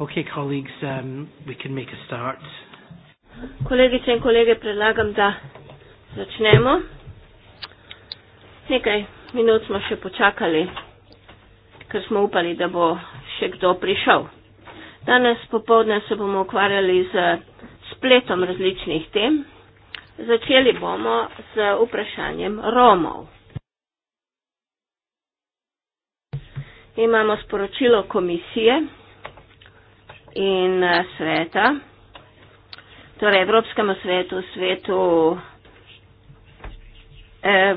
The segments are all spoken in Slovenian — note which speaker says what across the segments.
Speaker 1: Okay, colleagues, um, we can make a start.
Speaker 2: Kolegice in kolege, predlagam, da začnemo. Nekaj minut smo še počakali, ker smo upali, da bo še kdo prišel. Danes popovdne se bomo ukvarjali z spletom različnih tem. Začeli bomo z vprašanjem Romov. Imamo sporočilo komisije in eh, sveta, torej Evropskemu svetu, svetu eh,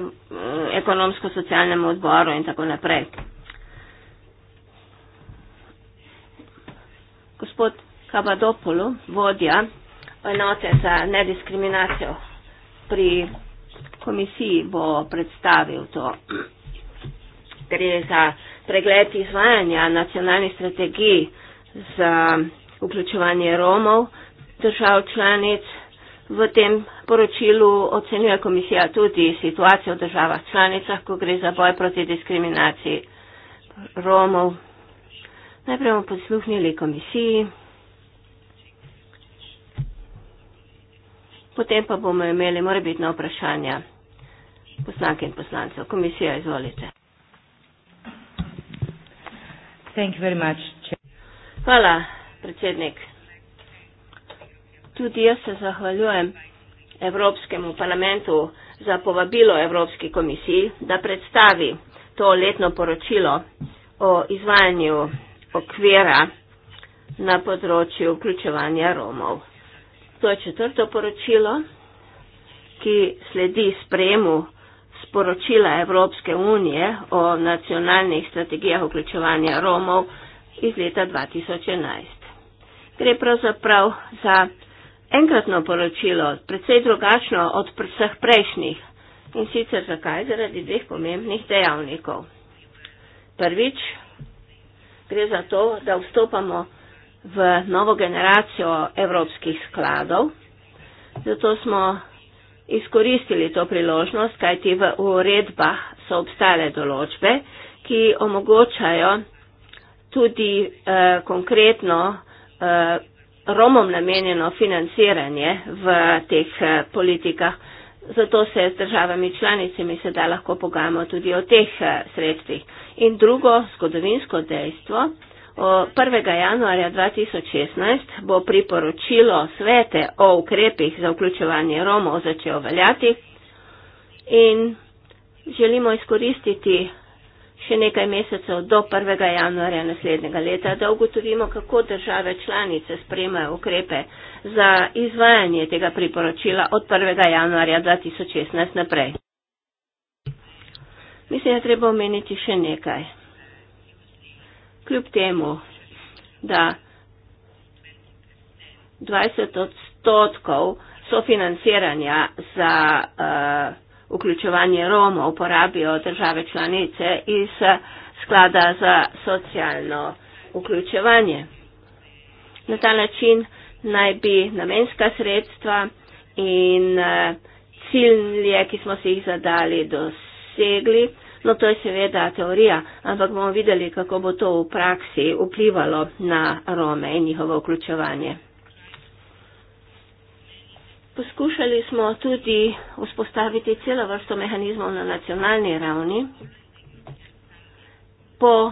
Speaker 2: ekonomsko-socialnemu odboru in tako naprej. Gospod Kabadopolo, vodja enote za nediskriminacijo pri komisiji, bo predstavil to. Gre za pregled izvajanja nacionalnih strategij za vključevanje Romov držav članic. V tem poročilu ocenjuje komisija tudi situacijo v državah članicah, ko gre za boj proti diskriminaciji Romov. Najprej bomo posluhnili komisiji, potem pa bomo imeli morebitna vprašanja poslanke in poslancev. Komisija, izvolite. Thank you very much. Hvala, predsednik. Tudi jaz se zahvaljujem Evropskemu parlamentu za povabilo Evropski komisiji, da predstavi to letno poročilo o izvajanju okvira na področju vključevanja Romov. To je četrto poročilo, ki sledi spremu sporočila Evropske unije o nacionalnih strategijah vključevanja Romov iz leta 2011. Gre pravzaprav za enkratno poročilo, predvsej drugačno od vseh prejšnjih. In sicer zakaj? Zaradi dveh pomembnih dejavnikov. Prvič, gre za to, da vstopamo v novo generacijo evropskih skladov. Zato smo izkoristili to priložnost, kajti v uredbah so obstale določbe, ki omogočajo tudi eh, konkretno eh, Romom namenjeno financiranje v teh eh, politikah. Zato se z državami članicami sedaj lahko pogajamo tudi o teh eh, sredstvih. In drugo zgodovinsko dejstvo. 1. januarja 2016 bo priporočilo svete o ukrepih za vključevanje Romov začel veljati in želimo izkoristiti še nekaj mesecev do 1. januarja naslednjega leta, da ugotovimo, kako države članice spremajo ukrepe za izvajanje tega priporočila od 1. januarja 2016 naprej. Mislim, da je treba omeniti še nekaj. Kljub temu, da 20 odstotkov sofinanciranja za uh, vključevanje Romov uporabijo države članice iz eh, sklada za socialno vključevanje. Na ta način naj bi namenska sredstva in eh, cilje, ki smo si jih zadali, dosegli. No, to je seveda teorija, ampak bomo videli, kako bo to v praksi vplivalo na Rome in njihovo vključevanje. Poskušali smo tudi vzpostaviti celo vrsto mehanizmov na nacionalni ravni. Po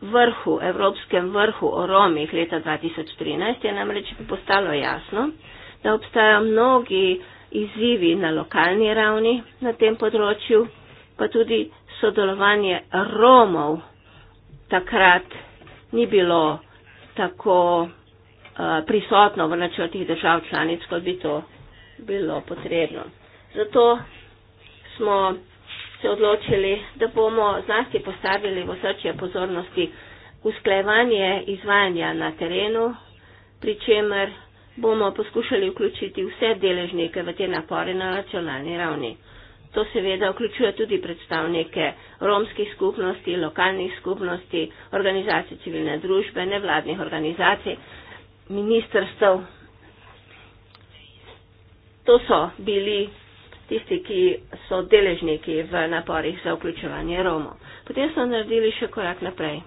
Speaker 2: vrhu, evropskem vrhu o Romih leta 2013 je namreč postalo jasno, da obstajajo mnogi izzivi na lokalni ravni na tem področju, pa tudi sodelovanje Romov takrat ni bilo tako Eh, prisotno v načrtih držav članic, kot bi to bilo potrebno. Zato smo se odločili, da bomo zlasti postavili v srčje pozornosti usklajevanje izvajanja na terenu, pri čemer bomo poskušali vključiti vse deležnike v te napore na nacionalni ravni. To seveda vključuje tudi predstavnike romskih skupnosti, lokalnih skupnosti, organizacij civilne družbe, nevladnih organizacij, ministrstv. To so bili tisti, ki so deležniki v naporih za vključevanje Romo. Potem smo naredili še korak naprej.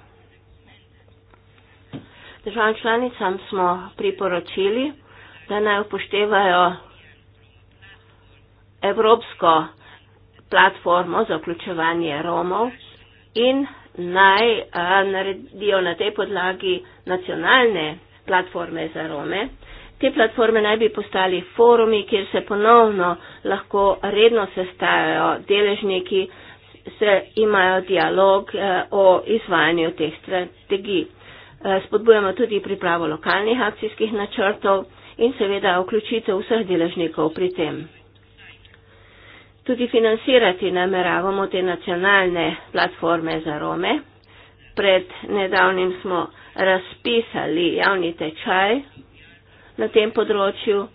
Speaker 2: Državam članicam smo priporočili, da naj upoštevajo Evropsko platformo za vključevanje Romov in naj a, eh, naredijo na tej podlagi nacionalne platforme za Rome. Te platforme naj bi postali forumi, kjer se ponovno lahko redno sestajajo deležniki, se imajo dialog eh, o izvajanju teh strategij. Eh, spodbujamo tudi pripravo lokalnih akcijskih načrtov in seveda vključitev vseh deležnikov pri tem. Tudi financirati nameravamo te nacionalne platforme za Rome. Pred nedavnim smo razpisali javni tečaj na tem področju.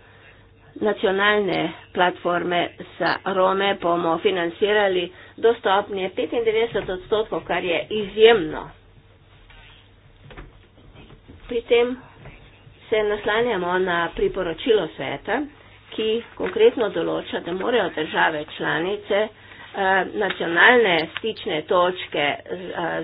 Speaker 2: Nacionalne platforme za Rome bomo financirali dostopnje 95 odstotkov, kar je izjemno. Pri tem se naslanjamo na priporočilo sveta, ki konkretno določa, da morajo države članice Eh, nacionalne stične točke eh,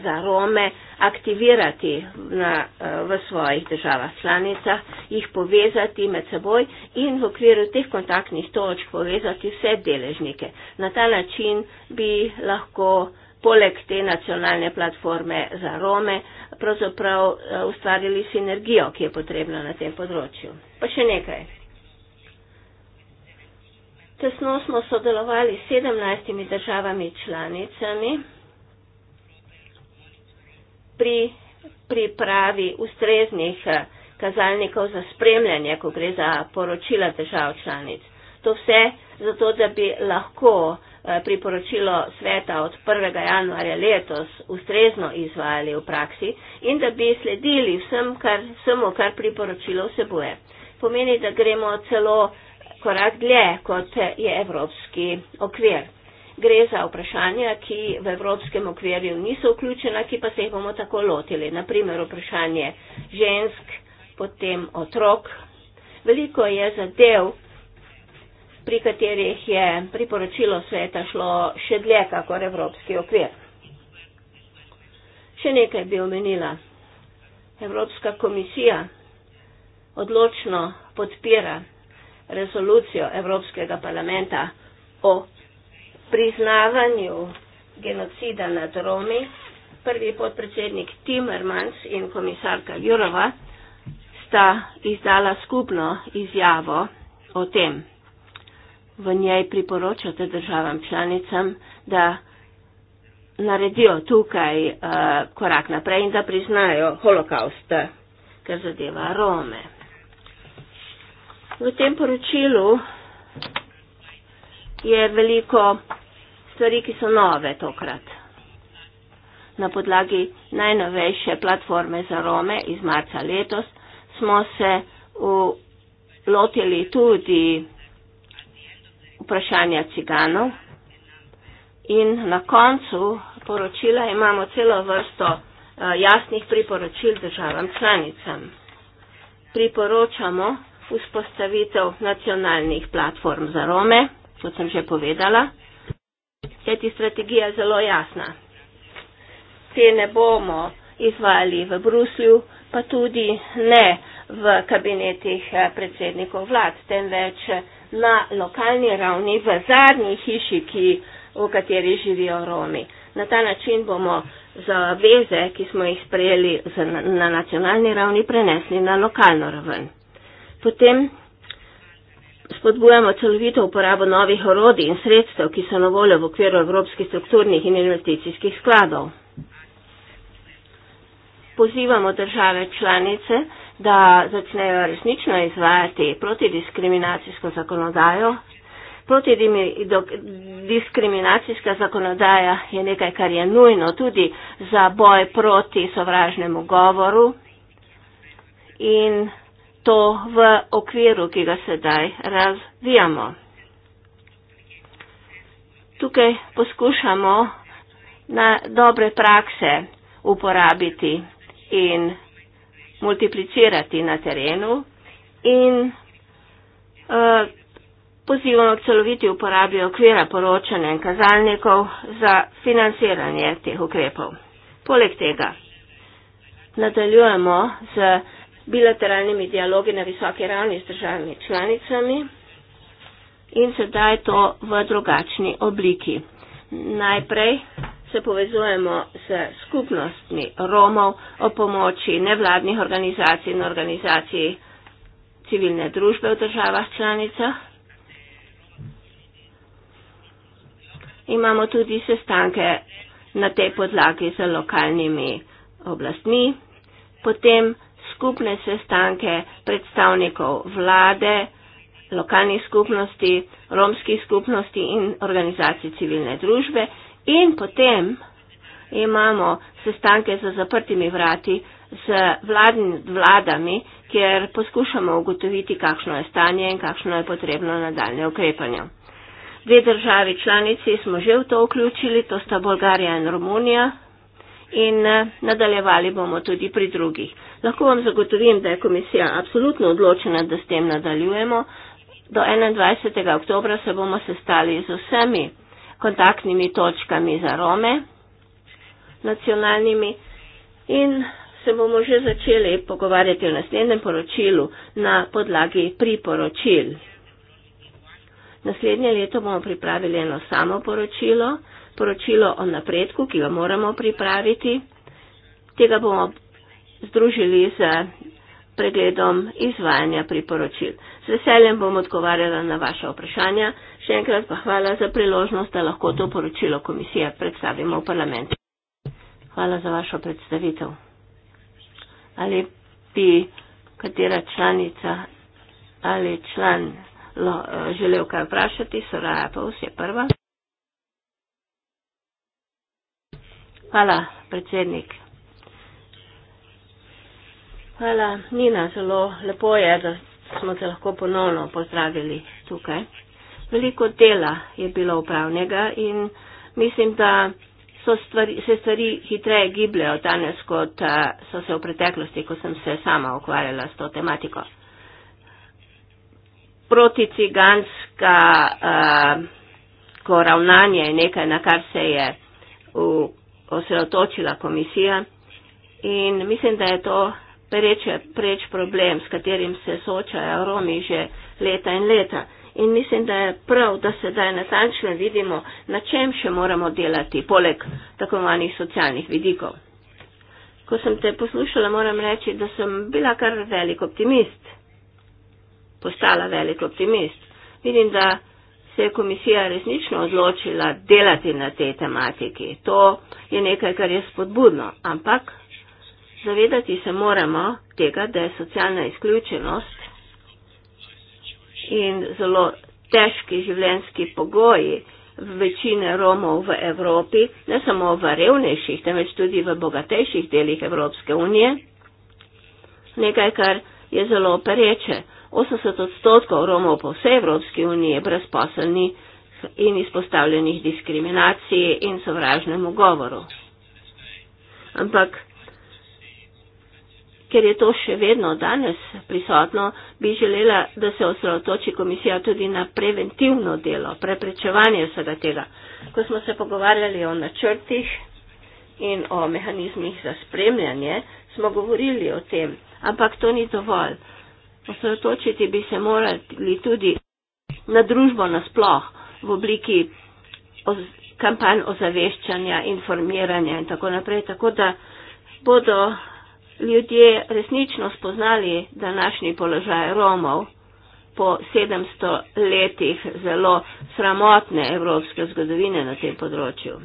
Speaker 2: za Rome aktivirati na, eh, v svojih državah članicah, jih povezati med seboj in v okviru teh kontaktnih točk povezati vse deležnike. Na ta način bi lahko poleg te nacionalne platforme za Rome pravzaprav ustvarili sinergijo, ki je potrebna na tem področju. Pa še nekaj. Tesno smo sodelovali s 17 državami članicami pri pripravi ustreznih eh, kazalnikov za spremljanje, ko gre za poročila držav članic. To vse zato, da bi lahko eh, priporočilo sveta od 1. januarja letos ustrezno izvajali v praksi in da bi sledili vsem, kar, vsemu, kar priporočilo vsebuje. Pomeni, da gremo celo uh, korak dlje, kot je evropski okvir. Gre za vprašanja, ki v evropskem okvirju niso vključena, ki pa se jih bomo tako lotili. Naprimer vprašanje žensk, potem otrok. Veliko je zadev, pri katerih je priporočilo sveta šlo še dlje, kakor evropski okvir. Še nekaj bi omenila. Evropska komisija odločno podpira resolucijo Evropskega parlamenta o priznavanju genocida nad Romi, prvi podpredsednik Timmermans in komisarka Jurova sta izdala skupno izjavo o tem. V njej priporočate državam članicam, da naredijo tukaj uh, korak naprej in da priznajo holokaust, kar zadeva Rome. V tem poročilu je veliko stvari, ki so nove tokrat. Na podlagi najnovejše platforme za Rome iz marca letos smo se lotili tudi vprašanja ciganov in na koncu poročila imamo celo vrsto eh, jasnih priporočil državam članicam. Priporočamo, vzpostavitev nacionalnih platform za Rome, kot sem že povedala. Kajti strategija je zelo jasna. Te ne bomo izvajali v Bruslju, pa tudi ne v kabinetih eh, predsednikov vlad, temveč eh, na lokalni ravni, v zadnji hiši, ki, v kateri živijo Romi. Na ta način bomo zaveze, ki smo jih sprejeli na nacionalni ravni, prenesli na lokalno raven. Potem spodbujamo celovito uporabo novih orodij in sredstev, ki so na voljo v okviru evropskih strukturnih in investicijskih skladov. Pozivamo države članice, da začnejo resnično izvajati protidiskriminacijsko zakonodajo. Protidiskriminacijska zakonodaja je nekaj, kar je nujno tudi za boj proti sovražnemu govoru in to v okviru, ki ga sedaj razvijamo. Tukaj poskušamo na dobre prakse uporabiti in multiplicirati na terenu in uh, eh, pozivamo k celoviti uporabi okvira poročanja in kazalnikov za financiranje teh ukrepov. Poleg tega nadaljujemo z bilateralnimi dialogi na visoki ravni z državami članicami in sedaj to v drugačni obliki. Najprej se povezujemo s skupnostmi Romov o pomoči nevladnih organizacij in organizacij civilne družbe v državah članicah. Imamo tudi sestanke na tej podlagi z lokalnimi oblastmi. Potem skupne sestanke predstavnikov vlade, lokalnih skupnosti, romskih skupnosti in organizacij civilne družbe in potem imamo sestanke za zaprtimi vrati z vladni, vladami, kjer poskušamo ugotoviti, kakšno je stanje in kakšno je potrebno nadaljne ukrepanje. Dve državi članici smo že v to vključili, to sta Bolgarija in Romunija, in eh, nadaljevali bomo tudi pri drugih. Lahko vam zagotovim, da je komisija absolutno odločena, da s tem nadaljujemo. Do 21. oktobra se bomo sestali z vsemi kontaktnimi točkami za Rome, nacionalnimi in se bomo že začeli pogovarjati o naslednjem poročilu na podlagi priporočil. Naslednje leto bomo pripravili eno samo poročilo, poročilo o napredku, ki ga moramo pripraviti. Tega bomo združili z pregledom izvajanja priporočil. Z veseljem bom odgovarjala na vaše vprašanja. Še enkrat pa hvala za priložnost, da lahko to poročilo komisije predstavimo v parlamentu. Hvala za vašo predstavitev. Ali bi katera članica ali član lo, eh, želel kaj vprašati, Soraja pa vse prva. Hvala, predsednik. Hvala, Nina, zelo lepo je, da smo se lahko ponovno pozdravili tukaj. Veliko dela je bilo upravnega in mislim, da stvari, se stvari hitreje gibljajo danes, kot eh, so se v preteklosti, ko sem se sama ukvarjala s to tematiko. Proticiganska uh, eh, ravnanje je nekaj, na kar se je v osredotočila komisija in mislim, da je to preč, preč problem, s katerim se soočajo Romi že leta in leta. In mislim, da je prav, da sedaj natančno vidimo, na čem še moramo delati, poleg tako manjih socialnih vidikov. Ko sem te poslušala, moram reči, da sem bila kar velik optimist. Postala velik optimist. Vidim, da se je komisija resnično odločila delati na tej tematiki. To je nekaj, kar je spodbudno, ampak zavedati se moramo tega, da je socialna izključenost in zelo težki življenjski pogoji večine Romov v Evropi, ne samo v revnejših, temveč tudi v bogatejših delih Evropske unije, nekaj, kar je zelo pereče. 80 odstotkov Romov po vsej Evropski uniji je brezposelni in izpostavljenih diskriminaciji in sovražnemu govoru. Ampak, ker je to še vedno danes prisotno, bi želela, da se osredotoči komisija tudi na preventivno delo, preprečevanje vsega tega. Ko smo se pogovarjali o načrtih in o mehanizmih za spremljanje, smo govorili o tem, ampak to ni dovolj. Posredotočiti bi se morali tudi na družbo nasploh v obliki oz, kampanj ozaveščanja, informiranja in tako naprej, tako da bodo ljudje resnično spoznali današnji položaj Romov po 700 letih zelo sramotne evropske zgodovine na tem področju.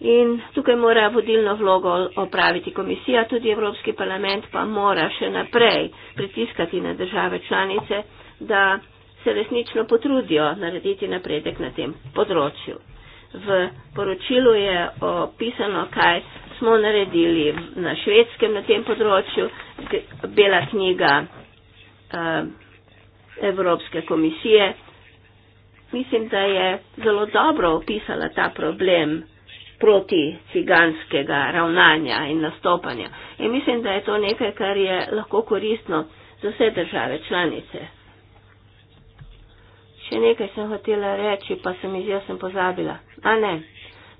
Speaker 2: In tukaj mora vodilno vlogo opraviti komisija, tudi Evropski parlament pa mora še naprej pritiskati na države članice, da se resnično potrudijo narediti napredek na tem področju. V poročilu je opisano, kaj smo naredili na švedskem na tem področju, bela knjiga eh, Evropske komisije. Mislim, da je zelo dobro opisala ta problem proti ciganskega ravnanja in nastopanja. In mislim, da je to nekaj, kar je lahko koristno za vse države članice. Še nekaj sem hotela reči, pa sem iz jaz sem pozabila. A ne,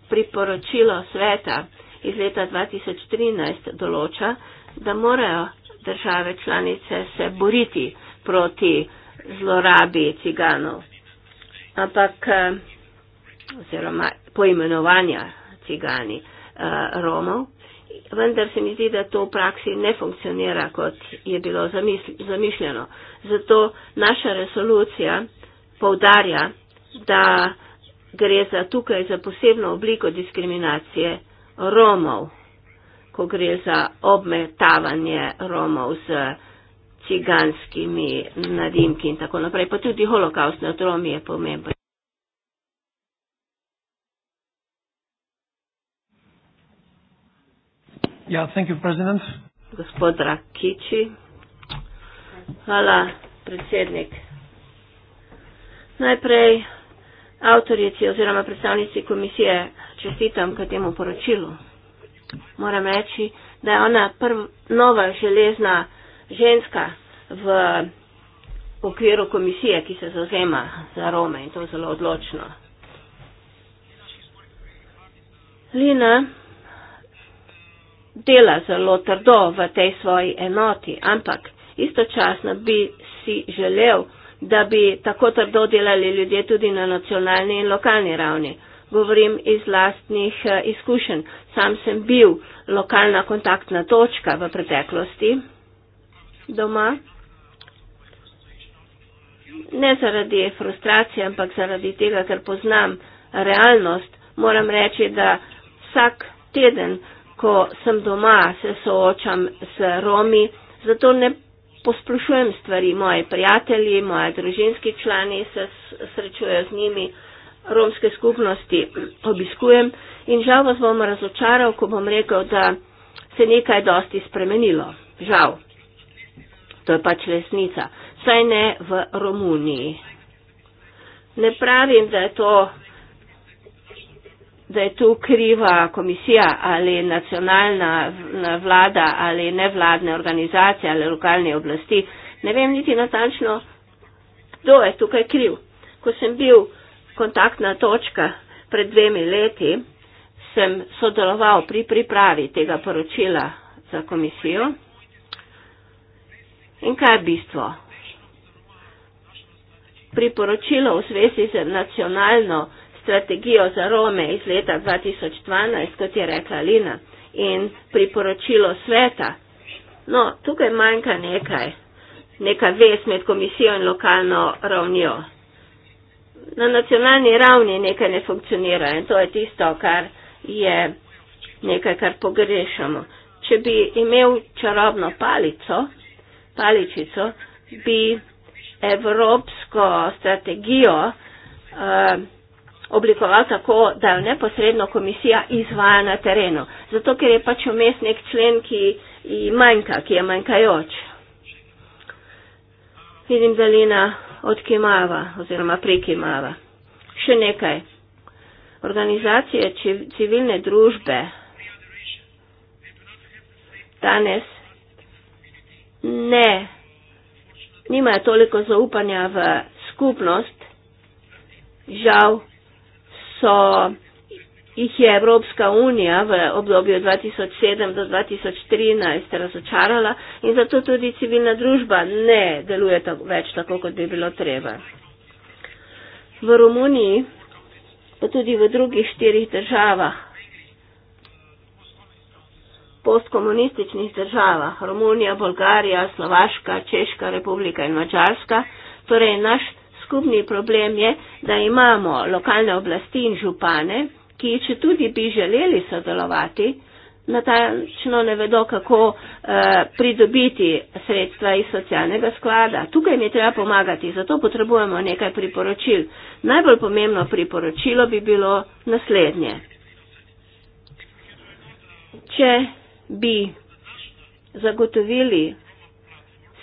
Speaker 2: priporočilo sveta iz leta 2013 določa, da morajo države članice se boriti proti zlorabi ciganov. Ampak, eh, oziroma poimenovanja cigani eh, Romov. Vendar se mi zdi, da to v praksi ne funkcionira, kot je bilo zamišljeno. Zato naša resolucija povdarja, da gre za tukaj za posebno obliko diskriminacije Romov, ko gre za obmetavanje Romov z ciganskimi nadimki in tako naprej. Pa tudi holokaust nad Romi je pomemben.
Speaker 1: Ja, thank you, president. Gospod
Speaker 2: Rakiči. Hvala, predsednik. Najprej avtorici oziroma predstavnici komisije čestitam k temu poročilu. Moram reči, da je ona prva nova železna ženska v okviru komisije, ki se zauzema za Rome in to zelo odločno. Lina dela zelo trdo v tej svoji enoti, ampak istočasno bi si želel, da bi tako trdo delali ljudje tudi na nacionalni in lokalni ravni. Govorim iz lastnih eh, izkušenj. Sam sem bil lokalna kontaktna točka v preteklosti doma. Ne zaradi frustracije, ampak zaradi tega, ker poznam realnost, moram reči, da vsak teden ko sem doma, se soočam s Romi, zato ne posplošujem stvari. Moji prijatelji, moji družinski člani se srečujejo z njimi, romske skupnosti obiskujem in žal vas bom razočaral, ko bom rekel, da se nekaj dosti spremenilo. Žal. To je pač resnica. Saj ne v Romuniji. Ne pravim, da je to da je tu kriva komisija ali nacionalna vlada ali nevladne organizacije ali lokalne oblasti. Ne vem niti natančno, kdo je tukaj kriv. Ko sem bil kontaktna točka pred dvemi leti, sem sodeloval pri pripravi tega poročila za komisijo. In kaj je bistvo? Priporočilo v zvezi z nacionalno strategijo za Rome iz leta 2012, kot je rekla Lina, in priporočilo sveta. No, tukaj manjka nekaj, nekaj vez med komisijo in lokalno ravnjo. Na nacionalni ravni nekaj ne funkcionira in to je tisto, kar je nekaj, kar pogrešamo. Če bi imel čarobno palico, paličico, bi evropsko strategijo uh, oblikoval tako, da jo neposredno komisija izvaja na terenu. Zato, ker je pač vmes nek člen, ki manjka, ki je manjkajoč. Vidim, da Lina odkimava oziroma prikimava. Še nekaj. Organizacije civilne družbe danes ne, nimajo toliko zaupanja v skupnost, žal so jih je Evropska unija v obdobju 2007 do 2013 razočarala in zato tudi civilna družba ne deluje tako, več tako, kot bi bilo treba. V Romuniji, pa tudi v drugih štirih državah, postkomunističnih državah, Romunija, Bolgarija, Slovaška, Češka, Republika in Mačarska, torej naš skupni problem je, da imamo lokalne oblasti in župane, ki če tudi bi želeli sodelovati, natančno ne vedo, kako eh, pridobiti sredstva iz socialnega sklada. Tukaj mi treba pomagati, zato potrebujemo nekaj priporočil. Najbolj pomembno priporočilo bi bilo naslednje. Če bi zagotovili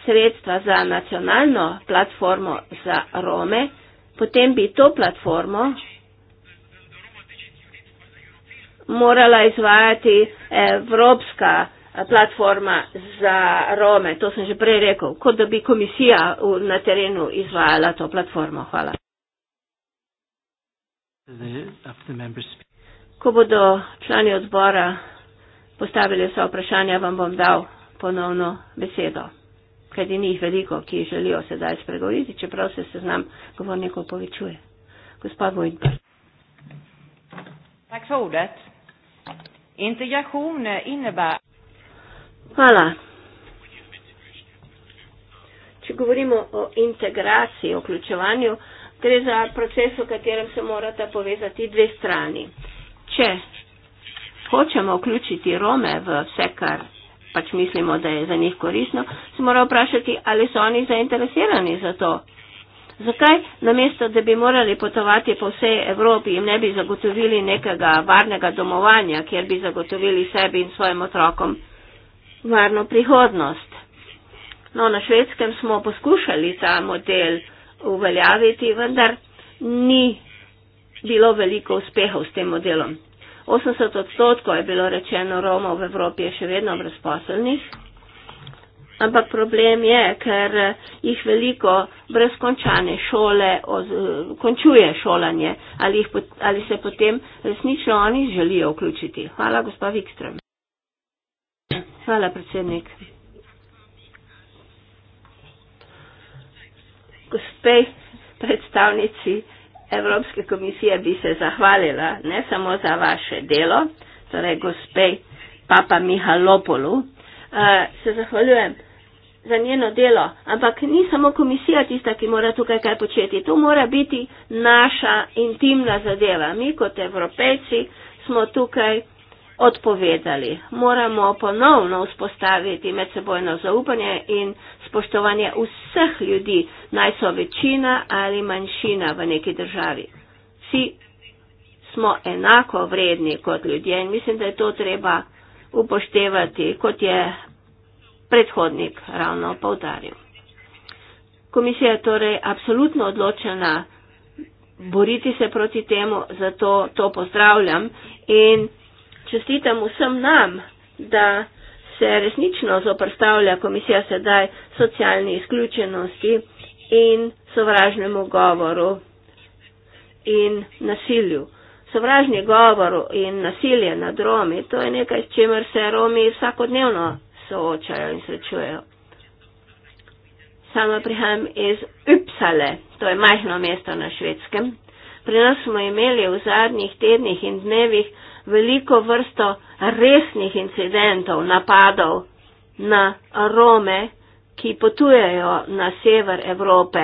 Speaker 2: sredstva za nacionalno platformo za Rome, potem bi to platformo morala izvajati Evropska platforma za Rome. To sem že prej rekel, kot da bi komisija na terenu izvajala to platformo. Hvala. Ko bodo člani odbora postavili vse vprašanja, vam bom dal ponovno besedo kajti ni jih veliko, ki želijo sedaj spregovoriti, čeprav se seznam govornikov povečuje. Gospod Vojnbar. Hvala. Če govorimo o integraciji, o vključevanju, gre za proces, v katerem se morata povezati dve strani. Če hočemo vključiti Rome v vse, kar pač mislimo, da je za njih korisno, se mora vprašati, ali so oni zainteresirani za to. Zakaj namesto, da bi morali potovati po vsej Evropi in ne bi zagotovili nekega varnega domovanja, kjer bi zagotovili sebi in svojim otrokom varno prihodnost? No, na švedskem smo poskušali ta model uveljaviti, vendar ni bilo veliko uspehov s tem modelom. 80 odstotkov je bilo rečeno Romov v Evropi je še vedno brezposelnih. Ampak problem je, ker jih veliko brez končane šole oz, končuje šolanje ali, jih, ali se potem resnično oni želijo vključiti. Hvala, gospa Vikström. Hvala, predsednik. Gospe predstavnici. Evropske komisije bi se zahvalila ne samo za vaše delo, torej gospe Papa Mihalopolu, eh, se zahvaljujem za njeno delo, ampak ni samo komisija tista, ki mora tukaj kaj početi. To mora biti naša intimna zadeva. Mi kot evropejci smo tukaj odpovedali. Moramo ponovno vzpostaviti medsebojno zaupanje in spoštovanje vseh ljudi, naj so večina ali manjšina v neki državi. Vsi smo enako vredni kot ljudje in mislim, da je to treba upoštevati, kot je predhodnik ravno povdaril. Komisija je torej absolutno odločena boriti se proti temu, zato to pozdravljam in čestitam vsem nam, da se resnično zoprstavlja komisija sedaj socialni izključenosti in sovražnemu govoru in nasilju. Sovražni govor in nasilje nad Romi, to je nekaj, s čimer se Romi vsakodnevno soočajo in srečujejo. Sama prihajam iz Upsale, to je majhno mesto na švedskem. Pri nas smo imeli v zadnjih tednih in dnevih veliko vrsto resnih incidentov, napadov na Rome, ki potujejo na sever Evrope,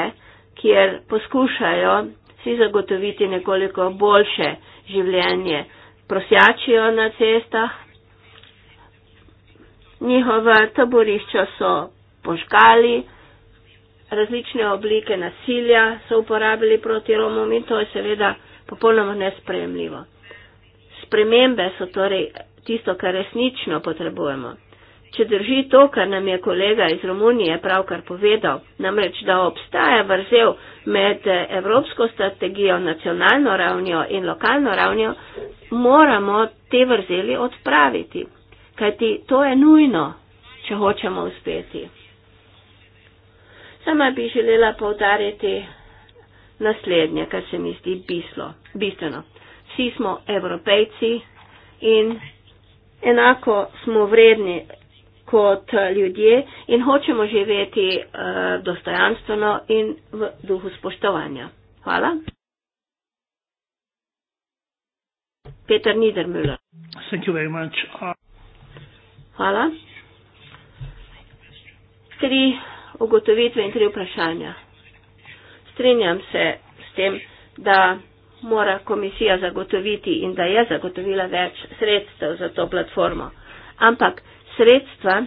Speaker 2: kjer poskušajo si zagotoviti nekoliko boljše življenje. Prosjačijo na cestah, njihova taborišča so požgali, različne oblike nasilja so uporabili proti Romom in to je seveda popolnoma nespremljivo spremembe so torej tisto, kar resnično potrebujemo. Če drži to, kar nam je kolega iz Romunije pravkar povedal, namreč, da obstaja vrzel med eh, evropsko strategijo, nacionalno ravnjo in lokalno ravnjo, moramo te vrzeli odpraviti. Kajti to je nujno, če hočemo uspeti. Sama bi želela povdariti naslednje, kar se mi zdi bistveno vsi smo evropejci in enako smo vredni kot ljudje in hočemo živeti uh, dostojanstveno in v duhu spoštovanja. Hvala. Peter Niedermüller.
Speaker 1: Thank you very much. Uh...
Speaker 2: Hvala. Tri ugotovitve in tri vprašanja. Strinjam se s tem, da mora komisija zagotoviti in da je zagotovila več sredstev za to platformo. Ampak sredstva,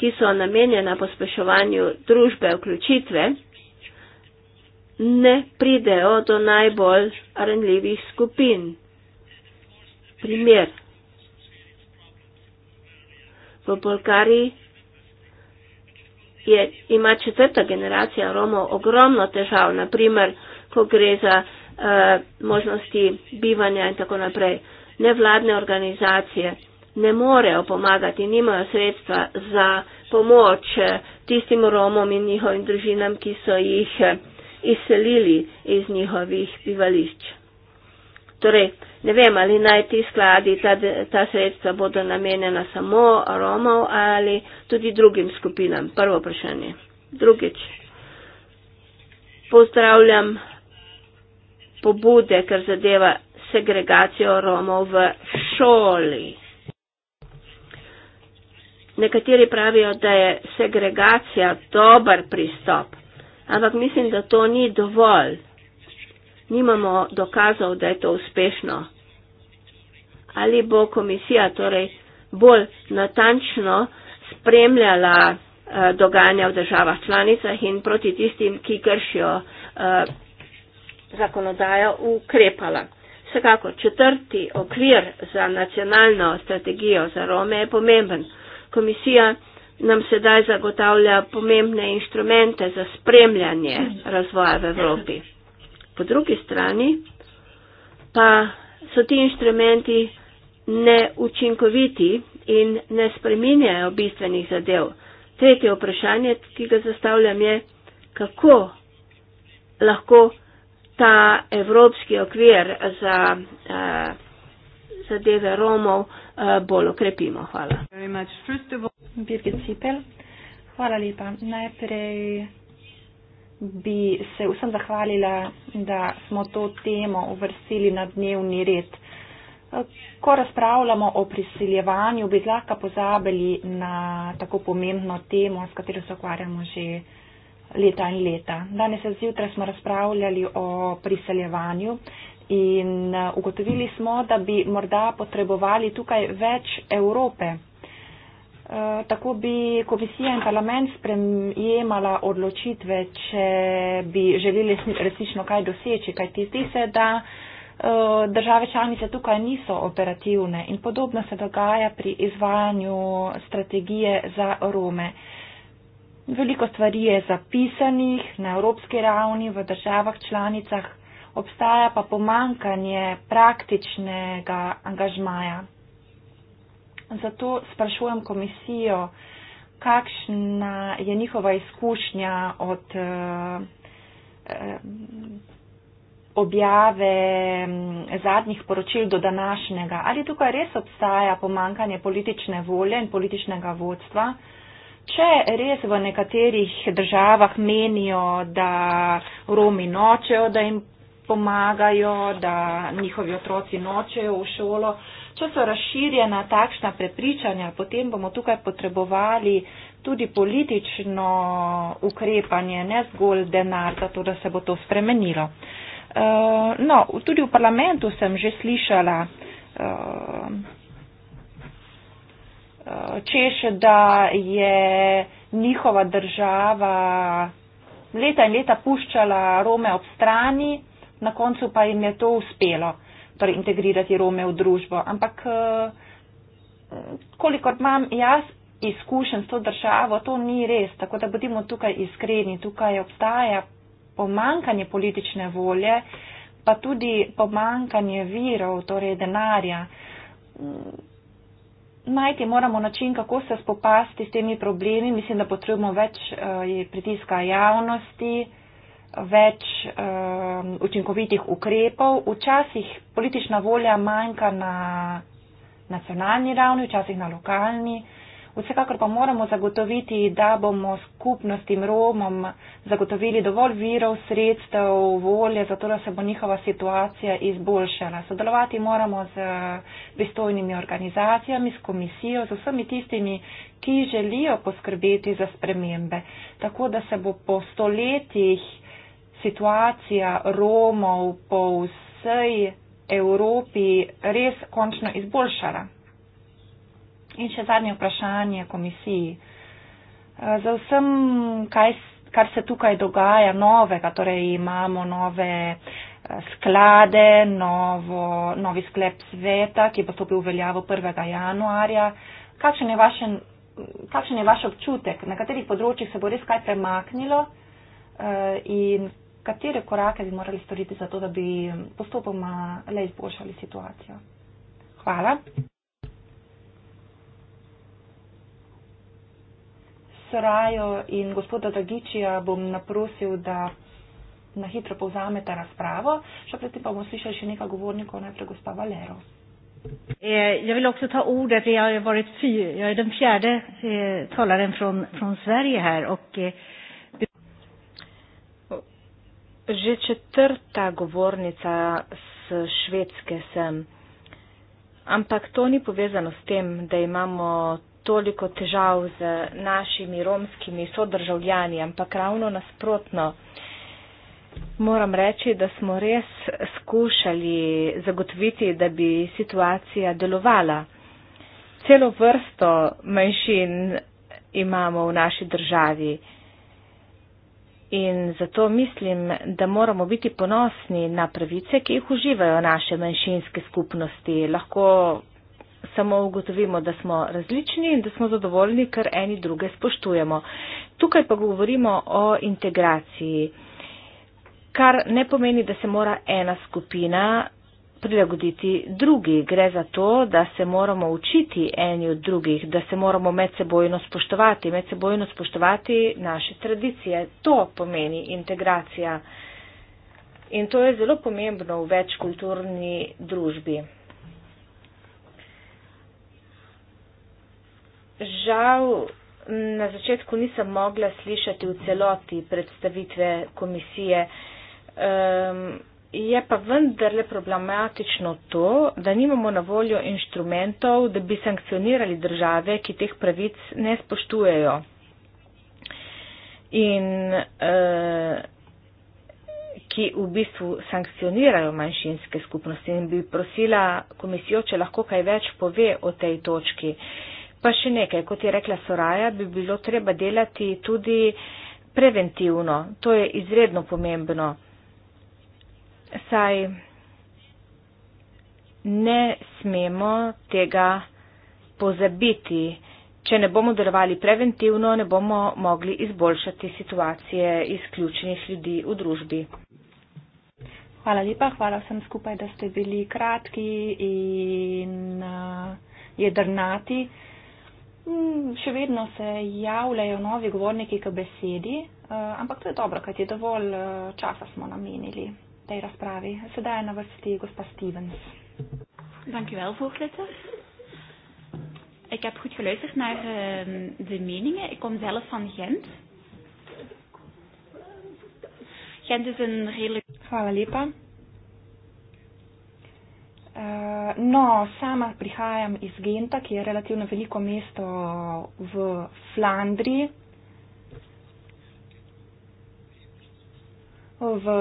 Speaker 2: ki so namenjena pospeševanju družbe vključitve, ne pridejo do najbolj ranljivih skupin. Primer. V Bolgariji je, ima četrta generacija Romov ogromno težav, naprimer, ko gre za Eh, možnosti bivanja in tako naprej. Nevladne organizacije ne morejo pomagati, nimajo sredstva za pomoč eh, tistim Romom in njihovim družinam, ki so jih eh, izselili iz njihovih bivališč. Torej, ne vem, ali naj ti skladi, ta, ta sredstva bodo namenjena samo Romov ali tudi drugim skupinam. Prvo vprašanje. Drugič. Pozdravljam pobude, kar zadeva segregacijo Romov v šoli. Nekateri pravijo, da je segregacija dober pristop, ampak mislim, da to ni dovolj. Nimamo dokazov, da je to uspešno. Ali bo komisija torej bolj natančno spremljala eh, dogajanja v državah članicah in proti tistim, ki kršijo eh, zakonodaja ukrepala. Vsekako četrti okvir za nacionalno strategijo za Rome je pomemben. Komisija nam sedaj zagotavlja pomembne inštrumente za spremljanje razvoja v Evropi. Po drugi strani pa so ti inštrumenti neučinkoviti in ne spreminjajo bistvenih zadev. Tretje vprašanje, ki ga zastavljam, je, kako lahko ta evropski okvir za uh, zadeve Romov uh, bolj okrepimo. Hvala. Hvala
Speaker 3: lepa. Najprej bi se vsem zahvalila, da smo to temo uvrstili na dnevni red. Ko razpravljamo o prisiljevanju, bi zlahka pozabili na tako pomembno temo, s katero se okvarjamo že leta in leta. Danes zjutraj smo razpravljali o priseljevanju in eh, ugotovili smo, da bi morda potrebovali tukaj več Evrope. Eh, tako bi komisija in parlament sprejemala odločitve, če bi želeli resnično kaj doseči, kajti zdi se, da eh, države članice tukaj niso operativne in podobno se dogaja pri izvajanju strategije za Rome. Veliko stvari je zapisanih na evropski ravni, v državah članicah, obstaja pa pomankanje praktičnega angažmaja. Zato sprašujem komisijo, kakšna je njihova izkušnja od eh, eh, objave zadnjih poročil do današnjega. Ali tukaj res obstaja pomankanje politične volje in političnega vodstva? Če res v nekaterih državah menijo, da Romi nočejo, da jim pomagajo, da njihovi otroci nočejo v šolo, če so razširjena takšna prepričanja, potem bomo tukaj potrebovali tudi politično ukrepanje, ne zgolj denar, zato da se bo to spremenilo. Eh, no, tudi v parlamentu sem že slišala eh, češ, da je njihova država leta in leta puščala Rome ob strani, na koncu pa jim je to uspelo, torej integrirati Rome v družbo. Ampak eh, kolikor imam jaz izkušen s to državo, to ni res. Tako da bodimo tukaj iskreni, tukaj obstaja pomankanje politične volje, pa tudi pomankanje virov, torej denarja najti moramo način, kako se spopasti s temi problemi. Mislim, da potrebujemo več uh, pritiska javnosti, več uh, učinkovitih ukrepov. Včasih politična volja manjka na nacionalni ravni, včasih na lokalni ravni. Vsekakor pa moramo zagotoviti, da bomo skupnostim Romom zagotovili dovolj virov, sredstev, volje, zato da se bo njihova situacija izboljšala. Sodelovati moramo z pristojnimi organizacijami, s komisijo, z vsemi tistimi, ki želijo poskrbeti za spremembe. Tako da se bo po stoletjih situacija Romov po vsej Evropi res končno izboljšala. In še zadnje vprašanje komisiji. Eh, za vsem, kaj, kar se tukaj dogaja novega, torej imamo nove eh, sklade, novo, novi sklep sveta, ki bo stopil v veljavo 1. januarja. Kakšen je, vašen, kakšen je vaš občutek, na katerih področjih se bo res kaj premaknilo eh, in katere korake bi morali storiti za to, da bi postopoma le izboljšali situacijo? Hvala. Sorajo in gospoda Dagičija bom naprosil, da na hitro povzame ta razpravo. Še predtem pa bomo slišali še nekaj govornikov, najprej gospa Valero.
Speaker 4: Eh, jag vill också ta ordet, jag, har varit fy, jag är den fjärde eh, talaren från, från Sverige här. Och, eh, že četrta govornica s Švedske sem, ampak to ni povezano s tem, da imamo toliko težav z našimi romskimi sodržavljani, ampak ravno nasprotno. Moram reči, da smo res skušali zagotoviti, da bi situacija delovala. Celo vrsto manjšin imamo v naši državi in zato mislim, da moramo biti ponosni na pravice, ki jih uživajo naše manjšinske skupnosti. Lahko samo ugotovimo, da smo različni in da smo zadovoljni, ker eni druge spoštujemo. Tukaj pa govorimo o integraciji, kar ne pomeni, da se mora ena skupina prilagoditi drugi. Gre za to, da se moramo učiti eni od drugih, da se moramo medsebojno spoštovati, medsebojno spoštovati naše tradicije. To pomeni integracija. In to je zelo pomembno v večkulturni družbi. žal na začetku nisem mogla slišati v celoti predstavitve komisije. Um, je pa vendarle problematično to, da nimamo na voljo inštrumentov, da bi sankcionirali države, ki teh pravic ne spoštujejo. In uh, ki v bistvu sankcionirajo manjšinske skupnosti. In bi prosila komisijo, če lahko kaj več pove o tej točki. Uh, Pa še nekaj, kot je rekla Soraja, bi bilo treba delati tudi preventivno. To je izredno pomembno. Saj ne smemo tega pozabiti. Če ne bomo delovali preventivno, ne bomo mogli izboljšati situacije izključenih ljudi v družbi.
Speaker 3: Hvala lepa, hvala vsem skupaj, da ste bili kratki in uh, jedrnati. Mm, še vedno se javljajo novi govorniki k besedi, eh, ampak to je dobro, kajti dovolj eh, časa smo namenili tej razpravi. Sedaj je na vrsti gospa Stevens.
Speaker 2: Dank u wel, voorzitter.
Speaker 3: Ik heb goed geluisterd naar uh, de meningen. Ik kom zelf van Gent. Gent is een redelijk. Hallo, Lipa. Eh, no, sama prihajam iz Genta, ki je relativno veliko mesto v Flandriji. V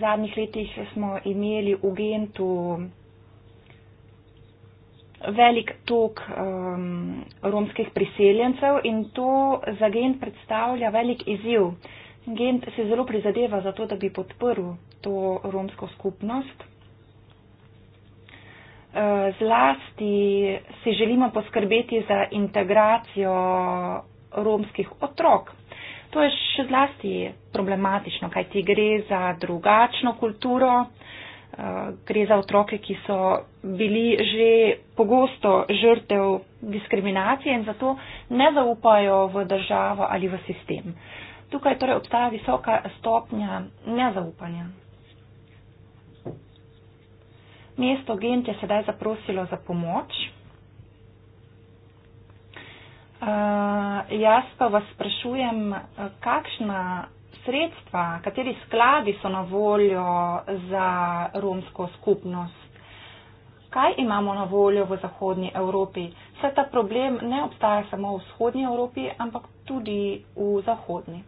Speaker 3: zadnjih letih smo imeli v Gentu velik tok um, romskih priseljencev in to za Gent predstavlja velik izziv. Gent se zelo prizadeva za to, da bi podprl to romsko skupnost zlasti si želimo poskrbeti za integracijo romskih otrok. To je še zlasti problematično, kajti gre za drugačno kulturo, eh, gre za otroke, ki so bili že pogosto žrtev diskriminacije in zato ne zaupajo v državo ali v sistem. Tukaj torej obstaja visoka stopnja nezaupanja. Mesto Gent je sedaj zaprosilo za pomoč. Uh, jaz pa vas sprašujem, eh, kakšna sredstva, kateri skladi so na voljo za romsko skupnost, kaj imamo na voljo v Zahodnji Evropi. Vse ta problem ne obstaja samo v Vzhodnji Evropi, ampak tudi v Zahodnji.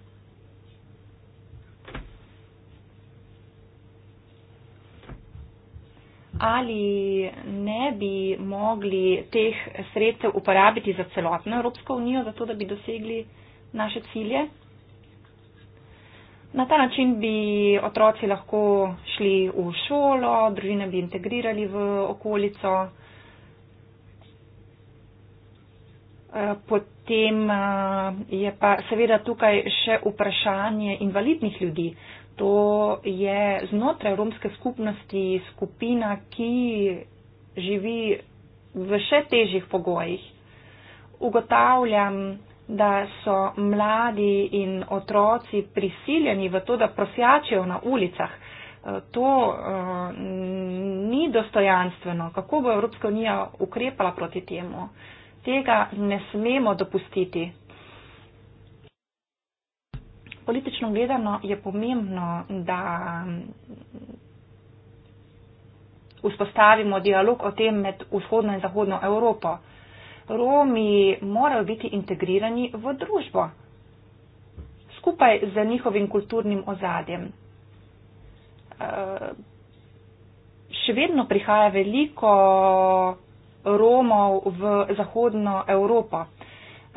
Speaker 3: ali ne bi mogli teh sredstev uporabiti za celotno Evropsko unijo, zato da bi dosegli naše cilje. Na ta način bi otroci lahko šli v šolo, družine bi integrirali v okolico. Eh, potem eh, je pa seveda tukaj še vprašanje invalidnih ljudi. To je znotraj romske skupnosti skupina, ki živi v še težjih pogojih. Ugotavljam, da so mladi in otroci prisiljeni v to, da prosjačijo na ulicah. E, to uh, ni dostojanstveno. Kako bo Evropska unija ukrepala proti temu? Tega ne smemo dopustiti politično gledano je pomembno, da vzpostavimo dialog o tem med vzhodno in zahodno Evropo. Romi morajo biti integrirani v družbo, skupaj z njihovim kulturnim ozadjem. Eh, še vedno prihaja veliko Romov v zahodno Evropo.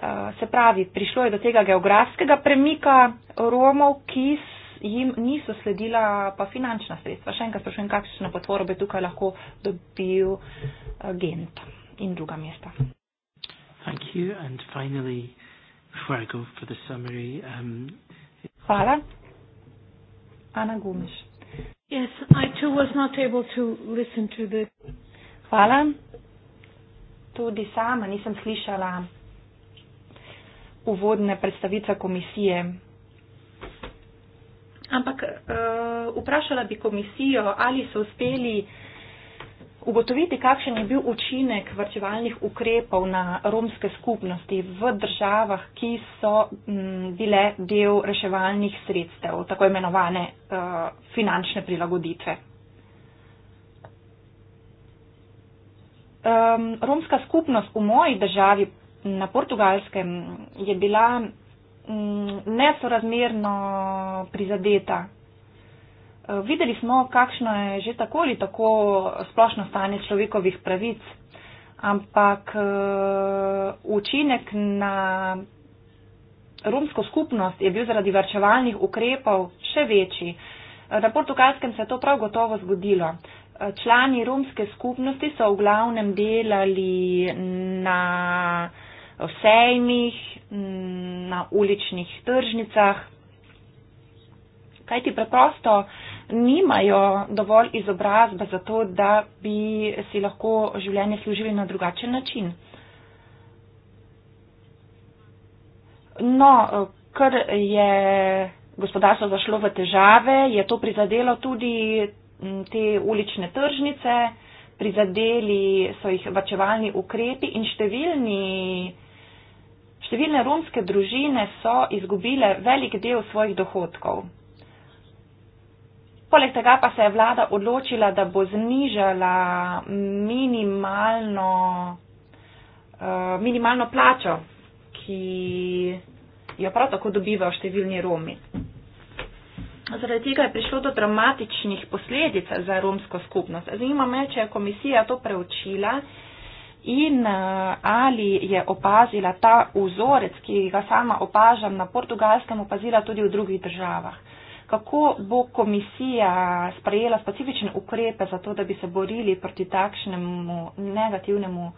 Speaker 3: Eh, se pravi, prišlo je do tega geografskega premika Romov, ki jim niso sledila pa finančna sredstva. Še enkrat sprašujem, kakšno potvoro bi tukaj lahko dobil eh, Gent in druga mesta.
Speaker 1: Um, Hvala. Ana Gumiš.
Speaker 3: Yes, I too was not able to listen to the... Hvala. Tudi sama nisem slišala uvodne predstavitve komisije. Ampak uh, vprašala bi komisijo, ali so uspeli ugotoviti, kakšen je bil učinek vrčevalnih ukrepov na romske skupnosti v državah, ki so m, mm, bile del reševalnih sredstev, tako imenovane uh, finančne prilagoditve. Um, romska skupnost v moji državi na portugalskem je bila mm, nesorazmerno prizadeta. E, videli smo, kakšno je že tako ali tako splošno stanje človekovih pravic, ampak e, učinek na romsko skupnost je bil zaradi varčevalnih ukrepov še večji. E, na portugalskem se je to prav gotovo zgodilo. Člani romske skupnosti so v glavnem delali na v sejmih, na uličnih tržnicah, kajti preprosto nimajo dovolj izobrazbe za to, da bi si lahko življenje služili na drugačen način. No, ker je gospodarstvo zašlo v težave, je to prizadelo tudi te ulične tržnice, prizadeli so jih vačevalni ukrepi in številni Številne romske družine so izgubile velik del svojih dohodkov. Poleg tega pa se je vlada odločila, da bo znižala minimalno, uh, minimalno plačo, ki jo prav tako dobivajo številni Romi. Zaradi tega je prišlo do dramatičnih posledic za romsko skupnost. Zanima me, če je komisija to preučila. Uh, In eh, ali je opazila ta vzorec, ki ga sama opažam na portugalskem, opazila tudi v drugih državah? Kako bo komisija sprejela specifične ukrepe za to, da bi se borili proti takšnemu negativnemu,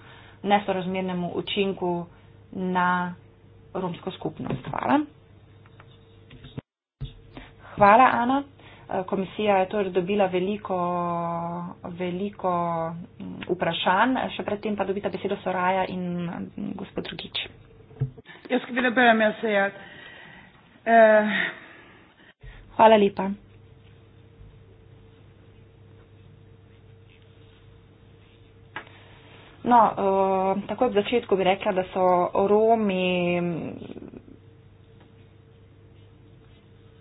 Speaker 3: nesorazmernemu učinku na romsko skupnost? Hvala. Hvala, Ana. Komisija je torej dobila veliko, veliko mm, vprašanj. Še predtem pa dobita besedo Soraja in mm, gospod Rogič. Jaz, ki bi ne berem, jaz se jaz. Eh. Hvala lepa. No, eh, takoj ob začetku bi rekla, da so Romi.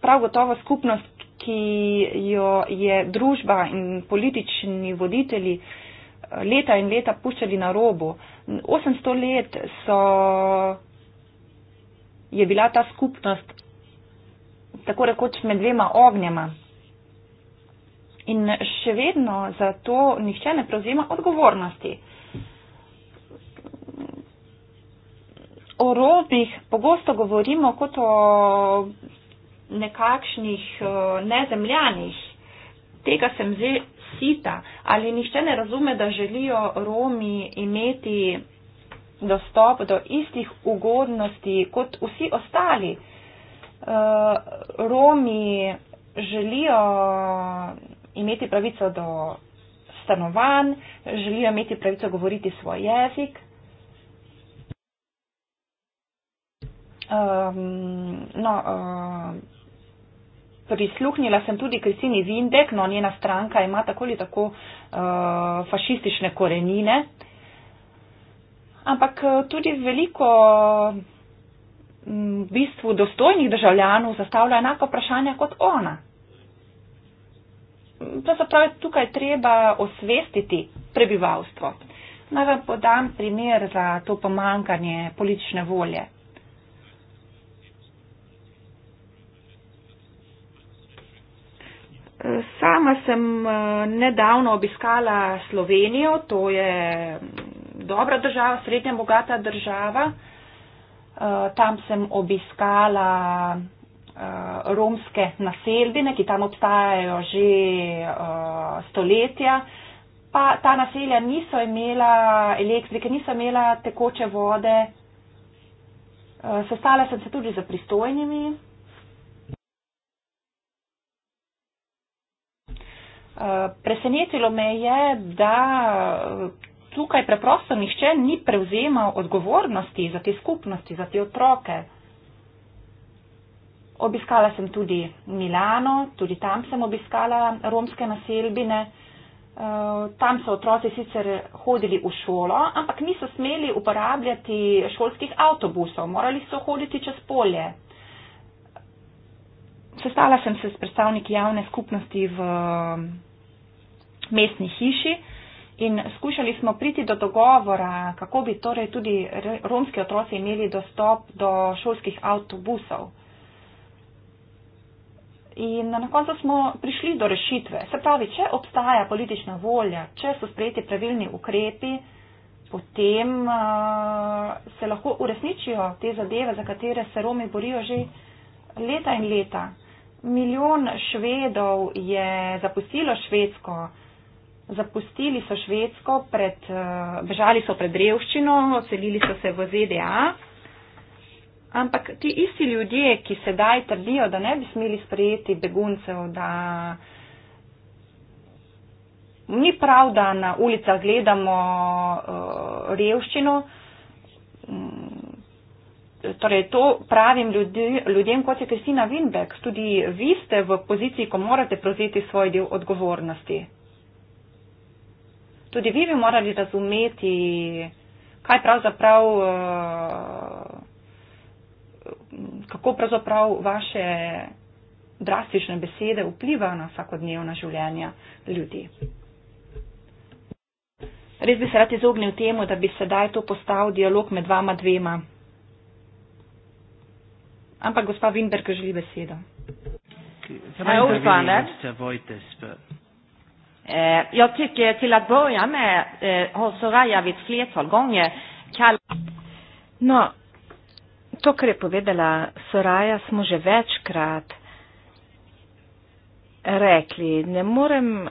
Speaker 3: Prav gotovo skupnost, ki jo je družba in politični voditelji eh, leta in leta puščali na robu. 800 let so, je bila ta skupnost tako rekoč med dvema ognjema. In še vedno za to nihče ne prevzema odgovornosti. O robih pogosto govorimo kot o nekakšnih uh, nezemljanih. Tega sem že sita. Ali nišče ne razume, da želijo Romi imeti dostop do istih ugodnosti kot vsi ostali? Uh, Romi želijo imeti pravico do stanovanj, želijo imeti pravico govoriti svoj jezik. Um, no, uh, prisluhnila sem tudi Kristini Vindek, no njena stranka ima tako ali tako uh, fašistične korenine. Ampak uh, tudi veliko mm, v bistvu dostojnih državljanov zastavlja enako vprašanje kot ona. Pravzaprav je tukaj treba osvestiti prebivalstvo. Naj vam podam primer za to pomankanje politične volje. Sama sem eh, nedavno obiskala Slovenijo, to je mm, dobra država, srednja bogata država. Eh, tam sem obiskala eh, romske naseljbine, ki tam obstajajo že stoletja. Pa ta naselja niso imela elektrike, niso imela tekoče vode. Sestala sem se tudi za pristojnimi, presenetilo me je, da eh, tukaj preprosto nihče ni prevzemal odgovornosti za te skupnosti, za te otroke. Obiskala sem tudi Milano, tudi tam sem obiskala romske naselbine. Eh, tam so otroci sicer hodili v šolo, ampak niso smeli uporabljati šolskih avtobusov, morali so hoditi čez polje. Sestala sem se s predstavniki javne skupnosti v mestni hiši in skušali smo priti do dogovora, kako bi torej tudi romski otroci imeli dostop do šolskih avtobusov. In na koncu smo prišli do rešitve. Se pravi, če obstaja politična volja, če so sprejeti pravilni ukrepi, potem uh, se lahko uresničijo te zadeve, za katere se Romi borijo že leta in leta. Milijon švedov je zapustilo Švedsko. Zapustili so Švedsko, pred, eh, bežali so pred revščino, selili so se v ZDA. Ampak ti isti ljudje, ki sedaj trdijo, da ne bi smeli sprejeti beguncev, da ni prav, da na ulicah gledamo uh, revščino, mm, torej to pravim ljudi, ljudem, kot je Kristina Winbeck, tudi vi ste v poziciji, ko morate prevzeti svoj del odgovornosti tudi vi bi morali razumeti, kaj pravzaprav, eh, kako pravzaprav vaše drastične besede vplivajo na vsakodnevna življenja ljudi. Res bi se rad izognil temu, da bi sedaj to postal dialog med vama dvema. Ampak gospa Winberg želi besedo.
Speaker 1: Hvala, gospa Andrej.
Speaker 3: Eh, jag tycker till att börja med eh, har Soraya vid ett flertal gånger
Speaker 4: kallat... No, to kar je povedala Soraya smo že večkrat rekli, ne morem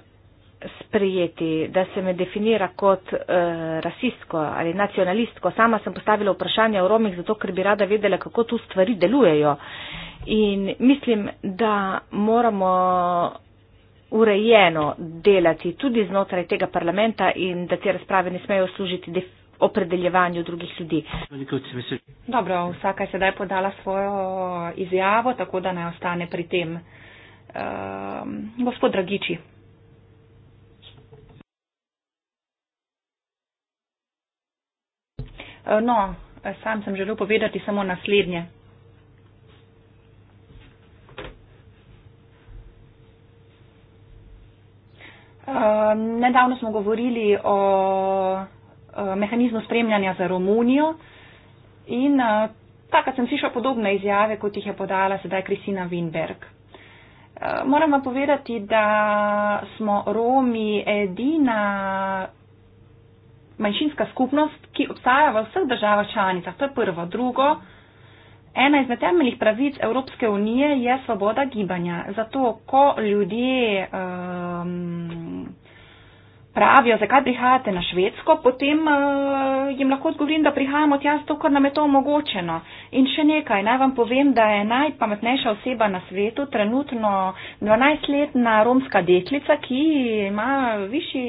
Speaker 4: sprejeti, da se me definira kot uh, rasistko ali nacionalistko. Sama sem postavila vprašanje o Romih, zato ker bi rada vedela, kako tu stvari delujejo. In mislim, da moramo urejeno delati tudi znotraj tega parlamenta in da te razprave ne smejo služiti opredeljevanju
Speaker 1: drugih ljudi.
Speaker 3: Dobro, vsaka je sedaj podala svojo izjavo, tako da naj ostane pri tem. Um, gospod Dragiči. Ehm, no, sam sem želel povedati samo naslednje. Ehm, nedavno smo govorili o eh, mehanizmu spremljanja za Romunijo in eh, takrat sem slišal podobne izjave, kot jih je podala sedaj Kristina Winberg. Eh, moram vam povedati, da smo Romi edina manjšinska skupnost, ki obstaja v vseh državah članicah. To je prvo. Drugo, ena izmed temeljih pravic Evropske unije je svoboda gibanja. Zato, ko ljudje. Um, pravijo, zakaj prihajate na Švedsko, potem uh, jim lahko odgovorim, da prihajamo tja, zato ker nam je to omogočeno. In še nekaj, naj vam povem, da je najpametnejša oseba na svetu trenutno 12-letna romska deklica, ki ima višji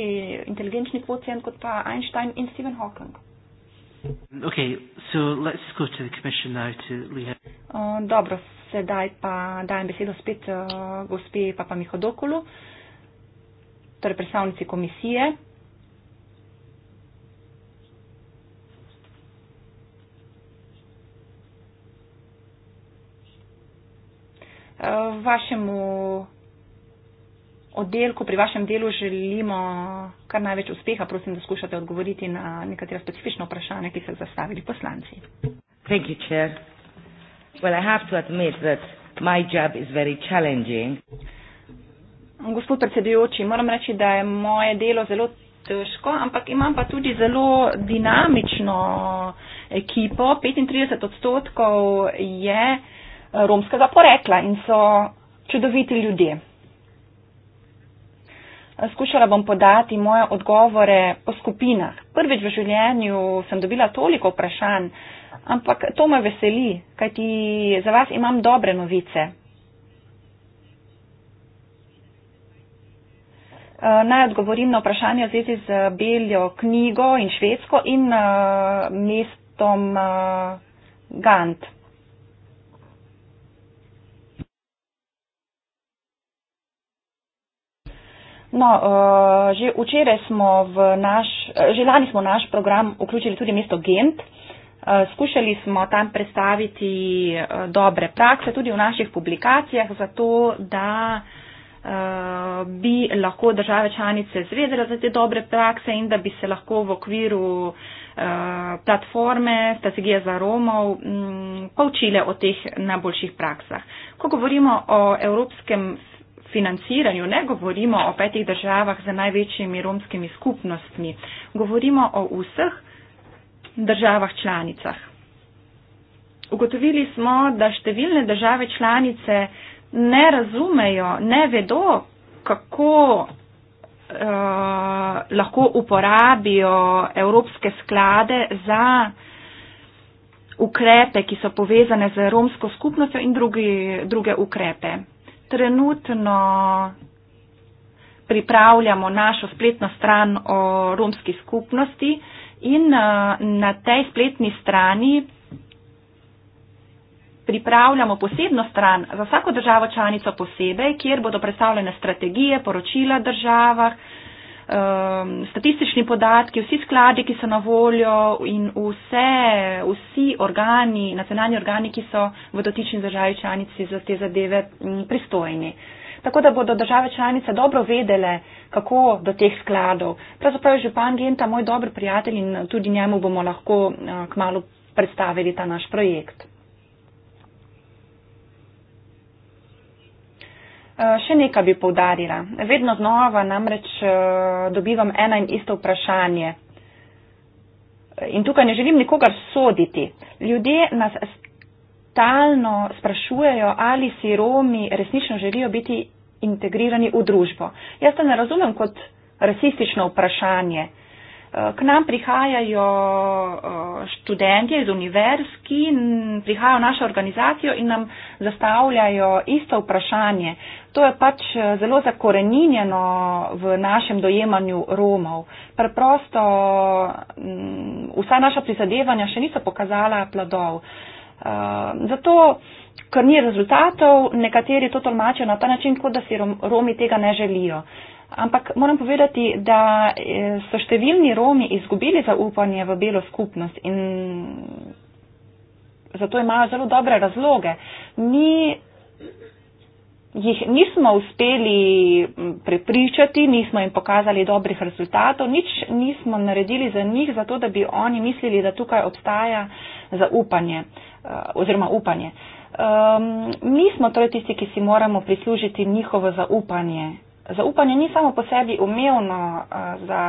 Speaker 3: inteligenčni kvocijent kot pa Einstein in Stephen Hawking.
Speaker 1: Okay, so let's go to the commission now to Leah. Eh,
Speaker 3: uh, dobro, sedaj pa dajem besedo spet uh, gospe Papa Mihodokolu. Uh, torej predstavnici komisije. Vašemu oddelku pri vašem delu želimo kar največ uspeha. Prosim, da skušate odgovoriti na nekatera specifična vprašanja, ki so zastavili poslanci. Well, Gospod predsedujoči, moram reči, da je moje delo zelo težko, ampak imam pa tudi zelo dinamično ekipo. 35 odstotkov je eh, romskega porekla in so čudoviti ljudje. Skušala bom podati moje odgovore po skupinah. Prvič v življenju sem dobila toliko vprašanj, ampak to me veseli, kajti za vas imam dobre novice. Eh, naj odgovorim na vprašanje v zvezi z Beljo knjigo in Švedsko in uh, mestom uh, Gant. No, uh, že včeraj smo v naš, že lani smo v naš program vključili tudi mesto Gent. Uh, skušali smo tam predstaviti uh, dobre prakse tudi v naših publikacijah, zato da uh, bi lahko države članice zvedele za te dobre prakse in da bi se lahko v okviru eh, platforme, strategije za Romov, mm, poučile o teh najboljših praksah. Ko govorimo o evropskem financiranju, ne govorimo o petih državah z največjimi romskimi skupnostmi, govorimo o vseh državah članicah. Ugotovili smo, da številne države članice ne razumejo, ne vedo, kako uh, lahko uporabijo evropske sklade za ukrepe, ki so povezane z romsko skupnostjo in drugi, druge ukrepe. Trenutno pripravljamo našo spletno stran o romski skupnosti in uh, na tej spletni strani pripravljamo posebno stran za vsako državo članico posebej, kjer bodo predstavljene strategije, poročila državah, um, statistični podatki, vsi skladi, ki so na voljo in vse, vsi organi, nacionalni organi, ki so v dotični državi članici za te zadeve mm, pristojni. Tako da bodo države članice dobro vedele, kako do teh skladov. Pravzaprav je župan Genta moj dober prijatelj in tudi njemu bomo lahko eh, kmalo predstavili ta naš projekt. Eh, še nekaj bi povdarila. Vedno znova namreč eh, dobivam ena in isto vprašanje. In tukaj ne želim nikogar soditi. Ljudje nas stalno sprašujejo, ali si Romi resnično želijo biti integrirani v družbo. Jaz to ne razumem kot rasistično vprašanje. Eh, k nam prihajajo eh, študentje iz univerz, ki prihajajo v našo organizacijo in nam zastavljajo isto vprašanje. To je pač eh, zelo zakoreninjeno v našem dojemanju Romov. Preprosto mm, vsa naša prizadevanja še niso pokazala plodov. Zato, ker ni rezultatov, nekateri to tolmačijo na ta način, kot da si Romi tega ne želijo. Ampak moram povedati, da eh, so številni Romi izgubili zaupanje v belo skupnost in zato imajo zelo dobre razloge. Mi jih nismo uspeli prepričati, nismo jim pokazali dobrih rezultatov, nič nismo naredili za njih, zato da bi oni mislili, da tukaj obstaja zaupanje eh, oziroma upanje. Ehm, mi smo torej tisti, ki si moramo prislužiti njihovo zaupanje Zaupanje ni samo po sebi umevno, eh, za,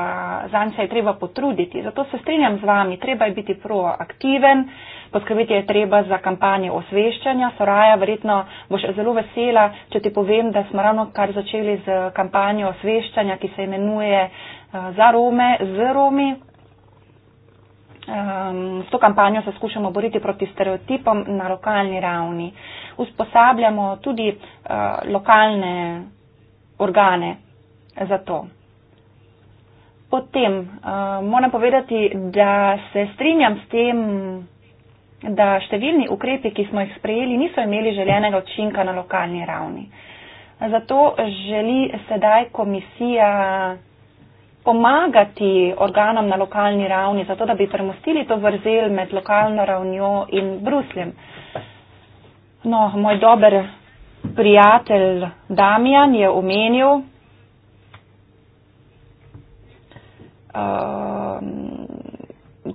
Speaker 3: za njega je treba potruditi. Zato se strinjam z vami, treba je biti proaktiven, poskrbeti je treba za kampanje osveščanja. Soraja, verjetno boš zelo vesela, če ti povem, da smo ravno kar začeli z kampanjo osveščanja, ki se imenuje eh, Za Rome, z Romi. Ehm, s to kampanjo se skušamo boriti proti stereotipom na lokalni ravni. Usposabljamo tudi eh, lokalne organe za to. Potem uh, moram povedati, da se strinjam s tem, da številni ukrepi, ki smo jih sprejeli, niso imeli željenega učinka na lokalni ravni. Zato želi sedaj komisija pomagati organom na lokalni ravni, zato da bi premostili to vrzel med lokalno ravnjo in Brusljem. No, moj dober prijatelj Damjan je omenil, Uh,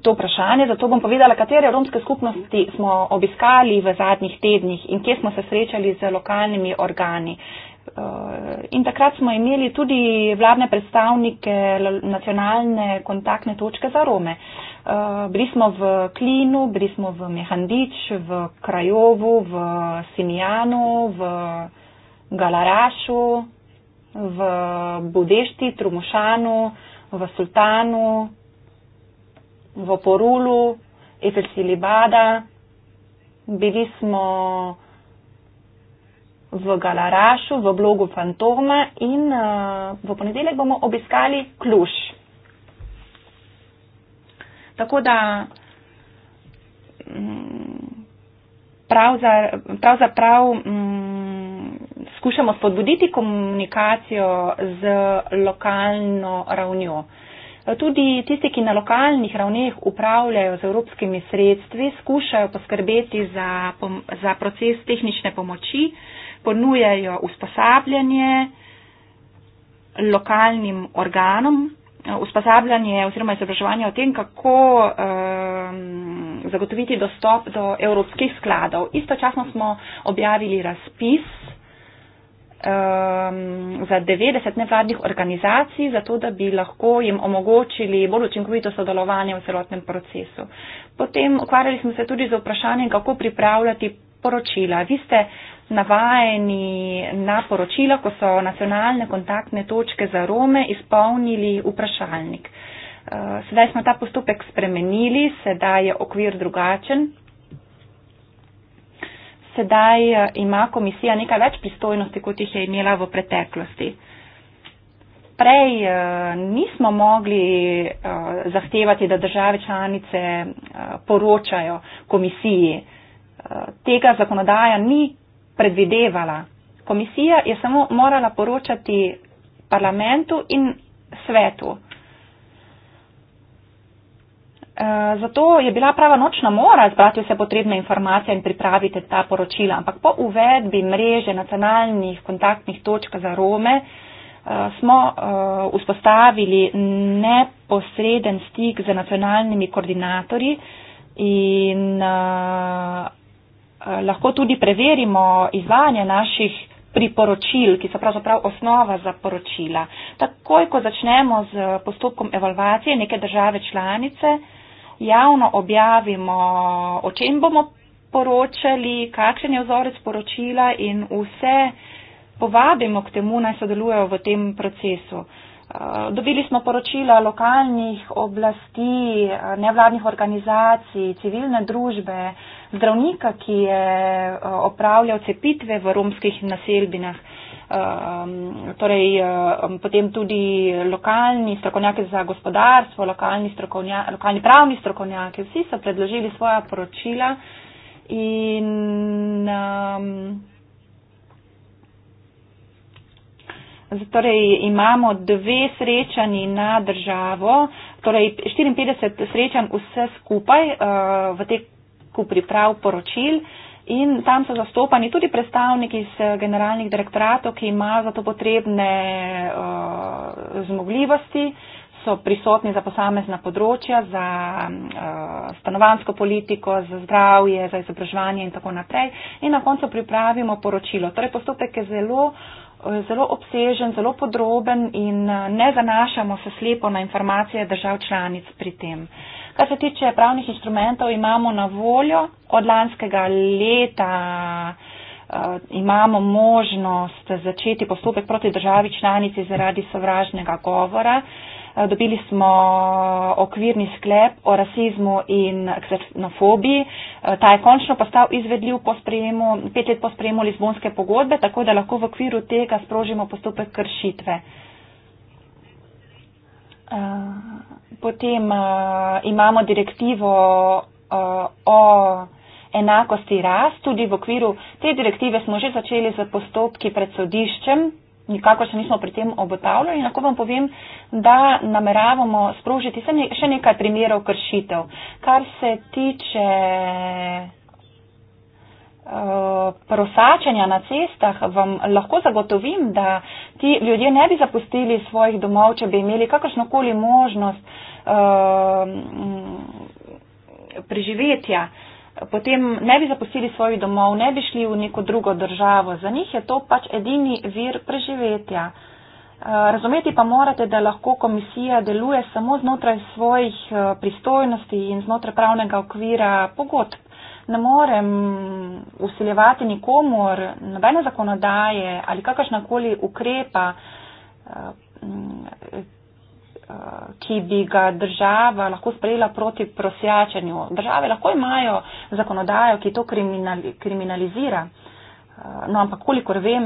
Speaker 3: to vprašanje, zato bom povedala, katere romske skupnosti smo obiskali v zadnjih tednih in kje smo se srečali z lokalnimi organi. Uh, in takrat smo imeli tudi vladne predstavnike nacionalne kontaktne točke za Rome. Uh, Eh, bili smo v Klinu, bili smo v Mehandič, v Krajovu, v Simijanu, v Galarašu, v Budešti, Trumušanu, v Sultanu, v Porulu, Efelsi Libada. Bili smo v Galarašu, v blogu Fantoma in uh, v ponedeljek bomo obiskali Kluž. Tako da pravzaprav mm, prav mm, skušamo spodbuditi komunikacijo z lokalno ravnjo. Tudi tisti, ki na lokalnih ravneh upravljajo z evropskimi sredstvi, skušajo poskrbeti za, za proces tehnične pomoči, ponujajo usposabljanje lokalnim organom, Eh, usposabljanje oziroma izobraževanje o tem, kako um, zagotoviti dostop do evropskih skladov. Istočasno smo objavili razpis um, za 90 nevladnih organizacij, zato da bi lahko jim omogočili bolj učinkovito sodelovanje v celotnem procesu. Potem ukvarjali smo se tudi z vprašanjem, kako pripravljati poročila. Vi ste navajeni na poročila, ko so nacionalne kontaktne točke za Rome izpolnili vprašalnik. Eh, sedaj smo ta postopek spremenili, sedaj je okvir drugačen. Sedaj eh, ima komisija nekaj več pristojnosti, kot jih je imela v preteklosti. Prej eh, nismo mogli zahtevati, da države članice poročajo komisiji. Tega zakonodaja ni predvidevala. Komisija je samo morala poročati parlamentu in svetu. Eh, zato je bila prava nočna mora zbrati vse potrebne informacije in pripraviti ta poročila. Ampak po uvedbi mreže nacionalnih kontaktnih točk za Rome eh, smo eh, vzpostavili neposreden stik z nacionalnimi koordinatorji in Eh, lahko tudi preverimo izvajanje naših priporočil, ki so pravzaprav osnova za poročila. Takoj, ko začnemo z postopkom evalvacije neke države članice, javno objavimo, o čem bomo poročali, kakšen je vzorec poročila in vse povabimo k temu, naj sodelujejo v tem procesu. Eh, dobili smo poročila lokalnih oblasti, eh, nevladnih organizacij, civilne družbe, zdravnika, ki je eh, opravljal cepitve v romskih naselbinah. Ehm, torej, ehm, potem tudi lokalni strokovnjaki za gospodarstvo, lokalni, lokalni pravni strokovnjaki, vsi so predložili svoja poročila in um, Torej, imamo dve srečani na državo, torej 54 srečanj vse skupaj uh, v tej postopku priprav poročil in tam so zastopani tudi predstavniki iz eh, generalnih direktoratov, ki imajo za to potrebne uh, zmogljivosti, so prisotni za posamezna področja, za uh, eh, stanovansko politiko, za zdravje, za izobraževanje in tako naprej. In na koncu pripravimo poročilo. Torej postopek je zelo. Zelo obsežen, zelo podroben in ne zanašamo se slepo na informacije držav članic pri tem. Uh, Kar se tiče pravnih instrumentov, imamo na voljo od lanskega leta. Uh, imamo možnost začeti postopek proti državi članici zaradi sovražnega govora. Uh, dobili smo okvirni sklep o rasizmu in ksenofobiji. Uh, ta je končno postal izvedljiv po sprejemu, pet let po sprejemu Lizbonske pogodbe, tako da lahko v okviru tega sprožimo postopek kršitve. Uh, Eh, potem uh, imamo direktivo uh, o enakosti ras, tudi v okviru te direktive smo že začeli z postopki pred sodiščem, nikako še nismo pri tem obotavljali. Lahko vam povem, da nameravamo sprožiti ne, še nekaj primerov kršitev. Kar se tiče prosačanja eh, na cestah, vam lahko zagotovim, da ti ljudje ne bi zapustili svojih domov, če bi imeli kakršnokoli možnost eh, preživetja. Potem ne bi zapustili svojih domov, ne bi šli v neko drugo državo. Za njih je to pač edini vir preživetja. Eh, razumeti pa morate, da lahko komisija deluje samo znotraj svojih pristojnosti in znotraj pravnega okvira pogodb ne morem usiljevati nikomor, nobene zakonodaje ali kakršnakoli ukrepa, eh, eh, ki bi ga država lahko sprejela proti prosjačenju. Države lahko imajo zakonodajo, ki to kriminalizira, eh, no ampak kolikor vem,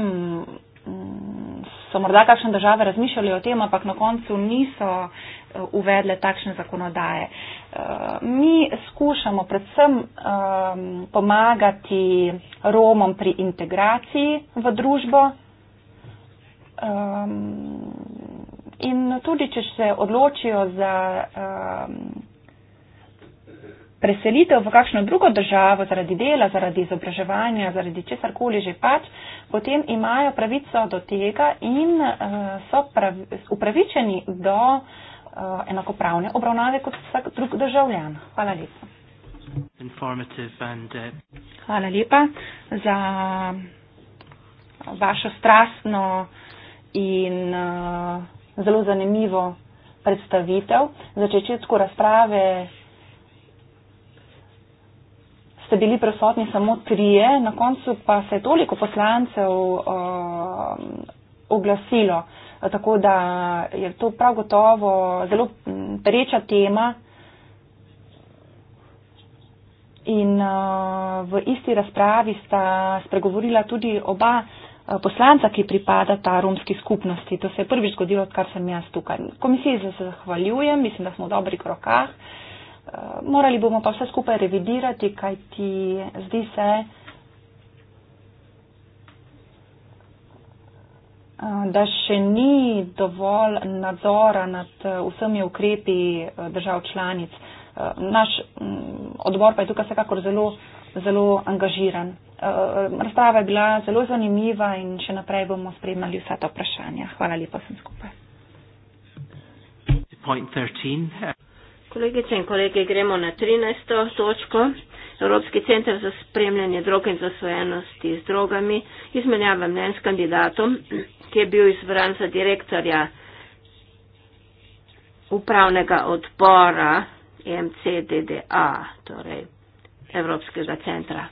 Speaker 3: mm, so morda kakšne države razmišljali o tem, ampak na koncu niso uvedle takšne zakonodaje mi skušamo predvsem um, pomagati Romom pri integraciji v družbo. Um, in tudi, če se odločijo za um, preselitev v kakšno drugo državo zaradi dela, zaradi izobraževanja, zaradi česarkoli že pač, potem imajo pravico do tega in uh, so pravi, upravičeni do uh, Eh, enakopravne obravnave kot vsak drug državljan. Hvala lepa. And, uh... Hvala lepa za vašo strastno in uh, zelo zanimivo predstavitev. Za začetku razprave ste bili prisotni samo trije, na koncu pa se je toliko poslancev uh, oglasilo. Uh, tako da je to prav gotovo zelo pereča tema. In uh, v isti razpravi sta spregovorila tudi oba uh, poslanca, ki pripada ta romski skupnosti. To se je prvič zgodilo, odkar sem jaz tukaj. Komisiji se zahvaljujem, mislim, da smo v dobrih rokah. Uh, morali bomo pa vse skupaj revidirati, kaj ti zdi se. Uh, da še ni dovolj nadzora nad eh, vsemi ukrepi eh, držav članic. Eh, naš mm, odbor pa je tukaj vsekakor zelo, zelo angažiran. Razprava je bila zelo zanimiva in še naprej bomo spremljali vsa ta vprašanja. Hvala lepa vsem skupaj.
Speaker 2: Kolegice in kolege, gremo na 13. točko. Evropski centr za spremljanje droge in zasvojenosti z drogami, izmenjava mnen s kandidatom, ki je bil izbran za direktorja upravnega odbora MCDDA, torej Evropskega centra.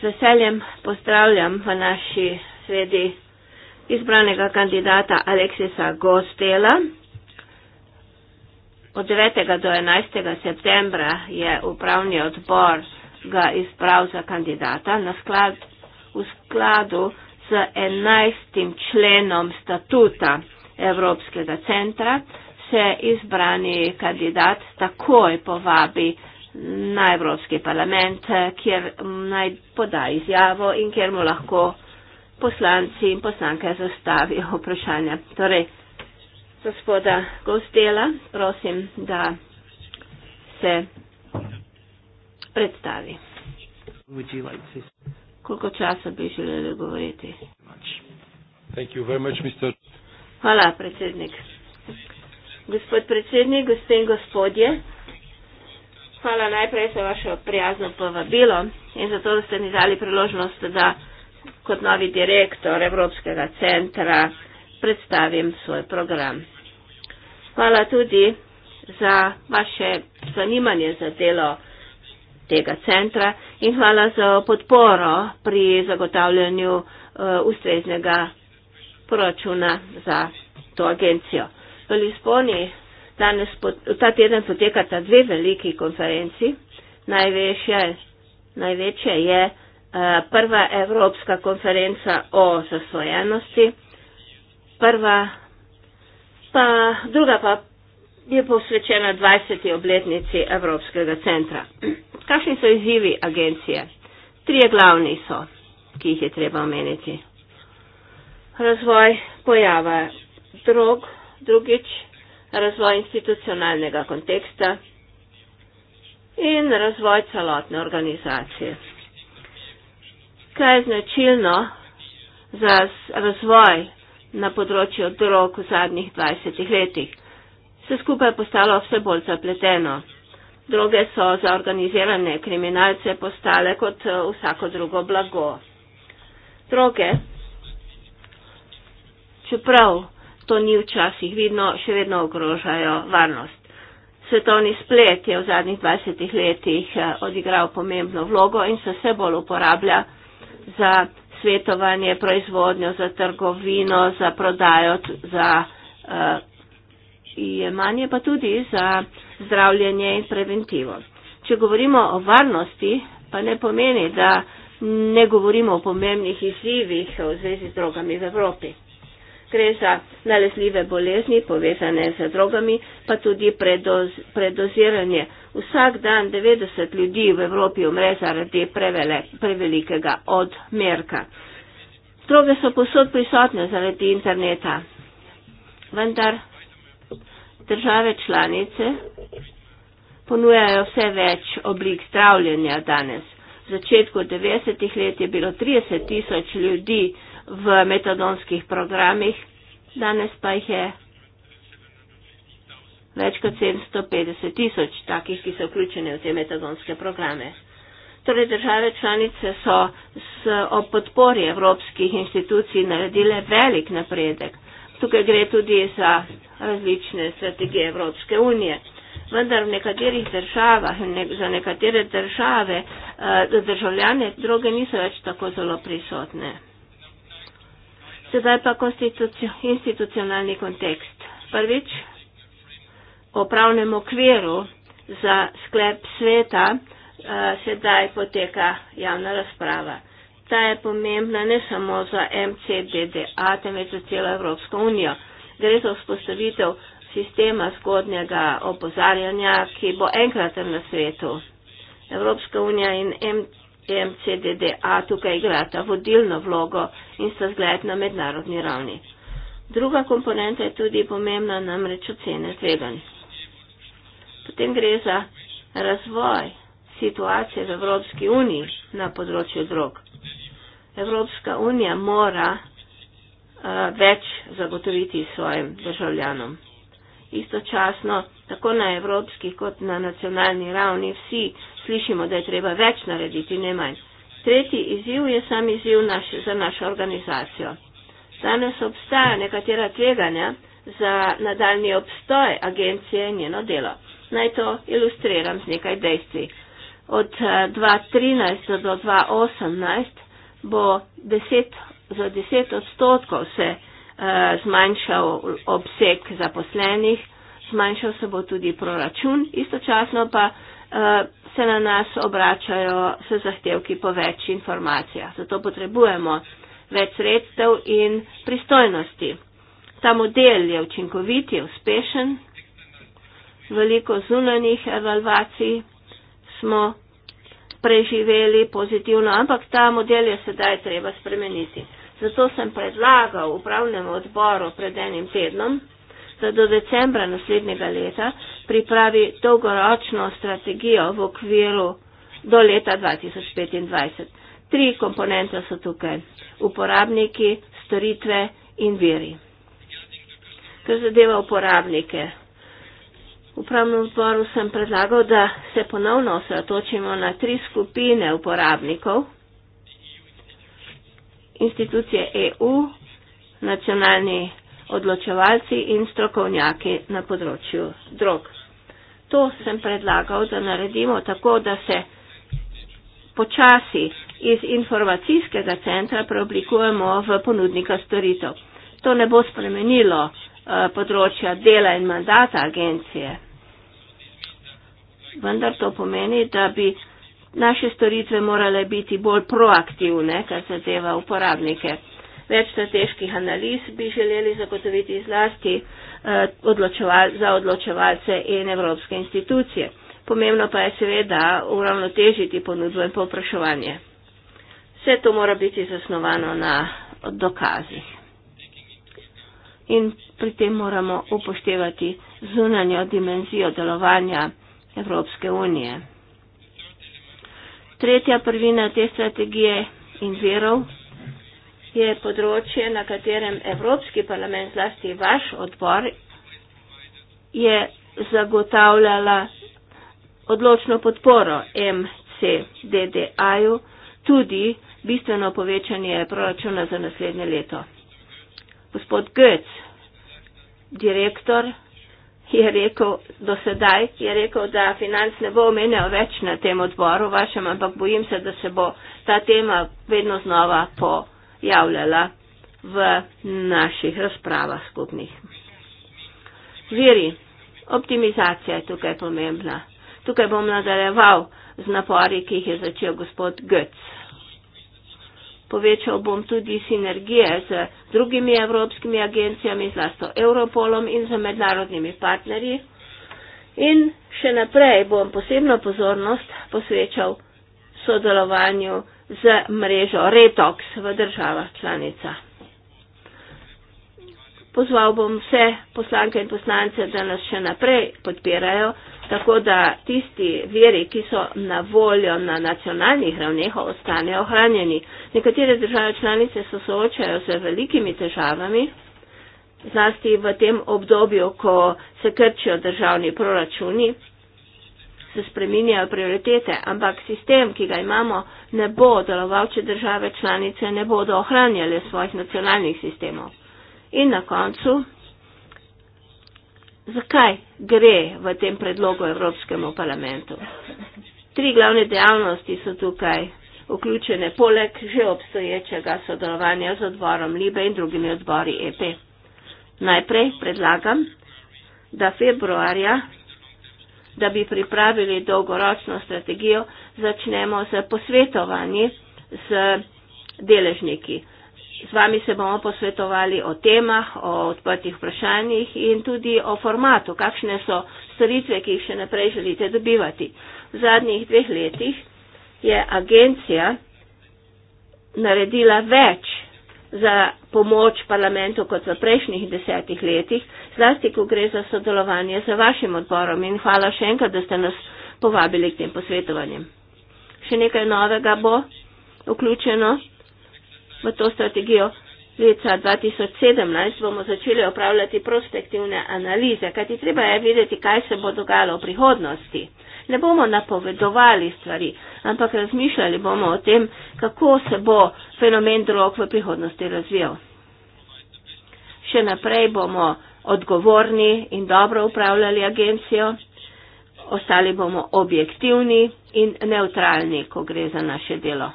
Speaker 2: Z veseljem pozdravljam v naši sredi izbranega kandidata Aleksisa Gostela, Od 9. do 11. septembra je upravni odbor ga izbral za kandidata na sklad, v skladu z 11. členom statuta Evropskega centra se izbrani kandidat takoj povabi na Evropski parlament, kjer naj poda izjavo in kjer mu lahko poslanci in poslanke zastavijo vprašanja. Torej, gospoda Gostela, prosim, da se predstavi. Koliko časa bi želeli govoriti? Hvala, predsednik. Gospod predsednik, gospe in gospodje, hvala najprej za vaše prijazno povabilo in za to, da ste mi dali priložnost, da kot novi direktor Evropskega centra predstavim svoj program. Hvala tudi za vaše zanimanje za delo tega centra in hvala za podporo pri zagotavljanju uh, ustreznega proračuna za to agencijo. V Lisboni danes pot, ta teden potekata dve veliki konferenci. Največje, največje je uh, prva evropska konferenca o zasvojenosti. Prva pa, druga pa je posvečena 20. obletnici Evropskega centra. Kakšni so izzivi agencije? Trije glavni so, ki jih je treba omeniti. Razvoj pojava drog, drugič razvoj institucionalnega konteksta in razvoj celotne organizacije. Kaj je značilno za razvoj na področju drog v zadnjih 20 letih. Vse skupaj je postalo vse bolj zapleteno. Droge so za organizirane kriminalce postale kot eh, vsako drugo blago. Droge, čeprav to ni včasih vidno, še vedno ogrožajo varnost. Svetovni splet je v zadnjih 20 letih eh, odigral pomembno vlogo in se vse bolj uporablja za svetovanje, proizvodnjo, za trgovino, za prodajo, za uh, jemanje, pa tudi za zdravljenje in preventivo. Če govorimo o varnosti, pa ne pomeni, da ne govorimo o pomembnih izzivih v zvezi z drogami v Evropi gre za nalezljive bolezni povezane z drogami, pa tudi predoz, predoziranje. Vsak dan 90 ljudi v Evropi umre zaradi prevele, prevelikega odmerka. Droge so posod prisotne zaradi interneta, vendar države članice ponujajo vse več oblik zdravljenja danes. V začetku 90-ih let je bilo 30 tisoč ljudi, v metadonskih programih, danes pa jih je več kot 750 tisoč takih, ki so vključeni v te metadonske programe. Torej države članice so s, ob podpori evropskih institucij naredile velik napredek. Tukaj gre tudi za različne strategije Evropske unije. Vendar v nekaterih državah, ne, za nekatere države, eh, državljane droge niso več tako zelo prisotne. Sedaj pa institucionalni kontekst. Prvič, o pravnem okviru za sklep sveta uh, sedaj poteka javna razprava. Ta je pomembna ne samo za MCDDA, temveč za celo Evropsko unijo. Gre za vzpostavitev sistema zgodnjega opozarjanja, ki bo enkraten na svetu. Evropska unija in MCDDA. MCDDA tukaj igrata vodilno vlogo in sta zgled na mednarodni ravni. Druga komponenta je tudi pomembna, namreč ocene tveganj. Potem gre za razvoj situacije v Evropski uniji na področju drog. Evropska unija mora uh, več zagotoviti svojim državljanom. Istočasno, tako na evropski kot na nacionalni ravni, vsi slišimo, da je treba več narediti, ne manj. Tretji izziv je sam izziv naš, za našo organizacijo. Danes obstaja nekatera tveganja za nadaljni obstoj agencije in njeno delo. Naj to ilustriram z nekaj dejstvi. Od 2013 eh, do 2018 bo 10, za 10 odstotkov se uh, zmanjšal obseg zaposlenih, zmanjšal se bo tudi proračun, istočasno pa uh, se na nas obračajo s zahtevki po več informacijah. Zato potrebujemo več sredstev in pristojnosti. Ta model je učinkovit, je uspešen. Veliko zunanih evalvacij smo preživeli pozitivno, ampak ta model je sedaj treba spremeniti. Zato sem predlagal upravnemu odboru pred enim tednom, da do decembra naslednjega leta pripravi dolgoročno strategijo v okviru do leta 2025. Tri komponente so tukaj. Uporabniki, storitve in viri. Kar zadeva uporabnike. V pravnem odboru sem predlagal, da se ponovno osredotočimo na tri skupine uporabnikov. Institucije EU, nacionalni odločevalci in strokovnjaki na področju drog. To sem predlagal, da naredimo tako, da se počasi iz informacijskega centra preoblikujemo v ponudnika storitev. To ne bo spremenilo eh, področja dela in mandata agencije. Vendar to pomeni, da bi naše storitve morale biti bolj proaktivne, kar zadeva uporabnike več strateških analiz bi želeli zagotoviti zlasti eh, odločeval, za odločevalce in evropske institucije. Pomembno pa je seveda uravnotežiti ponudbo in povpraševanje. Vse to mora biti zasnovano na dokazih. In pri tem moramo upoštevati zunanjo dimenzijo delovanja Evropske unije. Tretja prvina te strategije in verov je področje, na katerem Evropski parlament, zlasti vaš odbor, je zagotavljala odločno podporo MCDDA-ju, tudi bistveno povečanje proračuna za naslednje leto. Gospod Götz, direktor, je rekel, do sedaj je rekel, da financ ne bo omenjal več na tem odboru vašem, ampak bojim se, da se bo ta tema vedno znova po javljala v naših razpravah skupnih. Viri, optimizacija je tukaj pomembna. Tukaj bom nadaljeval z napori, ki jih je začel gospod Götz. Povečal bom tudi sinergije z drugimi evropskimi agencijami, zlasti Europolom in z mednarodnimi partnerji. In še naprej bom posebno pozornost posvečal sodelovanju z mrežo Retox v državah članica. Pozval bom vse poslanke in poslance, da nas še naprej podpirajo, tako da tisti veri, ki so na voljo na nacionalnih ravneh, ostanejo ohranjeni. Nekatere države članice se soočajo z velikimi težavami, zlasti v tem obdobju, ko se krčijo državni proračuni, se spreminjajo prioritete, ampak sistem, ki ga imamo, ne bo deloval, če države članice ne bodo ohranjale svojih nacionalnih sistemov. In na koncu, zakaj gre v tem predlogu Evropskemu parlamentu? Tri glavne dejavnosti so tukaj vključene poleg že obstoječega sodelovanja z odborom Libe in drugimi odbori EP. Najprej predlagam, da februarja da bi pripravili dolgoročno strategijo, začnemo s posvetovanji z deležniki. Z vami se bomo posvetovali o temah, o odprtih vprašanjih in tudi o formatu, kakšne so storitve, ki jih še naprej želite dobivati. V zadnjih dveh letih je agencija naredila več za pomoč parlamentu kot v prejšnjih desetih letih, zlasti ko gre za sodelovanje z vašim odborom in hvala še enkrat, da ste nas povabili k tem posvetovanjem. Še nekaj novega bo vključeno v to strategijo. Leta 2017 bomo začeli opravljati prospektivne analize, kajti treba je videti, kaj se bo dogajalo v prihodnosti ne bomo napovedovali stvari, ampak razmišljali bomo o tem, kako se bo fenomen drog v prihodnosti razvijal. Še naprej bomo odgovorni in dobro upravljali agencijo, ostali bomo objektivni in neutralni, ko gre za naše delo.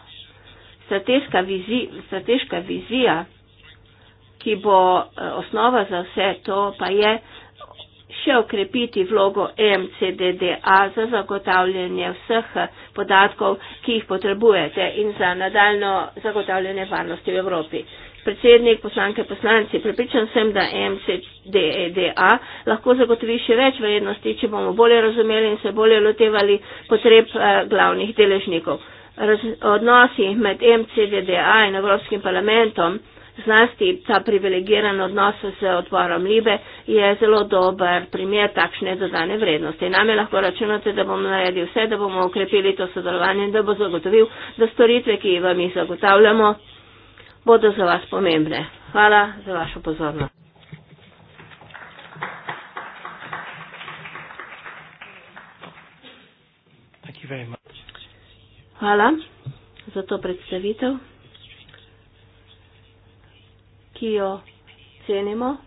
Speaker 2: Strateška, vizi, strateška vizija, ki bo eh, osnova za vse to, pa je, začel krepiti vlogo MCDDA za zagotavljanje vseh podatkov, ki jih potrebujete in za nadaljno zagotavljanje varnosti v Evropi. Predsednik, poslanke, poslanci, pripričan sem, da MCDDA e lahko zagotovi še več vrednosti, če bomo bolje razumeli in se bolje lotevali potreb eh, glavnih deležnikov. Raz, odnosi med MCDDA in Evropskim parlamentom zlasti ta privilegiran odnos s odborom Libe je zelo dober primer takšne dodane vrednosti. Name lahko računate, da bomo naredili vse, da bomo ukrepili to sodelovanje in da bo zagotovil, da storitve, ki vam jih zagotavljamo, bodo za vas pomembne. Hvala za vašo pozornost. Hvala za to predstavitev ki jo cenimo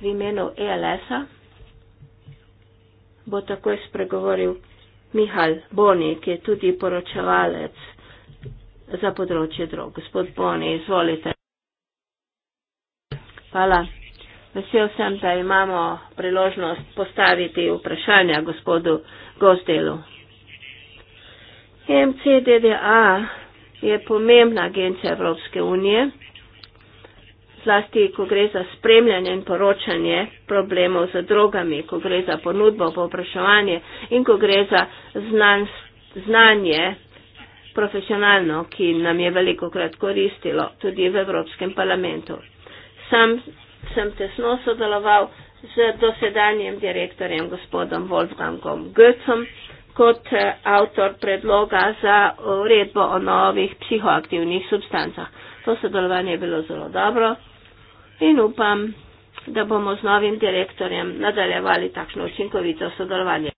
Speaker 2: v imenu ELS-a, bo takoj spregovoril Mihal Boni, ki je tudi poročevalec za področje drog. Gospod Boni, izvolite. Hvala. Vesel sem, da imamo priložnost postaviti vprašanja gospodu Gozdelu. MCDDA je pomembna agencija Evropske unije zlasti ko gre za spremljanje in poročanje problemov z drogami, ko gre za ponudbo, povpraševanje in ko gre za znan, znanje profesionalno, ki nam je veliko krat koristilo tudi v Evropskem parlamentu. Sam sem tesno sodeloval z dosedanjem direktorjem gospodom Wolfgangom Götzom kot eh, avtor predloga za uredbo o novih psihoaktivnih substancah. To sodelovanje je bilo zelo dobro in upam, da bomo z novim direktorjem nadaljevali takšno učinkovito sodelovanje.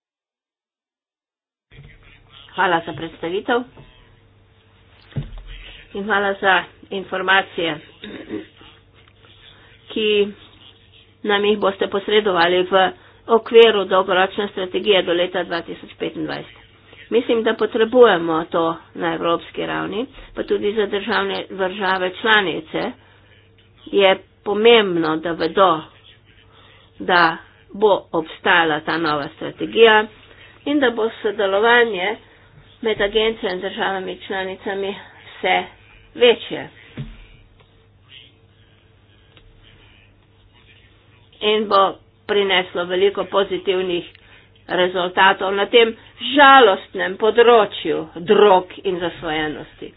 Speaker 2: Hvala za predstavitev in hvala za informacije, ki nam jih boste posredovali v okviru dolgoročne strategije do leta 2025. Mislim, da potrebujemo to na evropski ravni, pa tudi za državne, države članice je pomembno, da vedo, da bo obstala ta nova strategija in da bo sodelovanje med agencijo in državami članicami vse večje. In bo prineslo veliko pozitivnih rezultatov na tem žalostnem področju drog in zasvojenosti.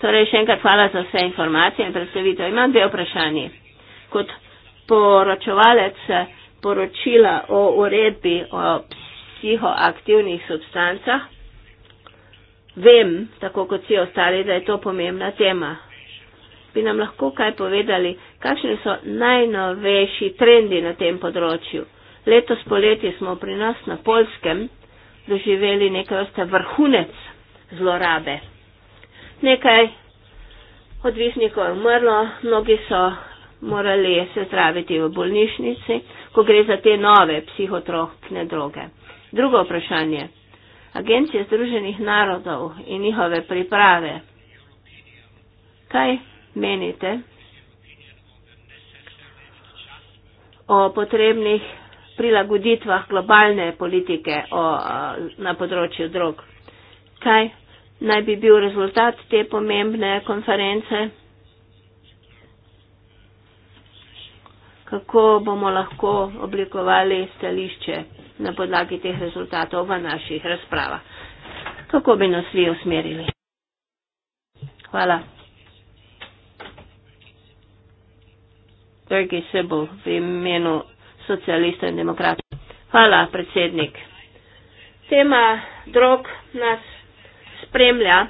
Speaker 2: Torej, še enkrat hvala za vse informacije in predstavitev. Imam dve vprašanje. Kot poročevalec poročila o uredbi o psihoaktivnih substancah, vem, tako kot vsi ostali, da je to pomembna tema. Bi nam lahko kaj povedali, kakšni so najnovejši trendi na tem področju? Letos poleti smo pri nas na Polskem doživeli nekaj vrste vrhunec zlorabe nekaj odvisnikov je umrlo, mnogi so morali se zdraviti v bolnišnici, ko gre za te nove psihotropne droge. Drugo vprašanje. Agencije Združenih narodov in njihove priprave. Kaj menite o potrebnih prilagoditvah globalne politike o, na področju drog? Kaj naj bi bil rezultat te pomembne konference. Kako bomo lahko oblikovali stališče na podlagi teh rezultatov v naših razpravah? Kako bi nas vi usmerili? Hvala. Drugi sebo v imenu socialista in demokrata. Hvala, predsednik. Tema drog nas spremlja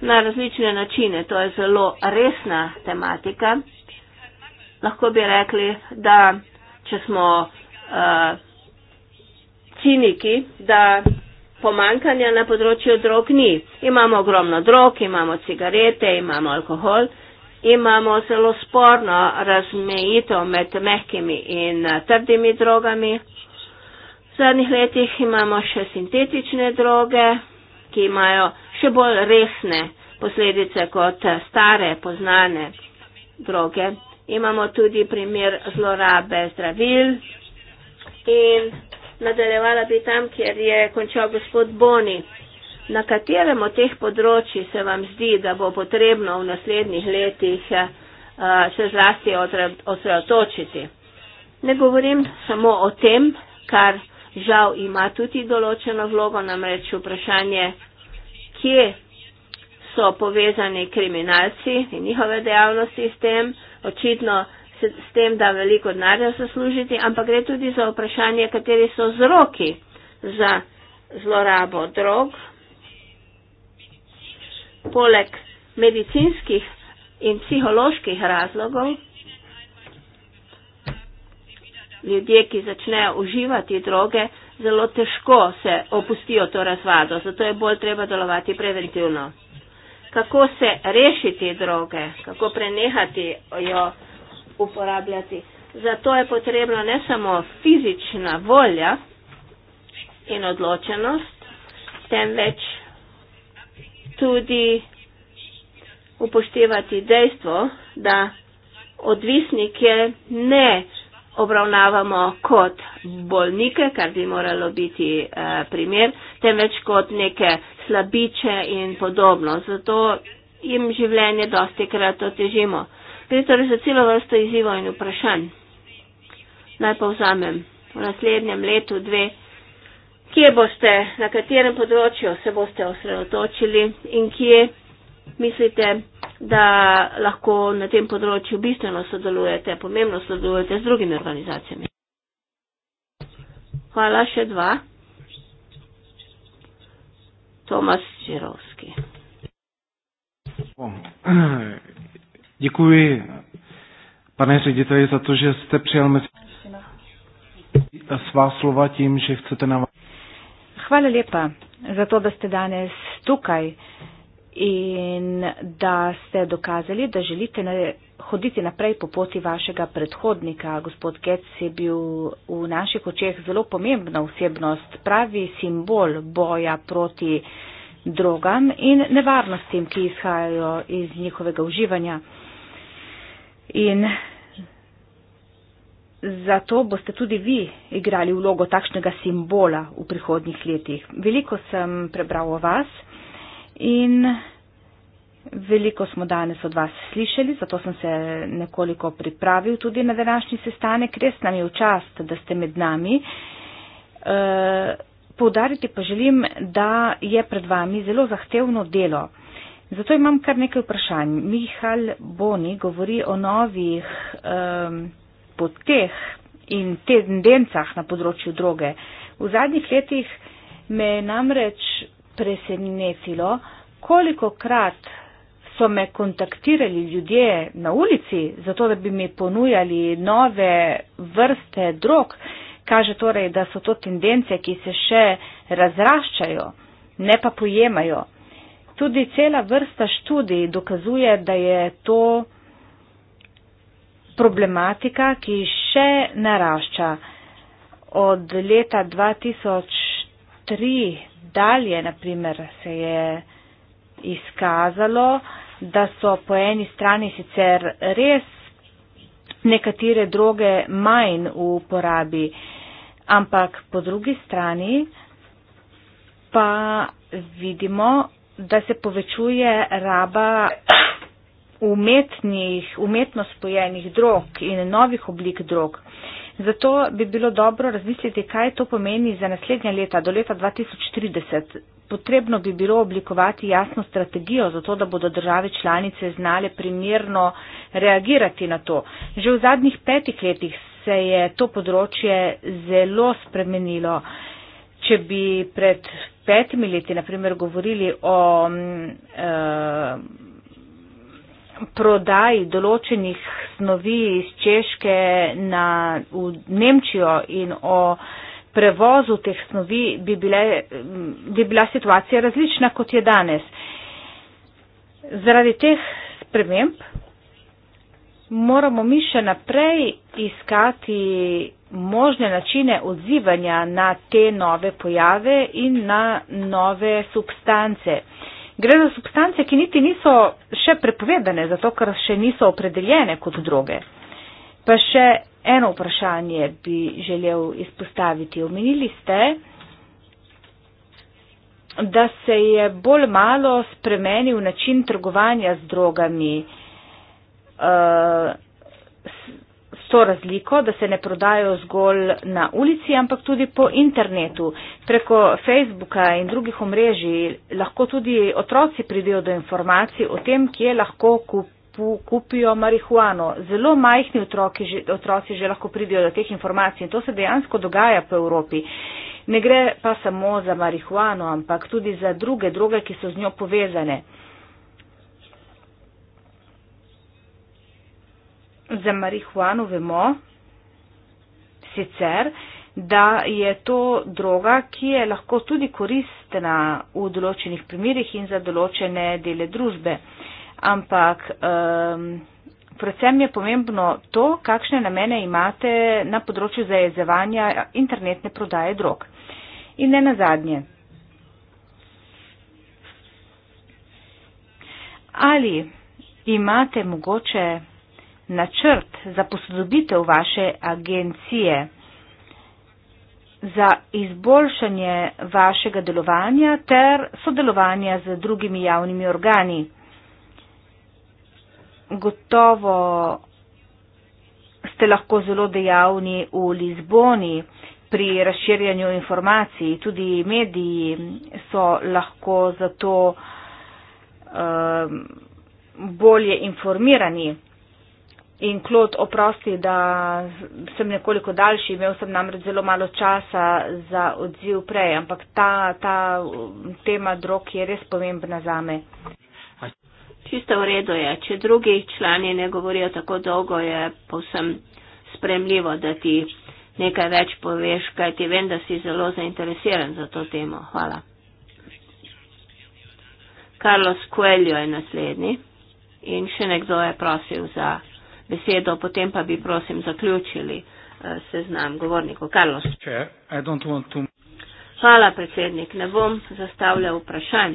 Speaker 2: na različne načine. To je zelo resna tematika. Lahko bi rekli, da če smo uh, ciniki, da pomankanja na področju drog ni. Imamo ogromno drog, imamo cigarete, imamo alkohol, imamo zelo sporno razmejitev med mehkimi in eh, trdimi drogami. V zadnjih letih imamo še sintetične droge, ki imajo še bolj resne posledice kot stare poznane droge. Imamo tudi primer zlorabe zdravil in nadaljevala bi tam, kjer je končal gospod Boni. Na katerem od teh področji se vam zdi, da bo potrebno v naslednjih letih eh, se zlasti osredotočiti? Ne govorim samo o tem, kar žal ima tudi določeno vlogo, namreč vprašanje, kje so povezani kriminalci in njihove dejavnosti s tem, očitno s tem, da veliko denarja zaslužiti, ampak gre tudi za vprašanje, kateri so vzroki za zlorabo drog. Poleg medicinskih in psiholoških razlogov ljudje, ki začnejo uživati droge, zelo težko se opustijo to razvado. Zato je bolj treba delovati preventivno. Kako se rešiti droge, kako prenehati jo uporabljati. Zato je potrebno ne samo fizična volja in odločenost, temveč tudi upoštevati dejstvo, da odvisnik je ne obravnavamo kot bolnike, kar bi moralo biti eh, primer, temveč kot neke slabiče in podobno. Zato jim življenje dosti krat otežimo. Gre torej za celo vrsto izzivov in vprašanj. Naj povzamem v naslednjem letu, dve, kje boste, na katerem področju se boste osredotočili in kje mislite, da lahko na tem področju bistveno sodelujete, pomembno sodelujete z drugimi organizacijami. Hvala še dva. Tomas Čirovski.
Speaker 1: Děkuji, pane řediteli, za to, že jste přijal mezi svá slova tím, že chcete na vás.
Speaker 4: Hvala lepa za to, da ste danes tukaj. Uh, in da ste dokazali, da želite na, hoditi naprej po poti vašega predhodnika. Gospod Getz je bil v naših očeh zelo pomembna osebnost, pravi simbol boja proti drogam in nevarnostim, ki izhajajo iz njihovega uživanja. In zato boste tudi vi igrali vlogo takšnega simbola v prihodnjih letih. Veliko sem prebral o vas. In veliko smo danes od vas slišali, zato sem se nekoliko pripravil tudi na današnji sestanek. Res nam je v čast, da ste med nami. E, poudariti pa želim, da je pred vami zelo zahtevno delo. Zato imam kar nekaj vprašanj. Mihal Boni govori o novih um, poteh in tendencah na področju droge. V zadnjih letih me namreč presenetilo, koliko krat so me kontaktirali ljudje na ulici, zato da bi mi ponujali nove vrste drog, kaže torej, da so to tendence, ki se še razraščajo, ne pa pojemajo. Tudi cela vrsta študij dokazuje, da je to problematika, ki še narašča. Od leta 2003 dalje, naprimer, se je izkazalo, da so po eni strani sicer res nekatere droge manj v uporabi, ampak po drugi strani pa vidimo, da se povečuje raba umetnih, umetno spojenih drog in novih oblik drog. Zato bi bilo dobro razmisliti, kaj to pomeni za naslednje leta, do leta 2030. Potrebno bi bilo oblikovati jasno strategijo, zato da bodo države članice znale primerno reagirati na to. Že v zadnjih petih letih se je to področje zelo spremenilo. Če bi pred petimi leti, naprimer, govorili o. Um, um, prodaj določenih snovi iz Češke na, v Nemčijo in o prevozu teh snovi bi, bile, bi bila situacija različna, kot je danes. Zaradi teh sprememb moramo mi še naprej iskati možne načine odzivanja na te nove pojave in na nove substance. Gre za substance, ki niti niso še prepovedane, zato ker še niso opredeljene kot droge. Pa še eno vprašanje bi želel izpostaviti. Omenili ste, da se je bolj malo spremenil način trgovanja z drogami. Uh, s to razliko, da se ne prodajo zgolj na ulici, ampak tudi po internetu. Preko Facebooka in drugih omrežij lahko tudi otroci pridejo do informacij o tem, kje lahko kupijo kupijo marihuano. Zelo majhni otroci že, otroci že lahko pridijo do teh informacij in to se dejansko dogaja po Evropi. Ne gre pa samo za marihuano, ampak tudi za druge droge, ki so z njo povezane. za marihuano vemo sicer, da je to droga, ki je lahko tudi koristna v določenih primerjih in za določene dele družbe. Ampak um, predvsem je pomembno to, kakšne namene imate na področju zajezevanja internetne prodaje drog. In ne nazadnje. Ali imate mogoče načrt za posodobitev vaše agencije, za izboljšanje vašega delovanja ter sodelovanja z drugimi javnimi organi. Gotovo ste lahko zelo dejavni v Lizboni pri razširjanju informacij, tudi mediji so lahko zato um, ehm, bolje informirani. In klot, oprosti, da sem nekoliko daljši, imel sem namreč zelo malo časa za odziv prej, ampak ta, ta tema drog je res pomembna za me.
Speaker 2: Čisto v redu je, če drugi člani ne govorijo tako dolgo, je povsem spremljivo, da ti nekaj več poveš, kaj ti vem, da si zelo zainteresiran za to temo. Hvala. Carlos Coelho je naslednji in še nekdo je prosil za besedo, potem pa bi prosim zaključili eh, seznam govorniku. Karlo. Hvala, predsednik. Ne bom zastavljal vprašanj.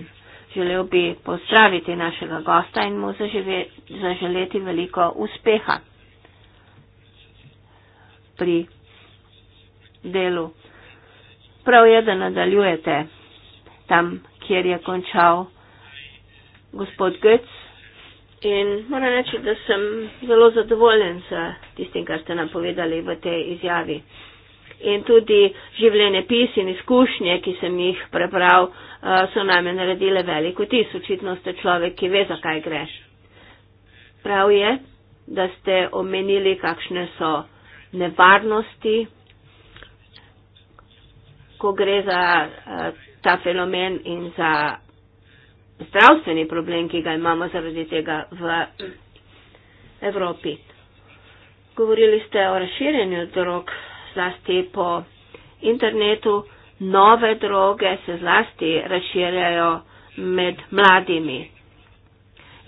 Speaker 2: Želel bi pozdraviti našega gosta in mu zaživeti, zaželeti veliko uspeha pri delu. Prav je, da nadaljujete tam, kjer je končal gospod Götz. In moram reči, da sem zelo zadovoljen s tistim, kar ste nam povedali v tej izjavi. In tudi življenje pis in izkušnje, ki sem jih prebral, eh, so name naredile veliko tis. Očitno ste človek, ki ve, zakaj greš. Prav je, da ste omenili, kakšne so nevarnosti, ko gre za eh, ta fenomen in za zdravstveni problem, ki ga imamo zaradi tega v Evropi. Govorili ste o razširjenju drog, zlasti po internetu. Nove droge se zlasti razširjajo med mladimi.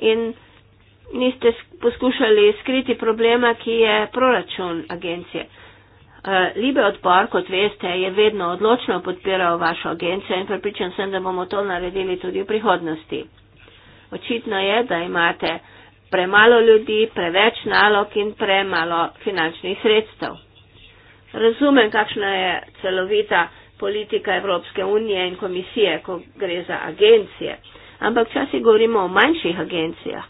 Speaker 2: In niste poskušali skriti problema, ki je proračun agencije. Eh, Libe odpor, kot veste, je vedno odločno podpiral vašo agencijo in pripričan sem, da bomo to naredili tudi v prihodnosti. Očitno je, da imate premalo ljudi, preveč nalog in premalo finančnih sredstev. Razumem, kakšna je celovita politika Evropske unije in komisije, ko gre za agencije, ampak časi govorimo o manjših agencijah.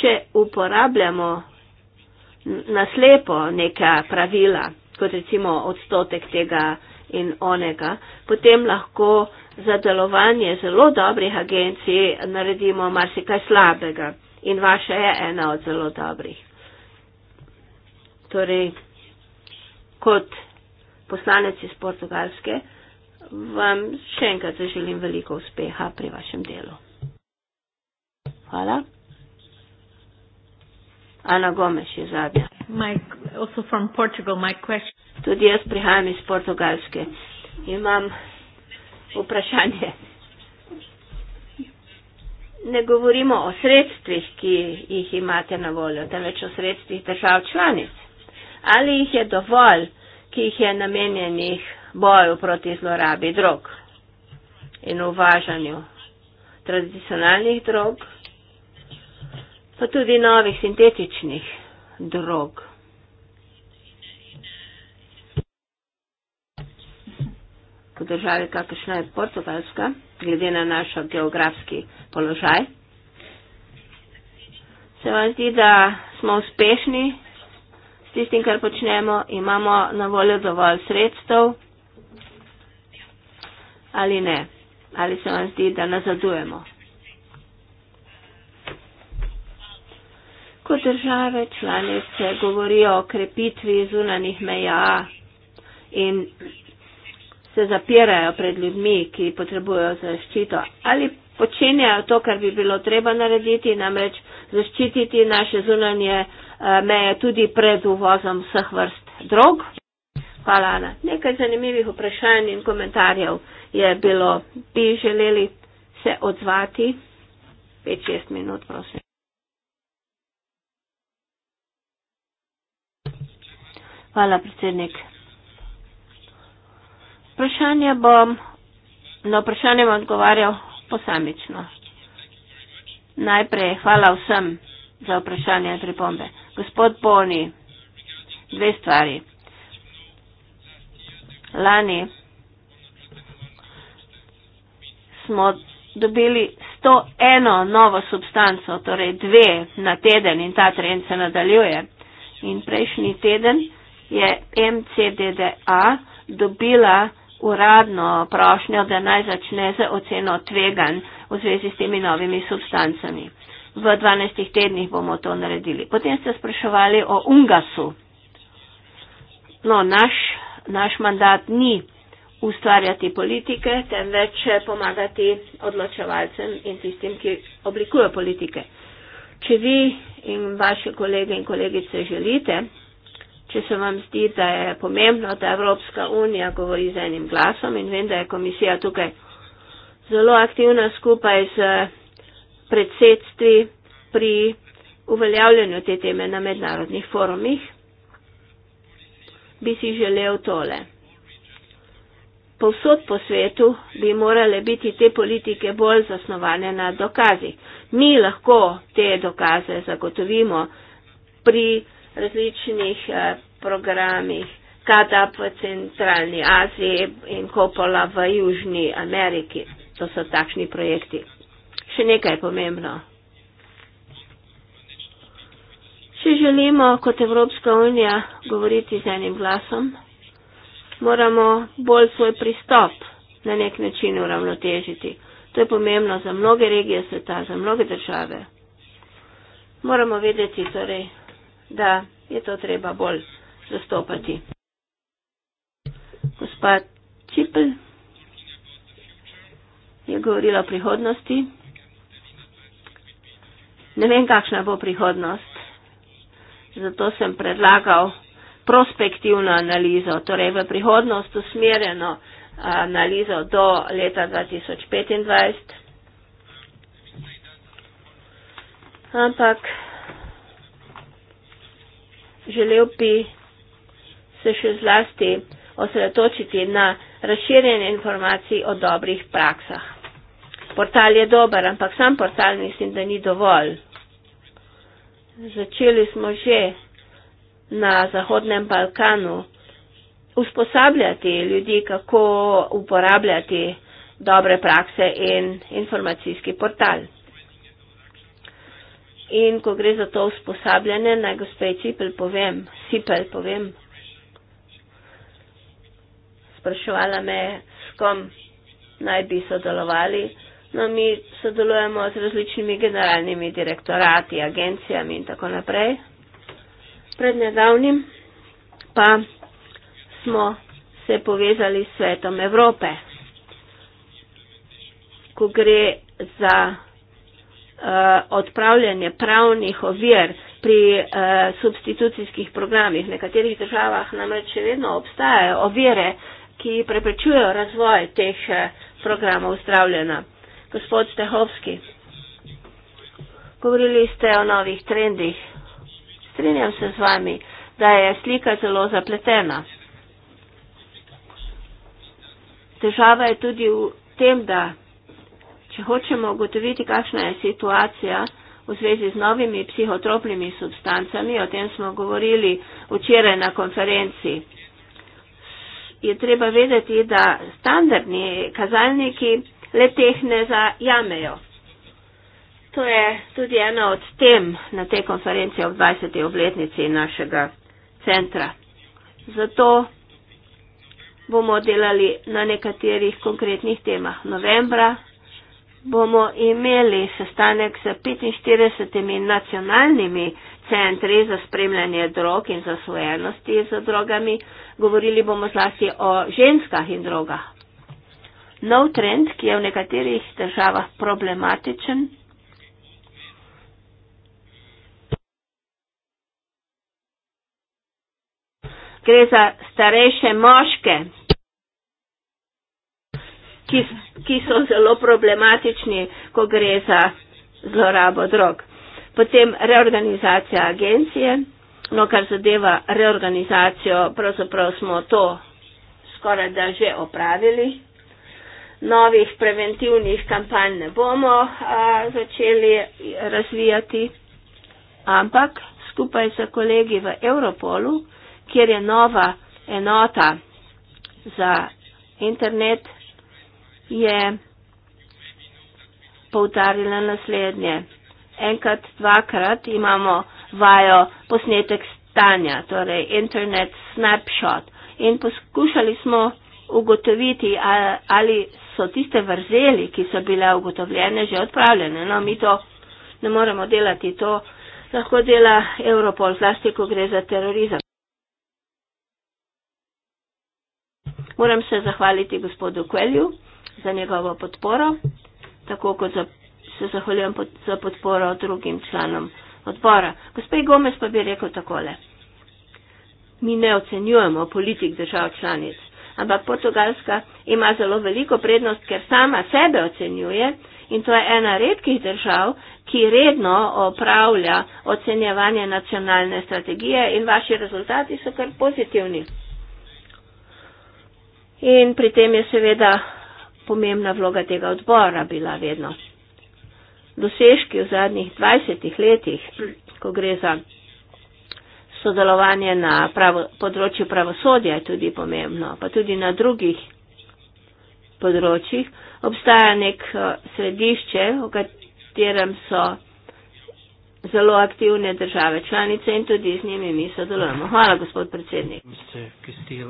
Speaker 2: Če uporabljamo naslepo neka pravila, kot recimo odstotek tega in onega, potem lahko za delovanje zelo dobrih agencij naredimo marsikaj slabega in vaša je ena od zelo dobrih. Torej, kot poslanec iz Portugalske, vam še enkrat zaželim veliko uspeha pri vašem delu. Hvala. Ana Gomes iz Zagreba. My, also from Portugal, my question. Tudi jaz prihajam iz Portugalske. Imam vprašanje. Ne govorimo o sredstvih, ki jih imate na voljo, temveč o sredstvih držav članic. Ali jih je dovolj, ki jih je namenjenih boju proti zlorabi drog in uvažanju tradicionalnih drog? pa tudi novih sintetičnih drog. V državi, kakršna je Portugalska, glede na naš geografski položaj, se vam zdi, da smo uspešni s tistim, kar počnemo, imamo na voljo dovolj sredstev ali ne, ali se vam zdi, da nazadujemo. ko države članice govorijo o krepitvi zunanih meja in se zapirajo pred ljudmi, ki potrebujejo zaščito, ali počenjajo to, kar bi bilo treba narediti, namreč zaščititi naše zunanje eh, meje tudi pred uvozom vseh vrst drog. Hvala, Ana. Nekaj zanimivih vprašanj in komentarjev je bilo. Bi želeli se odzvati? 5-6 minut, prosim. Hvala, predsednik. Vprašanje bom, na vprašanje bom odgovarjal posamično. Najprej hvala vsem za vprašanje in pripombe. Gospod Boni, dve stvari. Lani smo dobili 101 novo substanco, torej dve na teden in ta trend se nadaljuje. In prejšnji teden je MCDDA dobila uradno prošnjo, da naj začne za oceno tvegan v zvezi s temi novimi substancami. V 12 tednih bomo to naredili. Potem ste spraševali o Ungasu. No, naš, naš mandat ni ustvarjati politike, temveč pomagati odločevalcem in tistim, ki oblikujejo politike. Če vi in vaše kolege in kolegice želite, če se vam zdi, da je pomembno, da Evropska unija govori z enim glasom in vem, da je komisija tukaj zelo aktivna skupaj z predsedstvi pri uveljavljanju te teme na mednarodnih forumih, bi si želel tole. Povsod po svetu bi morale biti te politike bolj zasnovane na dokazih. Mi lahko te dokaze zagotovimo pri različnih eh, programih, kada v centralni Aziji in kopola v Južni Ameriki. To so takšni projekti. Še nekaj je pomembno. Če želimo kot Evropska unija govoriti z enim glasom, moramo bolj svoj pristop na nek način uravnotežiti. To je pomembno za mnoge regije sveta, za mnoge države. Moramo vedeti torej, da je to treba bolj zastopati. Gospa Čipl je govorila o prihodnosti. Ne vem, kakšna bo prihodnost. Zato sem predlagal prospektivno analizo, torej v prihodnost usmerjeno analizo do leta 2025. Ampak želel bi se še zlasti osredotočiti na razširjanje informacij o dobrih praksah. Portal je dober, ampak sam portal mislim, da ni dovolj. Začeli smo že na Zahodnem Balkanu usposabljati ljudi, kako uporabljati dobre prakse in informacijski portal. In ko gre za to usposabljanje, naj gospej Cipel povem, Sipel povem. Sprašovala me je, s kom naj bi sodelovali. No, mi sodelujemo z različnimi generalnimi direktorati, agencijami in tako naprej. Pred nedavnim pa smo se povezali s svetom Evrope. Ko gre za Eh, odpravljanje pravnih ovir pri uh, substitucijskih programih. V nekaterih državah namreč še vedno obstajajo ovire, ki preprečujejo razvoj teh eh, programov zdravljena. Gospod Stehovski, govorili ste o novih trendih. Strinjam se z vami, da je slika zelo zapletena. Težava je tudi v tem, da Če hočemo ugotoviti, kakšna je situacija v zvezi z novimi psihotropnimi substancami, o tem smo govorili včeraj na konferenci, je treba vedeti, da standardni kazalniki le teh ne zajamejo. To je tudi ena od tem na tej konferenci ob 20. obletnici našega centra. Zato bomo delali na nekaterih konkretnih temah. Novembra bomo imeli sestanek z 45 nacionalnimi centri za spremljanje drog in zasvojenosti z drogami. Govorili bomo zlasti o ženskah in drogah. Nov trend, ki je v nekaterih državah problematičen. Gre za starejše moške, ki, ki so zelo problematični, ko gre za zlorabo drog. Potem reorganizacija agencije, no kar zadeva reorganizacijo, pravzaprav smo to skoraj da že opravili. Novih preventivnih kampanj ne bomo a, začeli razvijati, ampak skupaj s kolegi v Europolu, kjer je nova enota za internet je poudarila naslednje. Enkrat, dvakrat imamo vajo posnetek stanja, torej internet snapshot. In poskušali smo ugotoviti, ali so tiste vrzeli, ki so bile ugotovljene, že odpravljene. No, mi to ne moremo delati. To lahko dela Europol, zlasti, ko gre za terorizem. Moram se zahvaliti gospodu Kvelju za njegovo podporo, tako kot za, se zahvaljujem pod, za podporo drugim članom odbora. Gospod Gomez pa bi rekel takole. Mi ne ocenjujemo politik držav članic, ampak Portugalska ima zelo veliko prednost, ker sama sebe ocenjuje in to je ena redkih držav, ki redno opravlja ocenjevanje nacionalne strategije in vaši rezultati so kar pozitivni. In pri tem je seveda pomembna vloga tega odbora bila vedno. Dosežki v zadnjih 20 letih, ko gre za sodelovanje na pravo, področju pravosodja, je tudi pomembno, pa tudi na drugih področjih, obstaja nek eh, središče, v katerem so zelo aktivne države članice in tudi z njimi mi sodelujemo. Hvala, gospod predsednik.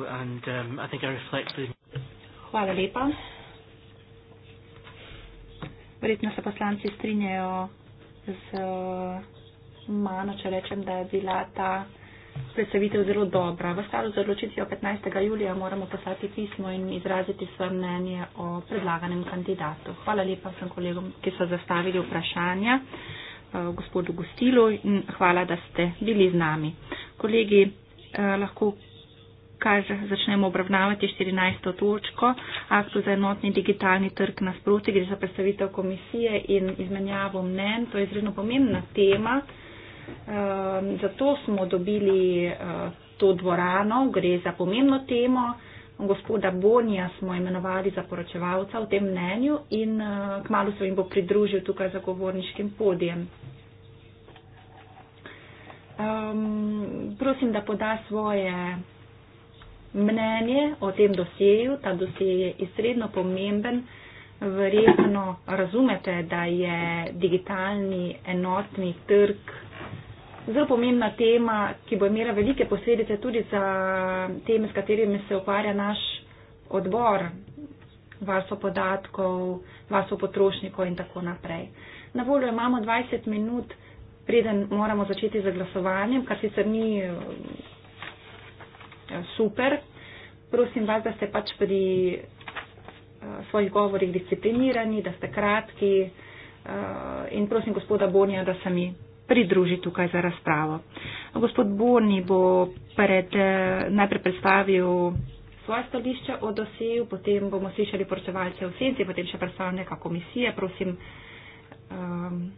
Speaker 1: Um,
Speaker 2: Hvala lepa.
Speaker 3: Verjetno se poslanci strinjajo z eh, mano, če rečem, da je bila ta predstavitev zelo dobra. V skladu z odločitvijo 15. julija moramo poslati pismo in izraziti svoje mnenje o predlaganem kandidatu. Hvala lepa vsem kolegom, ki so zastavili vprašanja eh, gospodu Gustilu in hvala, da ste bili z nami. Kolegi, eh, lahko tukaj začnemo obravnavati 14. točko, aktu za enotni digitalni trg nasproti, gre za predstavitev komisije in izmenjavo mnen. To je izredno pomembna tema. Ehm, zato smo dobili eh, to dvorano, gre za pomembno temo. Gospoda Bonija smo imenovali za poročevalca v tem mnenju in eh, kmalo se jim bo pridružil tukaj za govorniškim podijem. Um, prosim, da poda svoje mnenje o tem dosjeju. Ta dosje je izredno pomemben. Verjetno razumete, da je digitalni enotni trg zelo pomembna tema, ki bo imela velike posledice tudi za teme, s katerimi se ukvarja naš odbor varstvo podatkov, varstvo potrošnikov in tako naprej. Na voljo imamo 20 minut, preden moramo začeti z glasovanjem, kar sicer ni super. Prosim vas, da ste pač pri eh, svojih govorih disciplinirani, da ste kratki eh, in prosim gospoda Bonija, da se mi pridruži tukaj za razpravo. Gospod Boni bo pred, eh, najprej predstavil svoje stališče o dosegu, potem bomo slišali poročevalce v senci, potem še predstavnika komisije. Prosim. Um,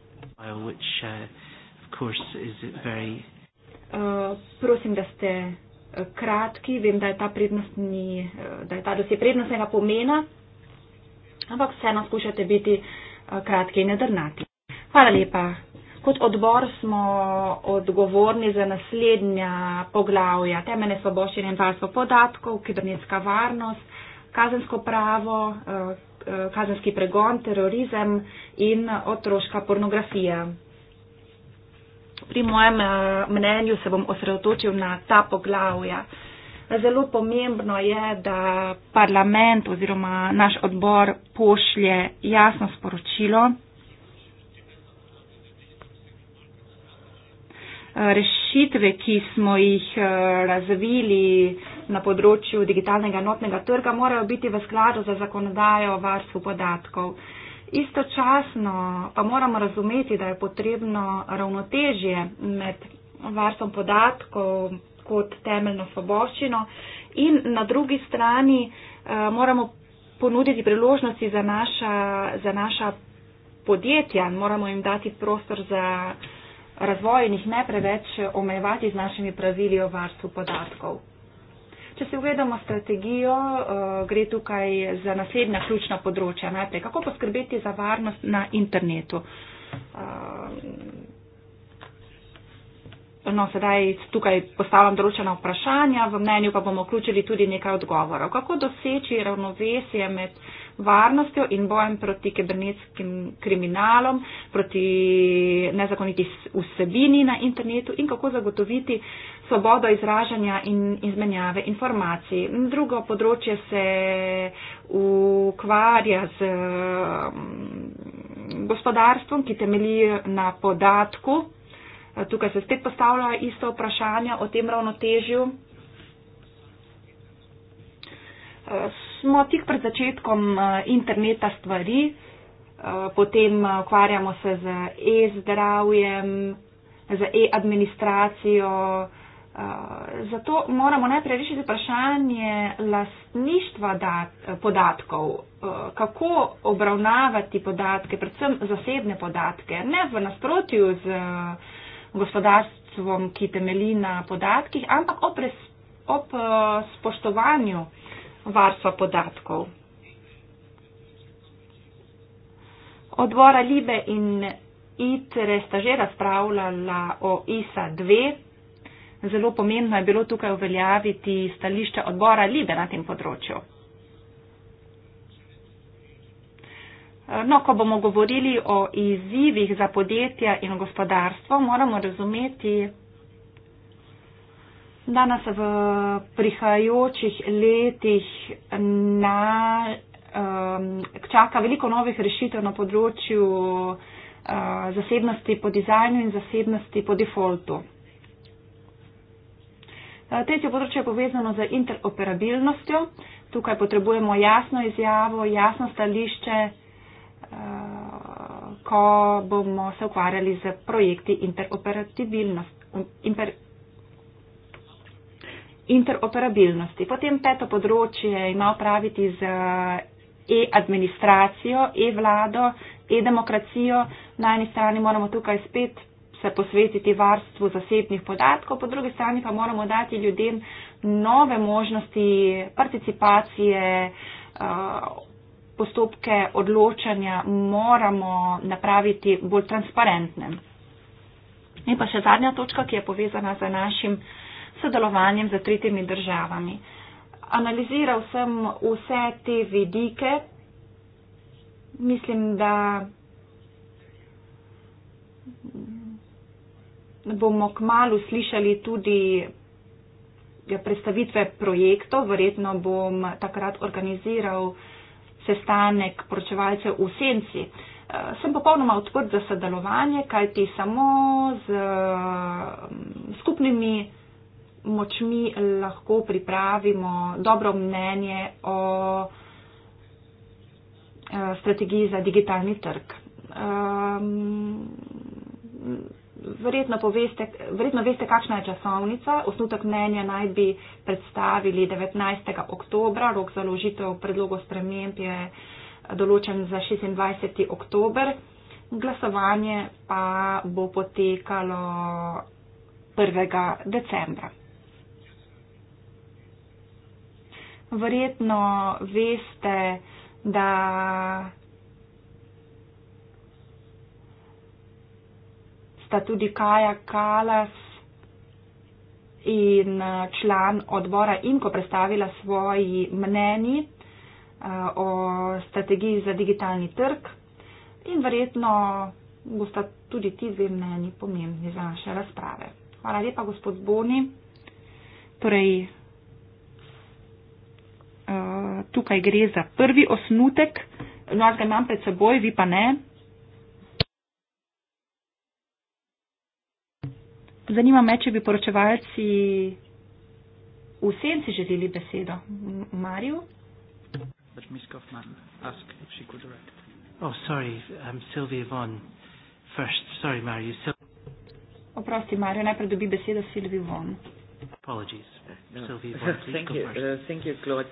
Speaker 1: which, uh, very...
Speaker 3: uh, prosim, da ste kratki, vem, da je ta, eh, da je ta dosje prednostnega pomena, ampak vseeno skušate biti eh, kratki in nedrnati. Hvala lepa. Kot odbor smo odgovorni za naslednja poglavja temene svoboščine in varstvo podatkov, kibernetska varnost, kazensko pravo, eh, kazenski pregon, terorizem in otroška pornografija pri mojem eh, mnenju se bom osredotočil na ta poglavja. Zelo pomembno je, da parlament oziroma naš odbor pošlje jasno sporočilo. Eh, rešitve, ki smo jih eh, razvili na področju digitalnega notnega trga, morajo biti v skladu za zakonodajo o varstvu podatkov. Istočasno pa moramo razumeti, da je potrebno ravnotežje med varstvom podatkov kot temeljno svoboščino in na drugi strani eh, moramo ponuditi priložnosti za naša, za naša podjetja, moramo jim dati prostor za razvoj in jih ne preveč omejevati z našimi pravili o varstvu podatkov. Če si ogledamo strategijo, eh, gre tukaj za naslednja ključna področja. Najprej, kako poskrbeti za varnost na internetu? Eh, no, sedaj tukaj postavljam določena vprašanja, v mnenju pa bomo vključili tudi nekaj odgovorov. Kako doseči ravnovesje med varnostjo in bojem proti kibernetskim kriminalom, proti nezakoniti vsebini na internetu in kako zagotoviti svobodo izražanja in izmenjave informacij. Drugo področje se ukvarja z mm, gospodarstvom, ki temelji na podatku. Tukaj se spet postavlja isto vprašanje o tem ravnotežju smo tik pred začetkom eh, interneta stvari, eh, potem eh, ukvarjamo se z e-zdravjem, z e-administracijo. Zato moramo najprej rešiti vprašanje lastništva podatkov, kako obravnavati podatke, predvsem zasebne podatke, ne v nasprotju z gospodarstvom, ki temeli na podatkih, ampak ob, res, ob spoštovanju uh, varstva podatkov. Odbora Libe in ITRE sta že razpravljala o ISA 2. Zelo pomembno je bilo tukaj uveljaviti stališče odbora Libe na tem področju. No, ko bomo govorili o izzivih za podjetja in gospodarstvo, moramo razumeti, da nas v prihajajočih letih na, um, čaka veliko novih rešitev na področju uh, zasebnosti po dizajnu in zasebnosti po defaultu. Uh, tretje področje je povezano z interoperabilnostjo. Tukaj potrebujemo jasno izjavo, jasno stališče, uh, ko bomo se ukvarjali z projekti interoperabilnosti interoperabilnosti. Potem peto področje ima upraviti no z eh, e-administracijo, e-vlado, e-demokracijo. Na eni strani moramo tukaj spet se posvetiti varstvu zasebnih podatkov, po drugi strani pa moramo dati ljudem nove možnosti participacije, eh, postopke odločanja moramo napraviti bolj transparentne. In pa še zadnja točka, ki je povezana z našim uh, sodelovanjem z tretjimi državami. Analiziral sem vse te vidike. Mislim, da bomo k malu slišali tudi ja, predstavitve projektov. Verjetno bom takrat organiziral sestanek poročevalcev v senci. Eh, sem popolnoma odprt za sodelovanje, kajti samo z mm, skupnimi močmi lahko pripravimo dobro mnenje o eh, strategiji za digitalni trg. Um, verjetno, poveste, verjetno veste, kakšna je časovnica. Osnutek mnenja naj bi predstavili 19. oktobra. Rok za ložitev predlogov sprememb je določen za 26. oktober. Glasovanje pa bo potekalo 1. decembra. verjetno veste, da sta tudi Kaja Kalas in eh, član odbora Inko predstavila svoji mneni eh, o strategiji za digitalni trg in verjetno bosta tudi ti dve mneni pomembni za naše razprave. Hvala lepa, gospod Boni. Torej, Eh, tukaj gre za prvi osnutek, no jaz ga imam pred seboj, vi pa ne. Zanima me, če bi poročevalci v senci želeli besedo. Mariju? Oh, Oprosti, Mario, najprej dobi besedo Silvi Von.
Speaker 1: Apologies. No. Silvi Von, please go first. Thank you, uh, thank you Claude.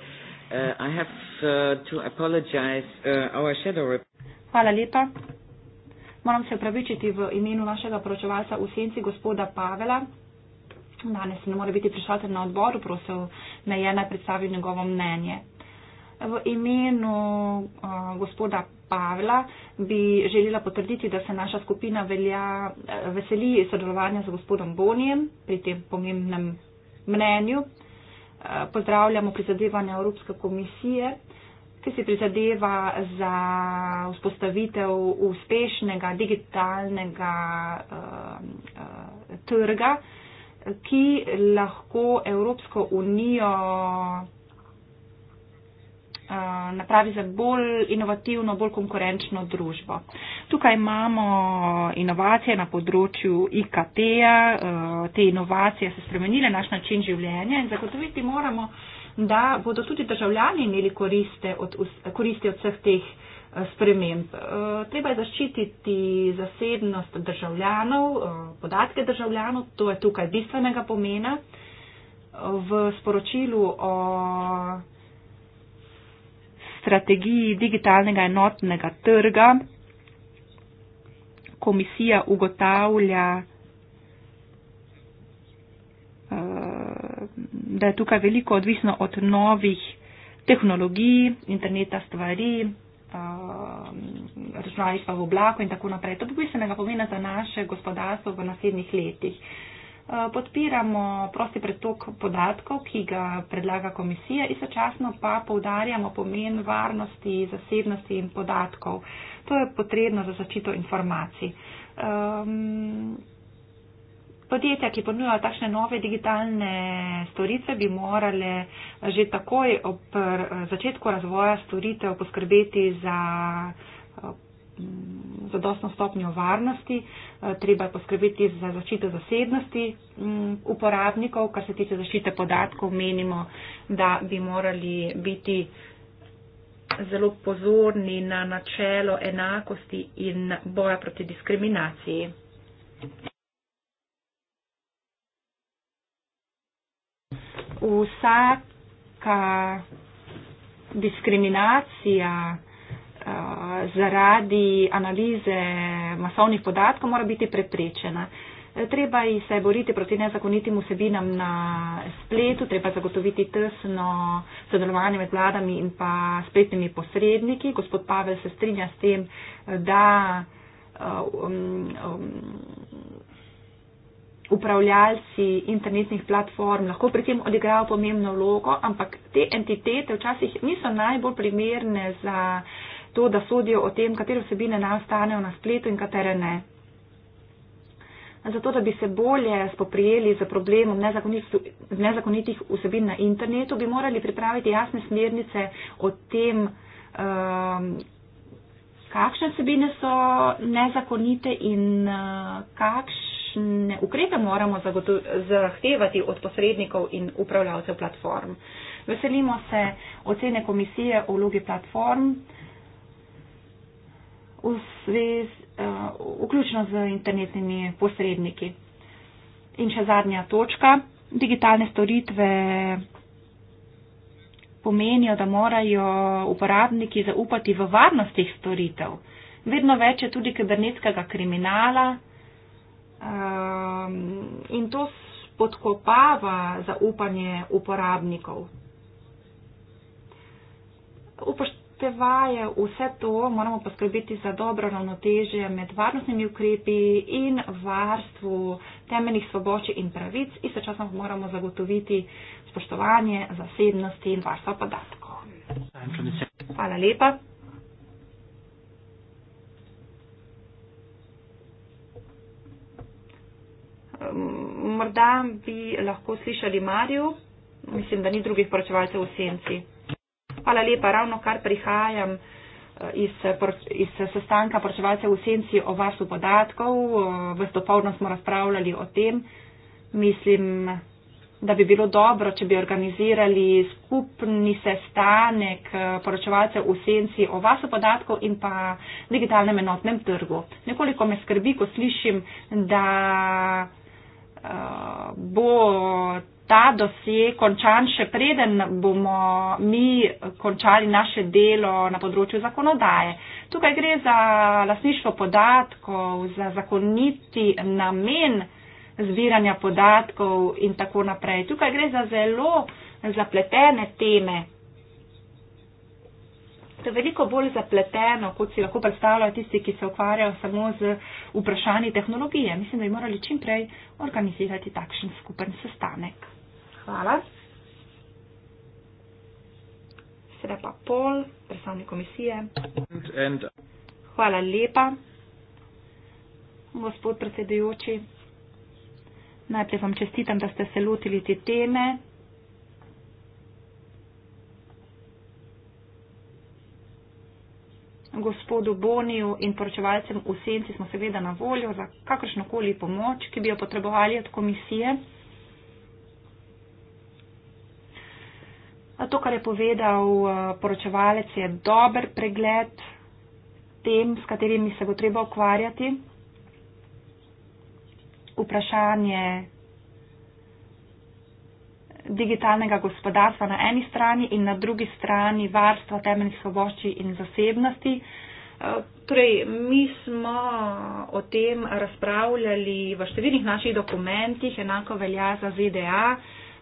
Speaker 1: Uh, I have uh, to apologize uh, our shadow
Speaker 3: Hvala lepa. Moram se opravičiti v imenu našega poročevalca v senci gospoda Pavela. Danes ne more biti prišalten na odboru, prosil me je naj predstavil njegovo mnenje. V imenu uh, gospoda Pavla bi želela potrditi, da se naša skupina velja, uh, veseli sodelovanja z gospodom Bonijem pri tem pomembnem mnenju pozdravljamo prizadevanja Evropske komisije, ki si prizadeva za vzpostavitev uspešnega digitalnega eh, eh, trga, ki lahko Evropsko unijo Eh, napravi za bolj inovativno, bolj konkurenčno družbo. Tukaj imamo inovacije na področju IKT-ja, eh, te inovacije so spremenile naš način življenja in zagotoviti moramo, da bodo tudi državljani imeli koriste od, koristi od vseh teh eh, sprememb. Treba je zaščititi zasebnost državljanov, podatke državljanov, to je tukaj bistvenega pomena. V sporočilu o strategiji digitalnega enotnega trga. Komisija ugotavlja, eh, da je tukaj veliko odvisno od novih tehnologij, interneta stvari, eh, računalništva v oblaku in tako naprej. To bi bistvenega pomena za naše gospodarstvo v naslednjih letih. Eh, podpiramo prosti pretok podatkov, ki ga predlaga komisija, istočasno pa poudarjamo pomen varnosti, zasebnosti in podatkov. To je potrebno za zaščito informacij. Um, podjetja, ki ponujajo takšne nove digitalne storice, bi morale že takoj ob eh, začetku razvoja storitev poskrbeti za Mm, zadostno stopnjo varnosti, eh, treba je poskrbeti za zaščito zasebnosti mm, uporabnikov, kar se tiče zaščite podatkov, menimo, da bi morali biti zelo pozorni na načelo enakosti in boja proti diskriminaciji. Vsaka diskriminacija Eh, zaradi analize masovnih podatkov mora biti preprečena. Eh, treba se boriti proti nezakonitim vsebinam na spletu, treba zagotoviti tesno sodelovanje med vladami in pa spletnimi posredniki. Gospod Pavel se strinja s tem, da eh, um, um, upravljalci internetnih platform lahko pri tem odigrajo pomembno vlogo, ampak te entitete včasih niso najbolj primerne za to, da sodijo o tem, katere vsebine nam stanejo na spletu in katere ne. Zato, da bi se bolje spoprijeli z problemom nezakonitih vsebin na internetu, bi morali pripraviti jasne smernice o tem, um, kakšne vsebine so nezakonite in uh, kakšne ukrepe moramo zahtevati od posrednikov in upravljavcev platform. Veselimo se ocene komisije o vlogi platform. Uh, v zvezi, eh, vključno z internetnimi posredniki. In še zadnja točka. Digitalne storitve pomenijo, da morajo uporabniki zaupati v varnost teh storitev. Vedno več je tudi kibernetskega kriminala um, in to spodkopava zaupanje uporabnikov. Upošt te vaje, vse to moramo poskrbeti za dobro ravnotežje med varnostnimi ukrepi in varstvu temeljnih svoboči in pravic, istočasno moramo zagotoviti spoštovanje zasebnosti in varstva podatkov. Hvala lepa. Ehm, morda bi lahko slišali Mariju, mislim, da ni drugih poročevalcev v senci. Hvala lepa. Ravno kar prihajam eh, iz, eh, iz eh, sestanka poročevalcev v senci o varstvu podatkov. V stopovno smo razpravljali o tem. Mislim, da bi bilo dobro, če bi organizirali skupni sestanek poročevalcev v senci o vasu podatkov in pa digitalnem enotnem trgu. Nekoliko me skrbi, ko slišim, da uh, bo ta dosje končan še preden bomo mi končali naše delo na področju zakonodaje. Tukaj gre za lasništvo podatkov, za zakoniti namen zbiranja podatkov in tako naprej. Tukaj gre za zelo zapletene teme. To je veliko bolj zapleteno, kot si lahko predstavljajo tisti, ki se ukvarjajo samo z vprašanji tehnologije. Mislim, da bi morali čimprej organizirati takšen skupen sestanek. Hvala. Sedaj pa pol, predstavnik komisije. Hvala lepa, gospod predsedujoči. Najprej vam čestitam, da ste se lotili te teme. Gospodu Boniju in poročevalcem v senci smo seveda na voljo za kakršnokoli pomoč, ki bi jo potrebovali od komisije. To, kar je povedal eh, poročevalec, je dober pregled tem, s katerimi se bo treba ukvarjati. Vprašanje digitalnega gospodarstva na eni strani in na drugi strani varstva temeljnih svoboščin in zasebnosti. Eh, torej, mi smo o tem razpravljali v številnih naših dokumentih, enako velja za ZDA.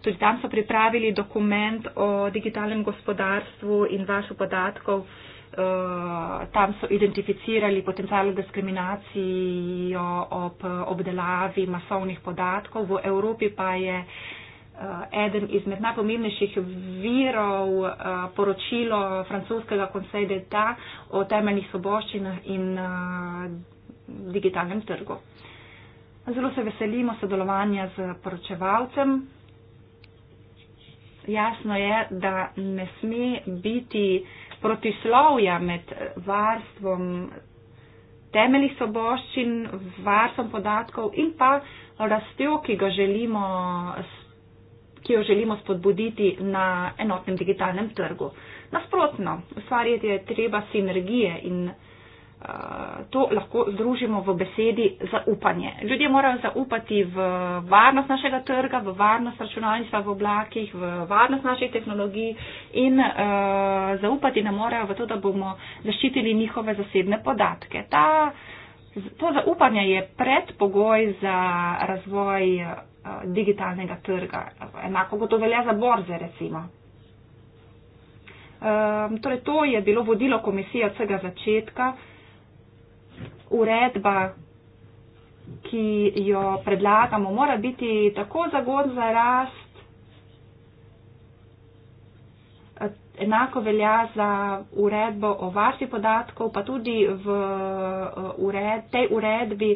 Speaker 3: Tudi tam so pripravili dokument o digitalnem gospodarstvu in vašo podatkov. Eh, tam so identificirali potencijalno diskriminacijo ob obdelavi masovnih podatkov. V Evropi pa je eh, eden izmed najpomembnejših virov eh, poročilo francoskega konseja delta o temeljnih soboščinah in digitalnem trgu. Zelo se veselimo sodelovanja z poročevalcem jasno je, da ne sme biti protislovja med varstvom temeljih soboščin, varstvom podatkov in pa rastjo, ki, ki jo želimo spodbuditi na enotnem digitalnem trgu. Nasprotno, ustvarjati je treba sinergije in. Eh, to lahko združimo v besedi zaupanje. Ljudje morajo zaupati v varnost našega trga, v varnost računalništva v oblakih, v varnost naših tehnologij in uh, zaupati nam morajo v to, da bomo zaščitili njihove zasebne podatke. Ta, to zaupanje je predpogoj za razvoj uh, digitalnega trga, enako kot to velja za borze recimo. Um, torej, to je bilo vodilo komisije od vsega začetka. Uh, uredba, ki jo predlagamo, mora biti tako zagon za rast, enako velja za uredbo o varstvi podatkov, pa tudi v eh, ured, tej uredbi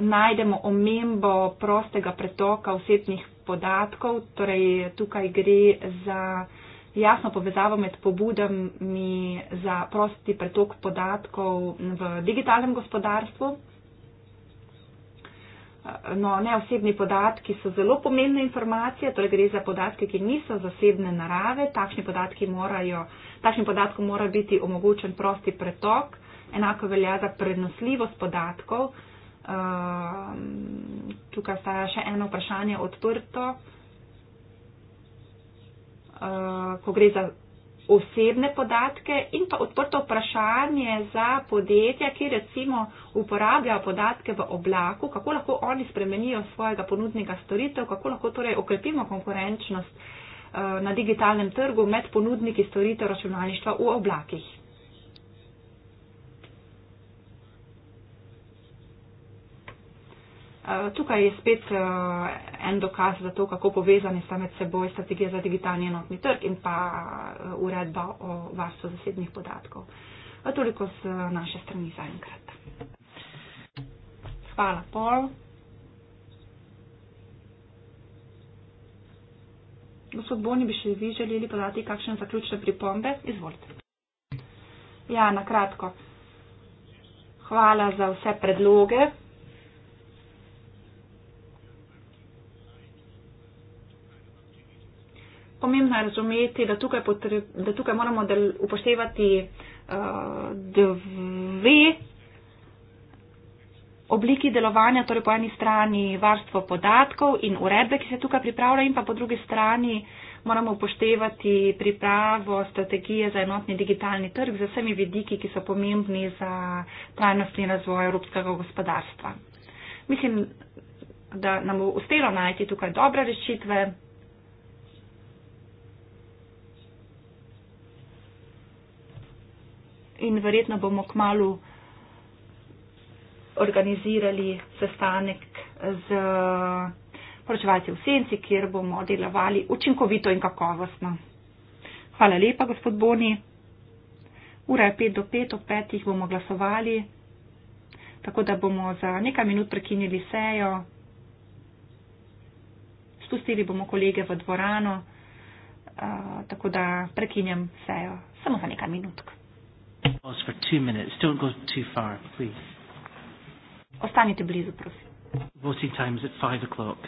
Speaker 3: najdemo omembo prostega pretoka osebnih podatkov, torej tukaj gre za jasno povezavo med pobudami za prosti pretok podatkov v digitalnem gospodarstvu. No, neosebni podatki so zelo pomembne informacije, torej gre za podatke, ki niso zasebne narave, takšni podatki morajo, takšnim podatkom mora biti omogočen prosti pretok, enako velja za prenosljivost podatkov. Uh, tukaj staja še eno vprašanje odprto. Uh, Eh, ko gre za osebne podatke in pa odprto vprašanje za podjetja, ki recimo uporabljajo podatke v oblaku, kako lahko oni spremenijo svojega ponudnika storitev, kako lahko torej okrepimo konkurenčnost eh, na digitalnem trgu med ponudniki storitev računalništva v oblakih. Eh, tukaj je spet eh, en dokaz za to, kako povezane sta med seboj strategija za digitalni enotni trg in pa eh, uredba o varstvu zasebnih podatkov. Toliko z naše strani zaenkrat. Hvala, Paul. Gospod Boni, bi še vi želeli podati kakšne zaključne pripombe? Izvolite. Ja, na kratko. Hvala za vse predloge, pomembno je razumeti, da tukaj, potreb, da tukaj moramo del, upoštevati uh, dve obliki delovanja, torej po eni strani varstvo podatkov in uredbe, ki se tukaj pripravlja, in pa po drugi strani moramo upoštevati pripravo strategije za enotni digitalni trg z vsemi vidiki, ki so pomembni za trajnostni razvoj evropskega gospodarstva. Mislim, da nam bo uspelo najti tukaj dobre rešitve. in verjetno bomo k malu organizirali sestanek z poročevalci v senci, kjer bomo delovali učinkovito in kakovostno. Hvala lepa, gospod Boni. Ura je 5 do 5, ob 5 bomo glasovali, tako da bomo za nekaj minut prekinili sejo. Spustili bomo kolege v dvorano, uh, tako da prekinjam sejo samo za nekaj minutk
Speaker 1: pause for two minutes. Don't go too far, please.
Speaker 3: Ostanite blizu, prosim.
Speaker 1: Voting time is at five o'clock.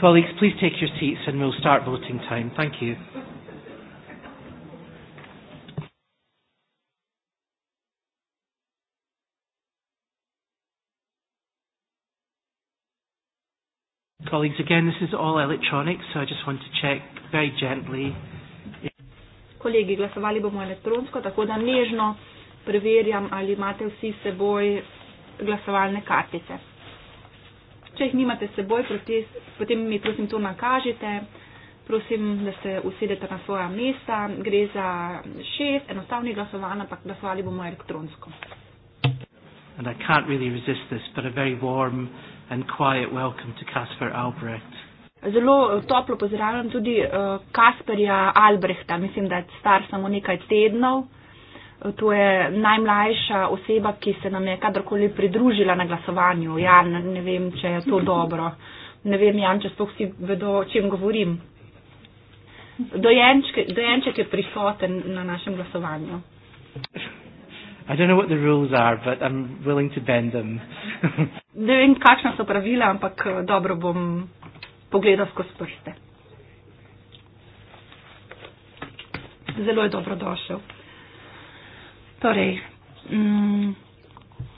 Speaker 1: Colleagues, please take your seats and we'll start voting time. Thank you. Colleagues, again, this is all electronic, so I just want to check very gently.
Speaker 3: Kolegi, glasovali bomo elektronsko, tako da nežno preverjam, ali imate vsi s seboj glasovalne kartice če jih nimate s seboj, protest, potem mi prosim to nakažite. Prosim, da se usedete na svoja mesta. Gre za šest enostavnih glasovanj, ampak glasovali bomo elektronsko.
Speaker 1: And I can't really resist this, but a very warm and quiet welcome to Kasper Albrecht.
Speaker 3: Zelo eh, toplo pozdravljam tudi uh, eh, Kasperja Albrehta, mislim, da je star samo nekaj tednov. To je najmlajša oseba, ki se nam je kadarkoli pridružila na glasovanju. Ja, ne vem, če je to dobro. Ne vem, Jan, če sploh vsi vedo, o čem govorim. Dojenček, dojenček je prisoten na našem glasovanju.
Speaker 1: I don't know what the rules are, but I'm willing to bend them.
Speaker 3: ne vem, kakšna so pravila, ampak eh, dobro bom pogledal skozi prste. Zelo je dobro došel. Torej, m,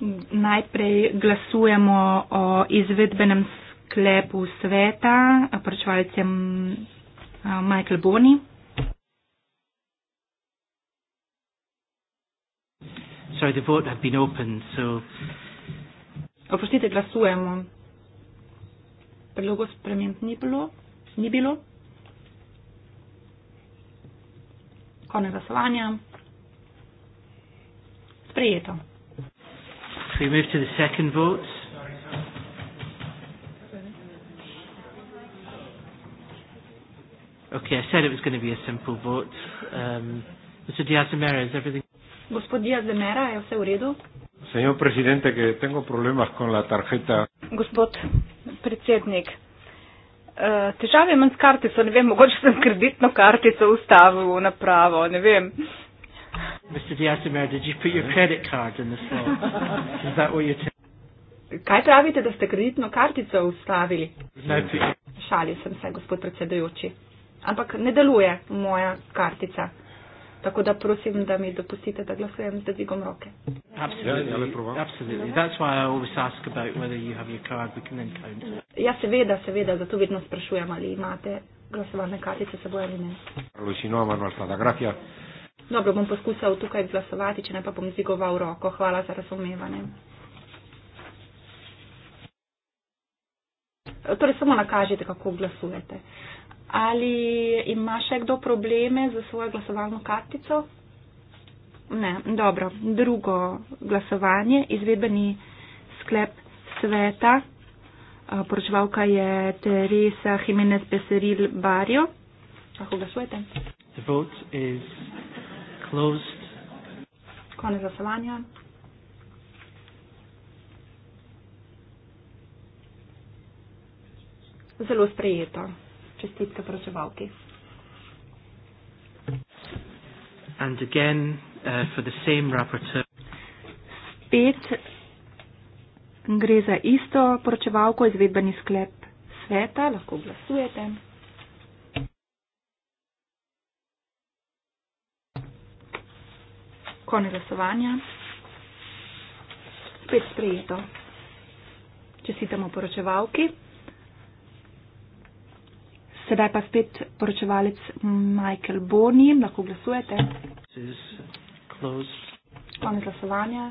Speaker 3: mm, najprej glasujemo o izvedbenem sklepu sveta, poročevalcem eh, Michael Boni.
Speaker 1: Sorry, the vote had been opened, so...
Speaker 3: Oprostite, glasujemo. Predlogo sprememb ni bilo. Ni bilo. Konec glasovanja sprejeto.
Speaker 1: Okay, I said it was going to be a simple vote. Um, Mr. Diaz-Mera, is everything...
Speaker 3: Gospod Diaz-Mera, je vse v redu?
Speaker 1: Señor presidente, que tengo problemas con la tarjeta.
Speaker 3: Gospod predsednik,
Speaker 4: uh, težave imam s kartico, ne vem, mogoče sem kreditno kartico ustavil v
Speaker 1: napravo, ne vem. Uh, Mr. Diasimer, did you put your credit card in the slot? Is that what you're telling
Speaker 3: Kaj pravite, da ste kreditno kartico ustavili? No, Šalil sem se, gospod predsedujoči. Ampak ne deluje moja kartica. Tako da prosim, da mi dopustite, da glasujem z dvigom roke. Ja, ja, seveda, seveda, zato vedno sprašujem, ali imate glasovalne kartice s seboj ali ne. Dobro, bom poskusil tukaj glasovati, če ne pa bom zigoval roko. Hvala za razumevanje. Torej, samo nakažite, kako glasujete. Ali ima še kdo probleme za svojo glasovalno kartico? Ne, dobro. Drugo glasovanje, izvedbeni sklep sveta. Poročevalka je Teresa Jimenez Peseril Barjo. Lahko glasujete? closed. Konec glasovanja. Zelo sprejeto. Čestitke proševalki.
Speaker 1: And again uh, for the same rapporteur. Spet
Speaker 3: gre za isto poročevalko, izvedbeni sklep sveta, lahko glasujete. Konec glasovanja. Spet sprejeto. Čestitamo poročevalki. Sedaj pa spet poročevalec Michael Boni. Lahko glasujete. Konec glasovanja.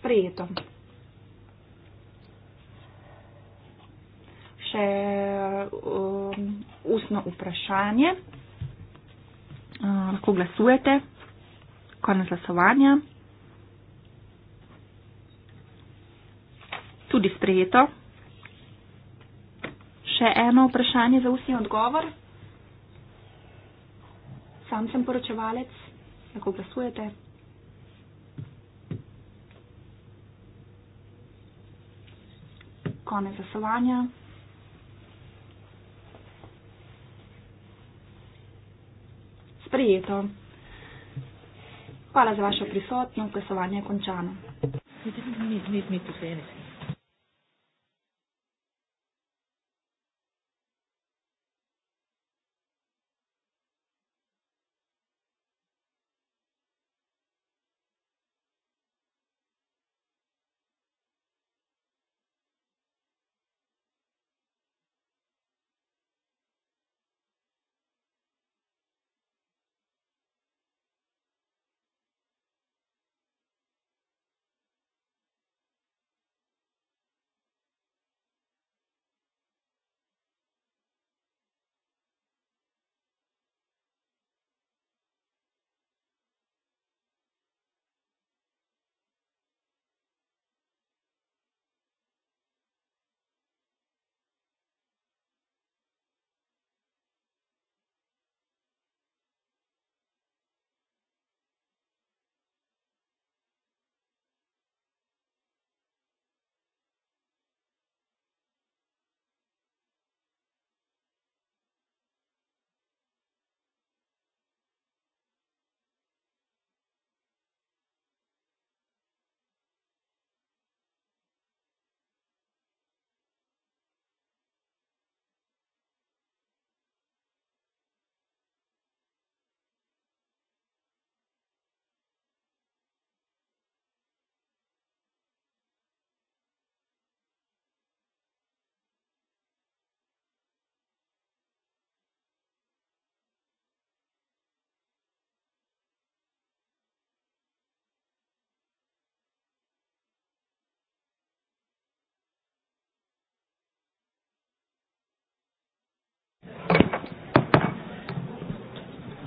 Speaker 3: Sprejeto. Še um, ustno vprašanje lahko glasujete, konec glasovanja. Tudi sprejeto. Še eno vprašanje za vsi odgovor. Sam sem poročevalec, lahko glasujete. Konec glasovanja. sprejeto. Hvala za vašo prisotnost, glasovanje je končano. Ni, ni, ni, ni, ni, ni,
Speaker 1: ni, ni.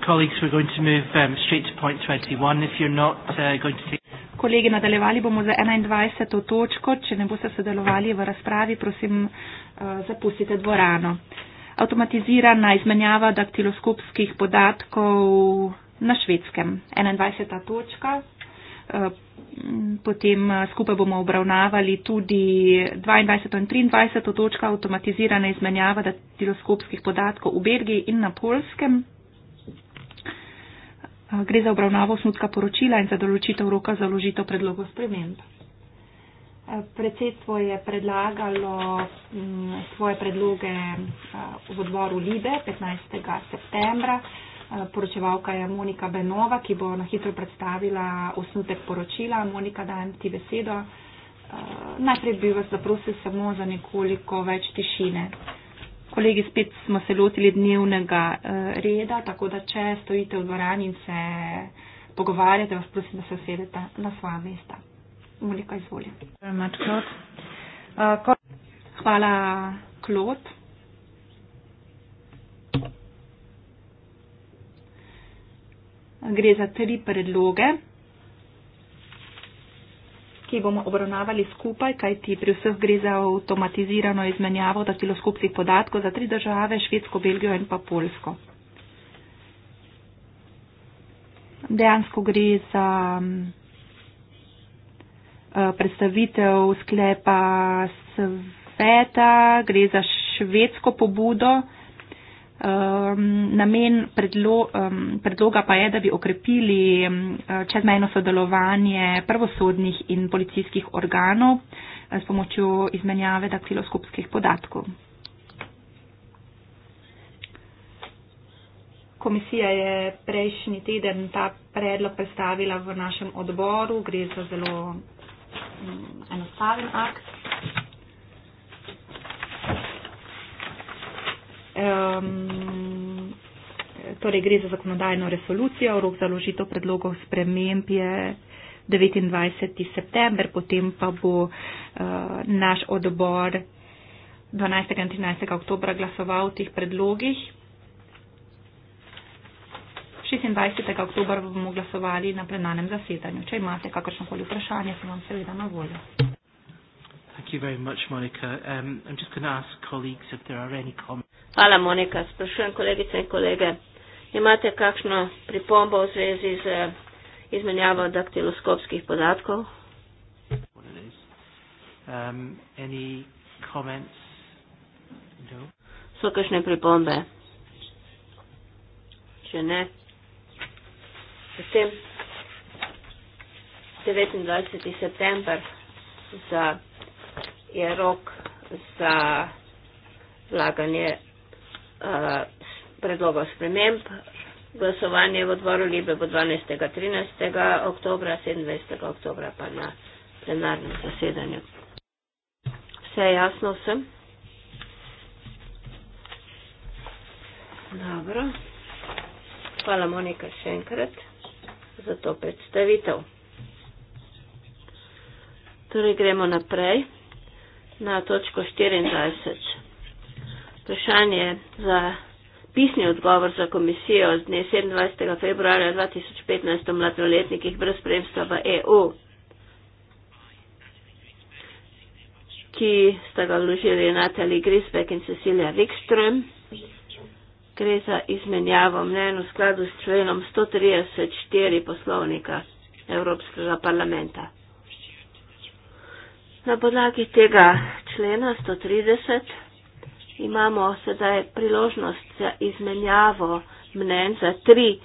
Speaker 1: Colleagues, we're going to move um, straight to point 21. If you're not uh, going to take
Speaker 3: Kolegi, nadaljevali bomo za 21. točko. Če ne boste sodelovali v razpravi, prosim, uh, zapustite dvorano. Automatizirana izmenjava daktiloskopskih podatkov na švedskem. 21. točka. Uh, potem uh, skupaj bomo obravnavali tudi 22. in 23. točka. Automatizirana izmenjava daktiloskopskih podatkov v Belgiji in na polskem. Gre za obravnavo osnutka poročila in za določitev roka za ložitev predlogov sprememb. Predsedstvo je predlagalo mm, svoje predloge v odboru Libe 15. septembra. Poročevalka je Monika Benova, ki bo na hitro predstavila osnutek poročila. Monika, dajem ti besedo. Najprej bi vas zaprosil samo za nekoliko več tišine. Kolegi, spet smo se lotili dnevnega eh, reda, tako da če stojite v dvorani in se pogovarjate, vas prosim, da se usedete na svoja mesta. Moliko izvolim. Hvala, Klot. Gre za tri predloge ki bomo obravnavali skupaj, kajti pri vseh gre za avtomatizirano izmenjavo datiloskopskih podatkov za tri države, Švedsko, Belgijo in pa Polsko. Dejansko gre za mm, eh, predstavitev sklepa sveta, gre za švedsko pobudo. Um, namen predlo, um, predloga pa je, da bi okrepili um, čezmejno sodelovanje prvosodnih in policijskih organov um, s pomočjo izmenjave daktiloskopskih podatkov. Komisija je prejšnji teden ta predlog predstavila v našem odboru, gre za zelo um, enostaven akt. torej gre za zakonodajno resolucijo, rok za ložitev predlogov sprememb je 29. september, potem pa bo eh, naš odbor 12. in 13. oktober glasoval o teh predlogih. 26. oktober bomo glasovali na plenarnem zasedanju. Če imate kakršnokoli vprašanje, sem vam seveda na voljo.
Speaker 1: Thank you very much, Monica. Um, I'm just going to ask colleagues if there are any comments.
Speaker 2: Hvala, Monika. Sprašujem kolegice in kolege. Imate kakšno pripombo v zvezi z eh, izmenjavo daktiloskopskih podatkov?
Speaker 1: Um, any comments? No. So kakšne pripombe? Če ne,
Speaker 2: potem 29. september za je rok za vlaganje uh, predlogov sprememb. Glasovanje v odboru Libe bo 12. 13. oktober, 27. oktober pa na plenarnem zasedanju. Vse jasno vsem? Dobro. Hvala Monika še enkrat za to predstavitev. Torej gremo naprej na točko 24. Vprašanje za pisni odgovor za komisijo z dne 27. februarja 2015 o mladoletnikih brez spremstva v EU, ki sta ga vložili Natalie Grisbeck in Cecilia Wikström. Gre za izmenjavo mnen v skladu s členom 134 poslovnika Evropskega parlamenta. Na podlagi tega člena 130 imamo sedaj priložnost za izmenjavo mnen za tri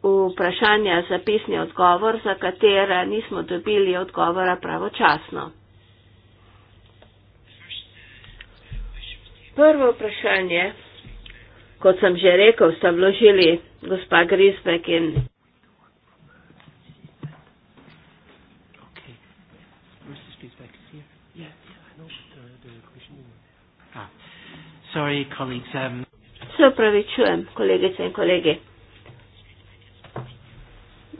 Speaker 2: vprašanja za pisni odgovor, za katera nismo dobili odgovora pravočasno. Prvo vprašanje, kot sem že rekel, so vložili gospa Grisbek in
Speaker 1: Sorry, colleagues. Um...
Speaker 2: Se upravičujem, kolegice in kolegi.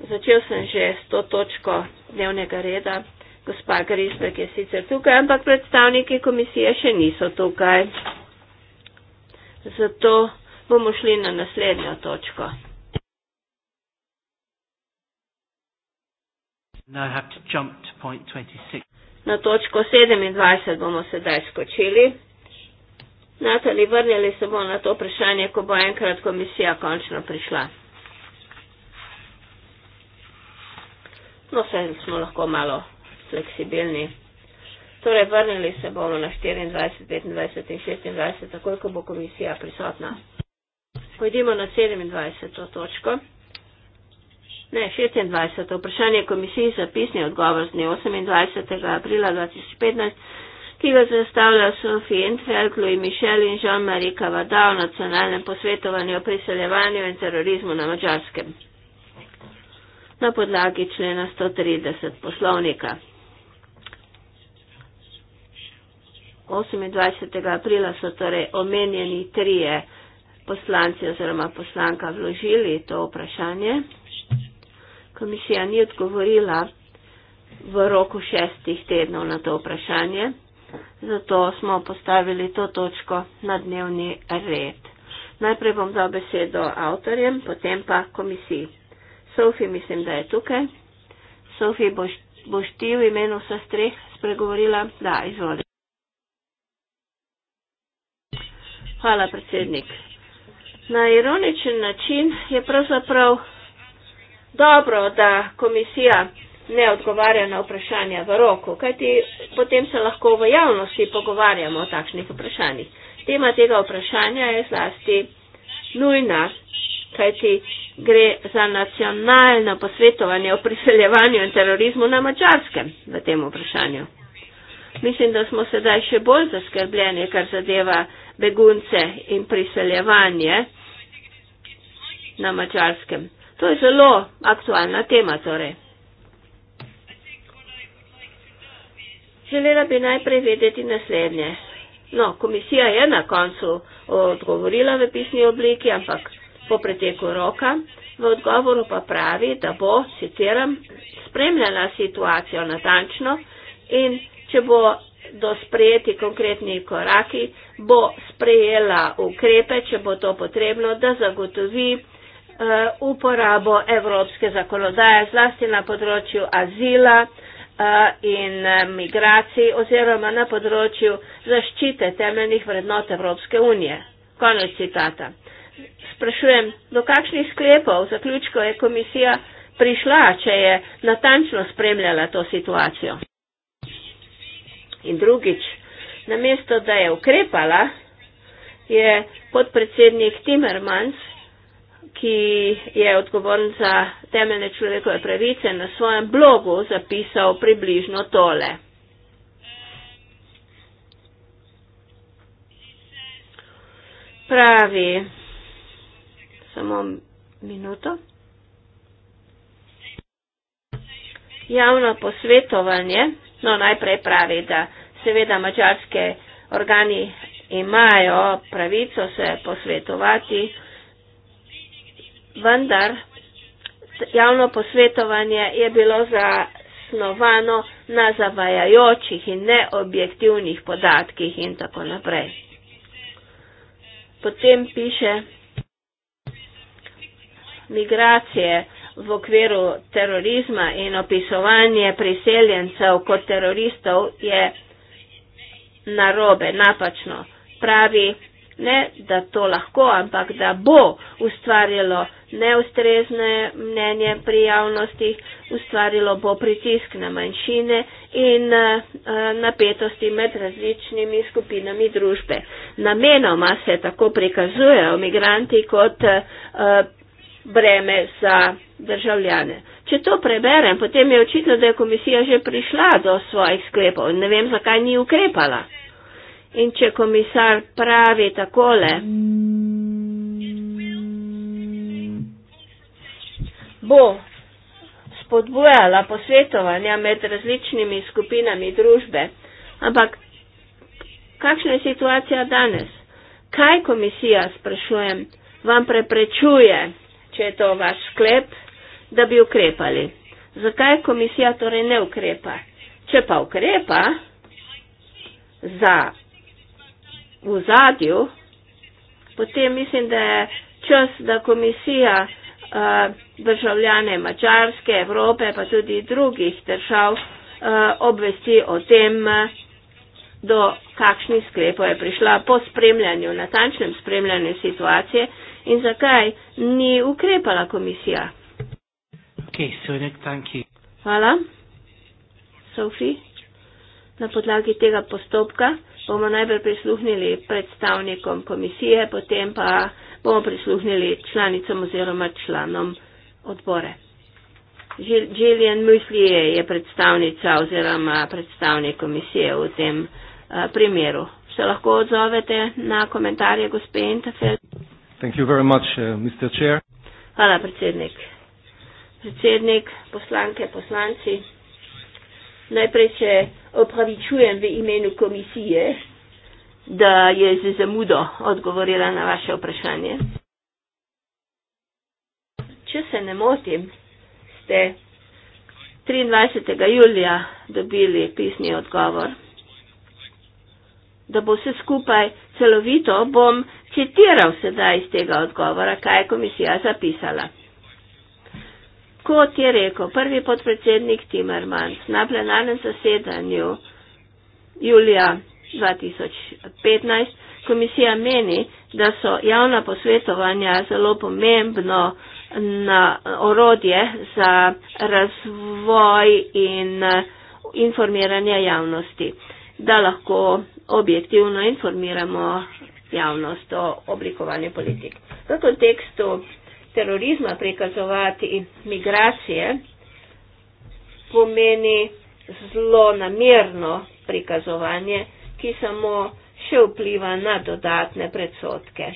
Speaker 2: Začel sem že s to točko dnevnega reda. Gospa Grisbek je sicer tukaj, ampak predstavniki komisije še niso tukaj. Zato bomo šli na naslednjo točko.
Speaker 1: Now I have to jump to point 26.
Speaker 2: Na točko 27 bomo sedaj skočili. Natali, vrnjali se bomo na to vprašanje, ko bo enkrat komisija končno prišla. No, vse smo lahko malo fleksibilni. Torej, vrnjali se bomo na 24, 25 in 26, takoj, ko bo komisija prisotna. Pojdimo na 27. točko. Ne, 26. Vprašanje komisiji zapisni odgovor z dne 28. aprila 2015 ki ga zastavlja Sofi Entfeld, Louis Michel in Jean-Marie Cavada o nacionalnem posvetovanju o priseljevanju in terorizmu na Mačarskem na podlagi člena 130 poslovnika. 28. aprila so torej omenjeni trije poslanci oziroma poslanka vložili to vprašanje. Komisija ni odgovorila v roku šestih tednov na to vprašanje. Zato smo postavili to točko na dnevni red. Najprej bom dal besedo avtorjem, potem pa komisiji. Sofi, mislim, da je tukaj. Sofi, boš, boš ti v imenu vseh treh spregovorila? Da, izvoli. Hvala, predsednik. Na ironičen način je pravzaprav dobro, da komisija ne odgovarja na vprašanja v roku, kajti potem se lahko v javnosti pogovarjamo o takšnih vprašanjih. Tema tega vprašanja je zlasti nujna, kajti gre za nacionalno posvetovanje o priseljevanju in terorizmu na mačarskem v tem vprašanju. Mislim, da smo sedaj še bolj zaskrbljeni, kar zadeva begunce in priseljevanje na mačarskem. To je zelo aktualna tema torej. Želela bi najprej vedeti naslednje. No, komisija je na koncu odgovorila v pisni obliki, ampak po preteku roka. V odgovoru pa pravi, da bo, citiram, spremljala situacijo natančno in če bo do sprejeti konkretni koraki, bo sprejela ukrepe, če bo to potrebno, da zagotovi uh, uporabo evropske zakonodaje, zlasti na področju azila, uh, in migracij oziroma na področju zaščite temeljnih vrednot Evropske unije. Konec citata. Sprašujem, do kakšnih sklepov zaključko je komisija prišla, če je natančno spremljala to situacijo. In drugič, namesto da je ukrepala, je podpredsednik Timmermans ki je odgovoren za temeljne človekove pravice, na svojem blogu zapisal približno tole. Pravi, samo minuto. Javno posvetovanje, no najprej pravi, da seveda mačarske organi imajo pravico se posvetovati, vendar javno posvetovanje je bilo zasnovano na zavajajočih in neobjektivnih podatkih in tako naprej. Potem piše migracije v okviru terorizma in opisovanje priseljencev kot teroristov je narobe, napačno. Pravi, ne da to lahko, ampak da bo ustvarjalo neustrezne mnenje pri javnosti, ustvarjalo bo pritisk na manjšine in eh, napetosti med različnimi skupinami družbe. Namenoma se tako prikazujejo migranti kot eh, breme za državljane. Če to preberem, potem je očitno, da je komisija že prišla do svojih sklepov in ne vem, zakaj ni ukrepala. In če komisar pravi takole, bo spodbujala posvetovanja med različnimi skupinami družbe. Ampak kakšna je situacija danes? Kaj komisija, sprašujem, vam preprečuje, če je to vaš sklep, da bi ukrepali? Zakaj komisija torej ne ukrepa? Če pa ukrepa za v zadju, potem mislim, da je čas, da komisija eh, državljane Mačarske, Evrope, pa tudi drugih držav eh, obvesti o tem, do kakšnih sklepov je prišla po spremljanju, natančnem spremljanju situacije in zakaj ni ukrepala komisija. Okay, so Hvala, Sofi, na podlagi tega postopka bomo najprej prisluhnili predstavnikom komisije, potem pa bomo prisluhnili članicam oziroma članom odbore. Jillian Muslije je predstavnica oziroma predstavnik komisije v tem uh, primeru. Se lahko odzovete na komentarje gospe Interfeld?
Speaker 1: Thank you very much, uh, Mr. Chair.
Speaker 2: Hvala, predsednik. Predsednik, poslanke, poslanci najprej se opravičujem v imenu komisije, da je z zamudo odgovorila na vaše vprašanje. Če se ne motim, ste 23. julija dobili pisni odgovor, da bo vse skupaj celovito, bom citiral sedaj iz tega odgovora, kaj je komisija zapisala. Kot je rekel prvi podpredsednik Timmermans na plenarnem zasedanju julija 2015, komisija meni, da so javna posvetovanja zelo pomembno na orodje za razvoj in informiranje javnosti, da lahko objektivno informiramo javnost o oblikovanju politik. V kontekstu terorizma prikazovati migracije, pomeni zelo namirno prikazovanje, ki samo še vpliva na dodatne predsotke.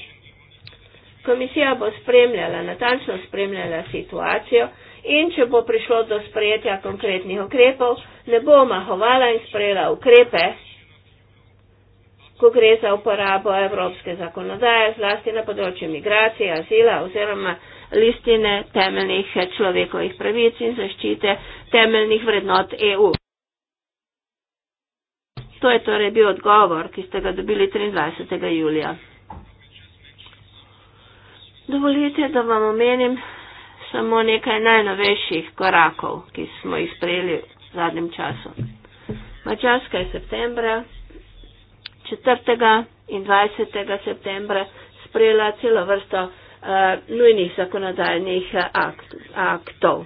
Speaker 2: Komisija bo spremljala, natančno spremljala situacijo in če bo prišlo do sprejetja konkretnih ukrepov, ne bo mahovala in sprejela ukrepe, ko gre za uporabo evropske zakonodaje, zlasti na področju migracije, azila oziroma listine temeljnih človekovih pravic in zaščite temeljnih vrednot EU. To je torej bil odgovor, ki ste ga dobili 23. julija. Dovolite, da vam omenim samo nekaj najnovejših korakov, ki smo jih sprejeli v zadnjem času. Mačarska je septembra 4. in 20. septembra sprejela celo vrsto uh, nujnih zakonodajnih eh, akt, aktov.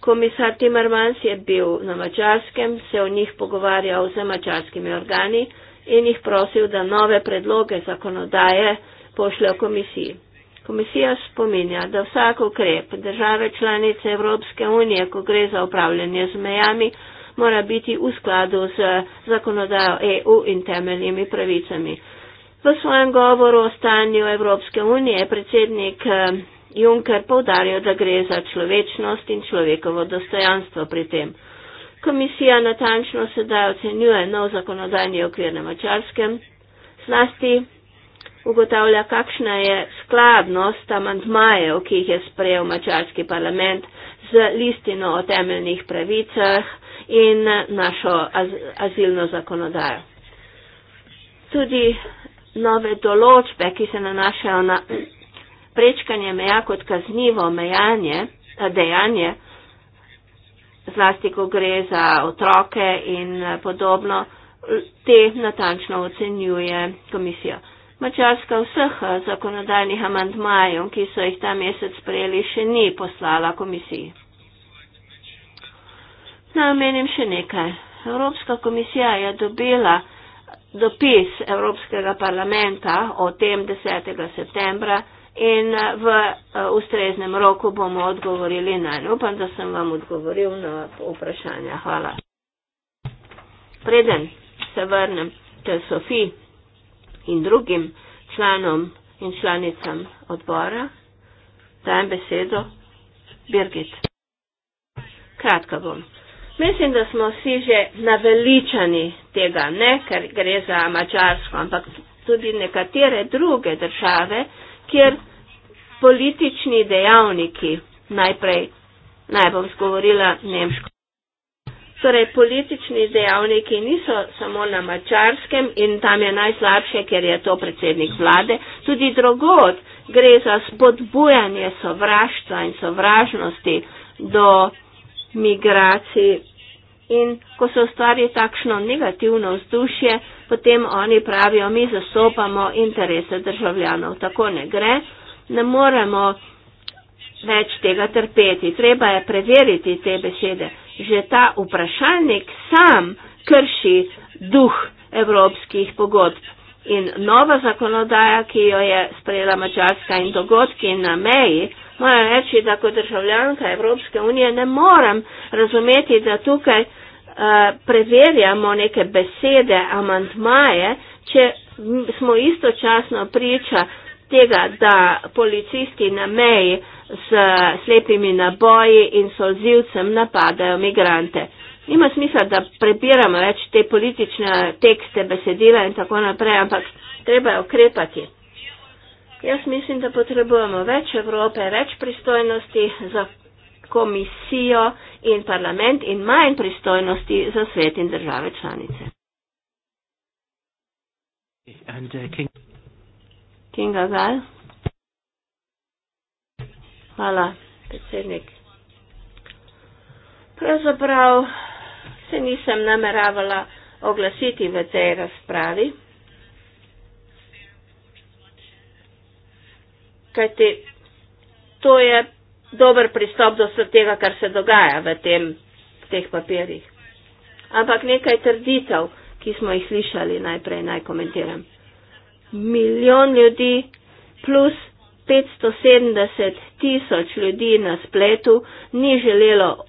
Speaker 2: Komisar Timmermans je bil na mačarskem, se o njih pogovarjal z mačarskimi organi in jih prosil, da nove predloge zakonodaje pošljejo komisiji. Komisija spominja, da vsak ukrep države članice Evropske unije, ko gre za upravljanje z mejami, mora biti v skladu z zakonodajo EU in temeljnimi pravicami. V svojem govoru o stanju Evropske unije je predsednik eh, Juncker povdaril, da gre za človečnost in človekovo dostojanstvo pri tem. Komisija natančno sedaj ocenjuje nov zakonodajni okvir na mačarskem, zlasti ugotavlja, kakšna je skladnost amantmajev, ki jih je sprejel mačarski parlament z listino o temeljnih pravicah in našo az, azilno zakonodajo. Tudi nove določbe, ki se nanašajo na prečkanje meja kot kaznivo mejanje, eh, dejanje, zlasti ko gre za otroke in eh, podobno, te natančno ocenjuje komisija. Mačarska vseh eh, zakonodajnih amantmajev, ki so jih ta mesec sprejeli, še ni poslala komisiji. Namenim še nekaj. Evropska komisija je dobila dopis Evropskega parlamenta o tem 10. septembra in v eh, ustreznem roku bomo odgovorili na njo. Upam, da sem vam odgovoril na vprašanja. Hvala. Preden se vrnem k Sofiji in drugim članom in članicam odbora, dajem besedo Birgit. Kratka bom. Mislim, da smo vsi že naveličani tega, ne ker gre za Mačarsko, ampak tudi nekatere druge države, kjer politični dejavniki, najprej naj bom spogovorila nemško. Torej, politični dejavniki niso samo na Mačarskem in tam je najslabše, ker je to predsednik vlade, tudi drugod gre za spodbujanje sovraštva in sovražnosti do migracij in ko se ustvari takšno negativno vzdušje, potem oni pravijo, mi zastopamo interese državljanov. Tako ne gre, ne moremo več tega trpeti. Treba je preveriti te besede. Že ta vprašalnik sam krši duh evropskih pogodb. In nova zakonodaja, ki jo je sprejela Mačarska in dogodki na meji, moram reči, da kot državljanka Evropske unije ne morem razumeti, da tukaj Eh, preverjamo neke besede, amantmaje, če smo istočasno priča tega, da policisti na meji s slepimi naboji in solzivcem napadajo migrante. Nima smisla, da prebiramo več te politične tekste, besedila in tako naprej, ampak treba je ukrepati. Jaz mislim, da potrebujemo več Evrope, več pristojnosti za komisijo in parlament in manj pristojnosti za svet in države članice.
Speaker 1: And, uh, King...
Speaker 2: King Agal. Hvala, predsednik. Pravzaprav se nisem nameravala oglasiti v tej razpravi. Kajti, to je dober pristop do tega, kar se dogaja v tem, teh papirjih. Ampak nekaj trditev, ki smo jih slišali najprej, naj komentiram. Milijon ljudi plus 570 tisoč ljudi na spletu ni želelo,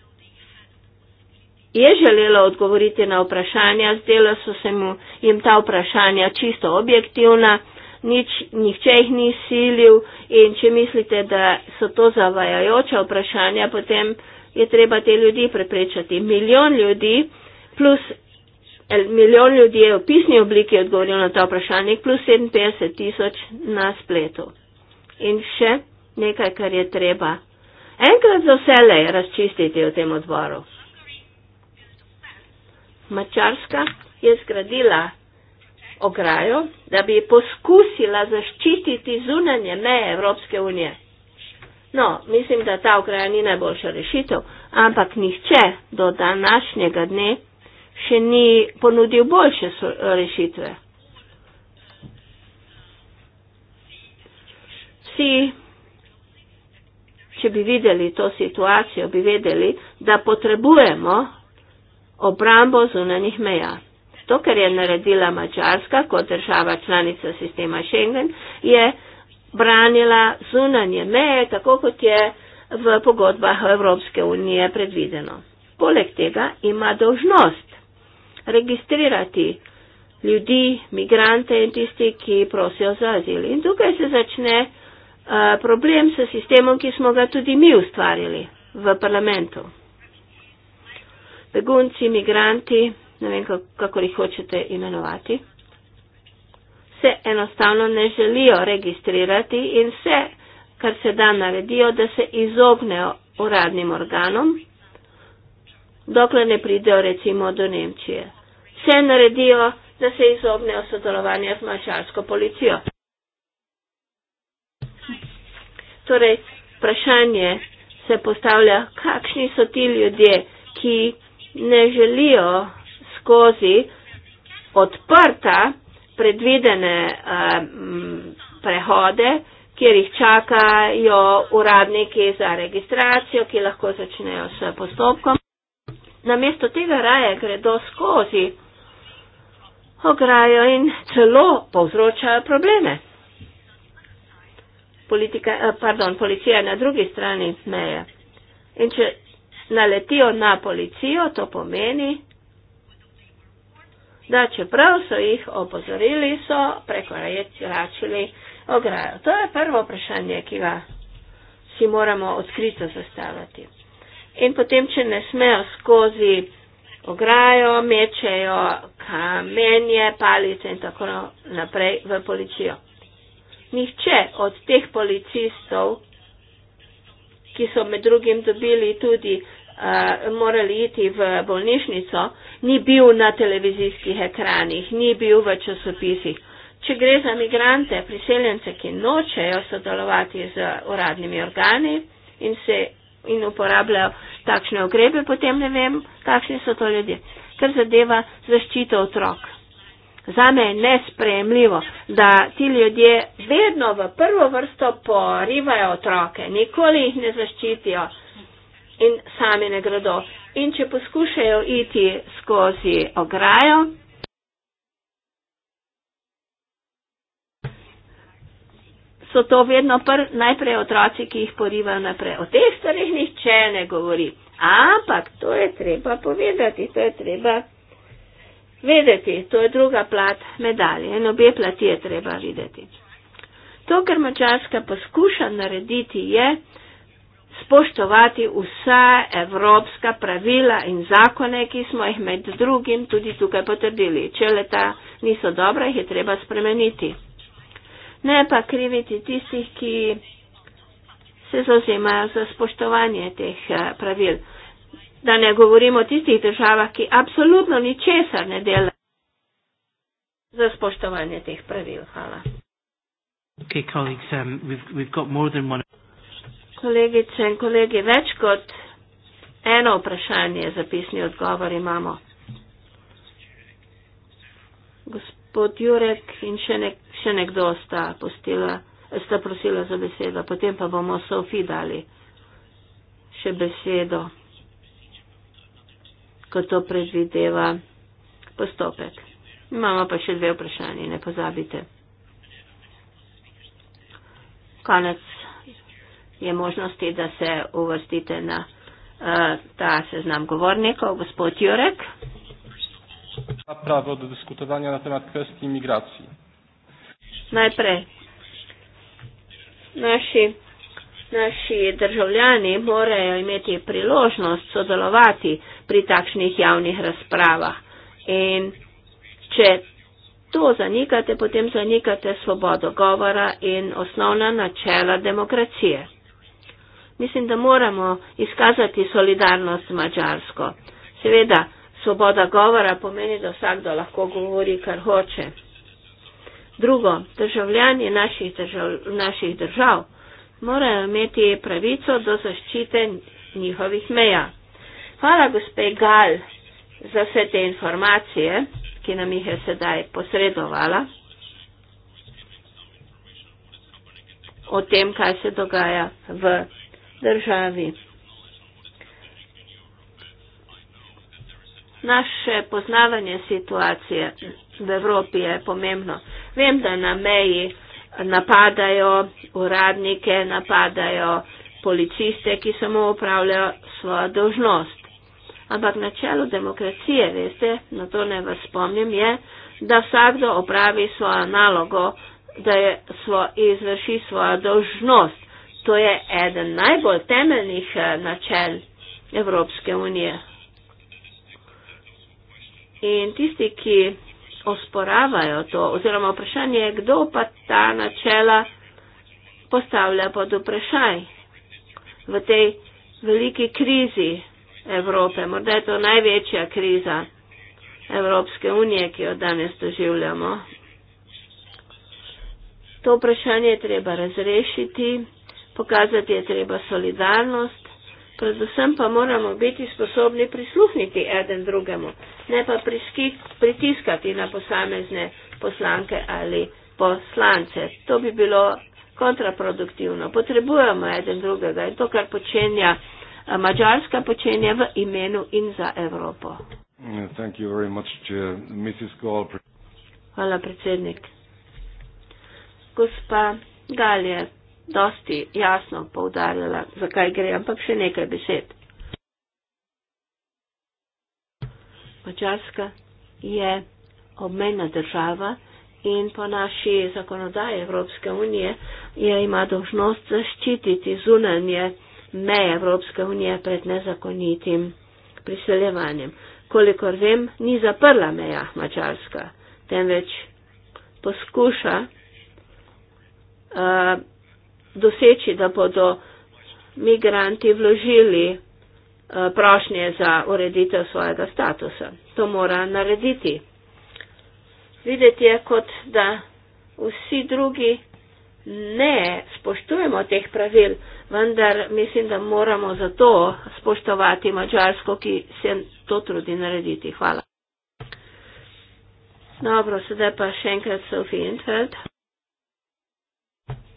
Speaker 2: je želelo odgovoriti na vprašanja, zdela so se mu jim ta vprašanja čisto objektivna nič, nihče jih ni silil in če mislite, da so to zavajajoča vprašanja, potem je treba te ljudi preprečati. Milijon ljudi plus milijon ljudi je v pisni obliki odgovoril na ta vprašanje, plus 57 tisoč na spletu. In še nekaj, kar je treba enkrat za vse razčistiti v tem odboru. Mačarska je zgradila ograjo, da bi poskusila zaščititi zunanje meje Evropske unije. No, mislim, da ta ograja ni najboljša rešitev, ampak nihče do današnjega dne še ni ponudil boljše rešitve. Vsi, če bi videli to situacijo, bi vedeli, da potrebujemo obrambo zunanjih meja. To, kar je naredila Mačarska kot država članica sistema Schengen, je branila zunanje meje, tako kot je v pogodbah Evropske unije predvideno. Poleg tega ima dožnost registrirati ljudi, migrante in tisti, ki prosijo za azil. In tukaj se začne uh, problem s sistemom, ki smo ga tudi mi ustvarili v parlamentu. Begunci, migranti, ne vem, kako jih hočete imenovati, se enostavno ne želijo registrirati in vse, kar se da naredijo, da se izognejo uradnim organom, dokler ne pridejo recimo do Nemčije. Vse naredijo, da se izognejo sodelovanja z mačarsko policijo. Torej, vprašanje se postavlja, kakšni so ti ljudje, ki ne želijo skozi odprta predvidene eh, prehode, kjer jih čakajo uradniki za registracijo, ki lahko začnejo s postopkom. Namesto tega raje gredo skozi ograjo in celo povzročajo probleme. Politika, eh, pardon, policija je na drugi strani meje. In če naletijo na policijo, to pomeni, da čeprav so jih opozorili, so preko reje tiračili ograjo. To je prvo vprašanje, ki ga si moramo odkrito zastavljati. In potem, če ne smejo skozi ograjo, mečejo kamenje, palice in tako naprej v policijo. Nihče od teh policistov, ki so med drugim dobili tudi uh, morali iti v bolnišnico, ni bil na televizijskih ekranih, ni bil v časopisih. Če gre za migrante, priseljence, ki nočejo sodelovati z uradnimi organi in, se, in uporabljajo takšne ukrepe, potem ne vem, kakšni so to ljudje. Kar zadeva zaščito otrok. Zame je nesprejemljivo, da ti ljudje vedno v prvo vrsto porivajo otroke, nikoli jih ne zaščitijo in sami ne gredo. In če poskušajo iti skozi ograjo, so to vedno pr, najprej otroci, ki jih porivajo naprej. O teh starih nihče ne govori. Ampak to je treba povedati, to je treba vedeti. To je druga plat medalje in obe plati je treba videti. To, kar Mačarska poskuša narediti, je, spoštovati vsa evropska pravila in zakone, ki smo jih med drugim tudi tukaj potrdili. Če leta niso dobra, jih je treba spremeniti. Ne pa kriviti tistih, ki se zauzemajo za spoštovanje teh eh, pravil. Da ne govorimo o tistih državah, ki absolutno ničesar ne delajo za spoštovanje teh pravil. Hvala.
Speaker 1: Okay, colleagues, um, we've, we've
Speaker 2: kolegice in kolegi, več kot eno vprašanje za pisni odgovor imamo. Gospod Jurek in še, nek, še nekdo sta, postila, sta prosila za besedo, potem pa bomo Sofi dali še besedo, kot to predvideva postopek. Imamo pa še dve vprašanje, ne pozabite. Konec je možnosti, da se uvrstite na uh, ta seznam govornikov. Gospod Jurek.
Speaker 1: Pravo do diskutovanja na temat kvesti imigracije.
Speaker 2: Najprej. Naši, naši državljani morajo imeti priložnost sodelovati pri takšnih javnih razpravah. In če to zanikate, potem zanikate svobodo govora in osnovna načela demokracije mislim, da moramo izkazati solidarnost Mačarsko. Seveda, svoboda govora pomeni, da vsakdo lahko govori, kar hoče. Drugo, državljani naših, držav, naših držav morajo imeti pravico do zaščite njihovih meja. Hvala gospe Gal za vse te informacije, ki nam jih je sedaj posredovala o tem, kaj se dogaja v državi. Naše poznavanje situacije v Evropi je pomembno. Vem, da na meji napadajo uradnike, napadajo policiste, ki samo upravljajo svojo dožnost. Ampak načelo demokracije, veste, na to ne vas spomnim, je, da vsakdo opravi svojo nalogo, da je svo, izvrši svojo dožnost. To je eden najbolj temeljnih eh, načel Evropske unije. In tisti, ki osporavajo to, oziroma vprašanje je, kdo pa ta načela postavlja pod vprašaj v tej veliki krizi Evrope. Morda je to največja kriza Evropske unije, ki jo danes doživljamo. To vprašanje je treba razrešiti pokazati je treba solidarnost, predvsem pa moramo biti sposobni prisluhniti eden drugemu, ne pa priskit, pritiskati na posamezne poslanke ali poslance. To bi bilo kontraproduktivno. Potrebujemo eden drugega in to, kar počenja eh, Mačarska, počenja v imenu in za Evropo. Hvala, predsednik. Gospa Galje dosti jasno poudarjala, zakaj gre, ampak še nekaj besed. Mačarska je obmejna država in po naši zakonodaji Evropske unije je ima dožnost zaščititi zunanje meje Evropske unije pred nezakonitim priseljevanjem. Kolikor vem, ni zaprla meja Mačarska, temveč poskuša uh, doseči, da bodo migranti vložili eh, prošnje za ureditev svojega statusa. To mora narediti. Videti je kot, da vsi drugi ne spoštujemo teh pravil, vendar mislim, da moramo zato spoštovati Mačarsko, ki se to trudi narediti. Hvala. Dobro, sedaj pa še enkrat Sofi Infeld.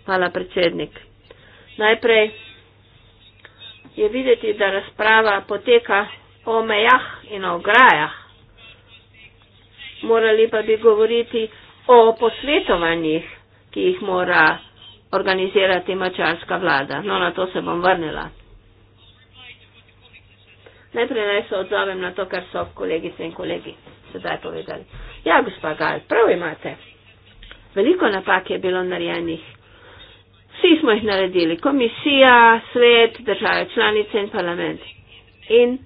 Speaker 2: Hvala, predsednik. Najprej je videti, da razprava poteka o mejah in o grajah. Morali pa bi govoriti o posvetovanjih, ki jih mora organizirati mačarska vlada. No, na to se bom vrnila. Najprej naj se odzovem na to, kar so kolegice in kolegi sedaj povedali. Ja, gospa Gal, prav imate. Veliko napak je bilo narejenih Vsi smo jih naredili, komisija, svet, države članice in parlament. In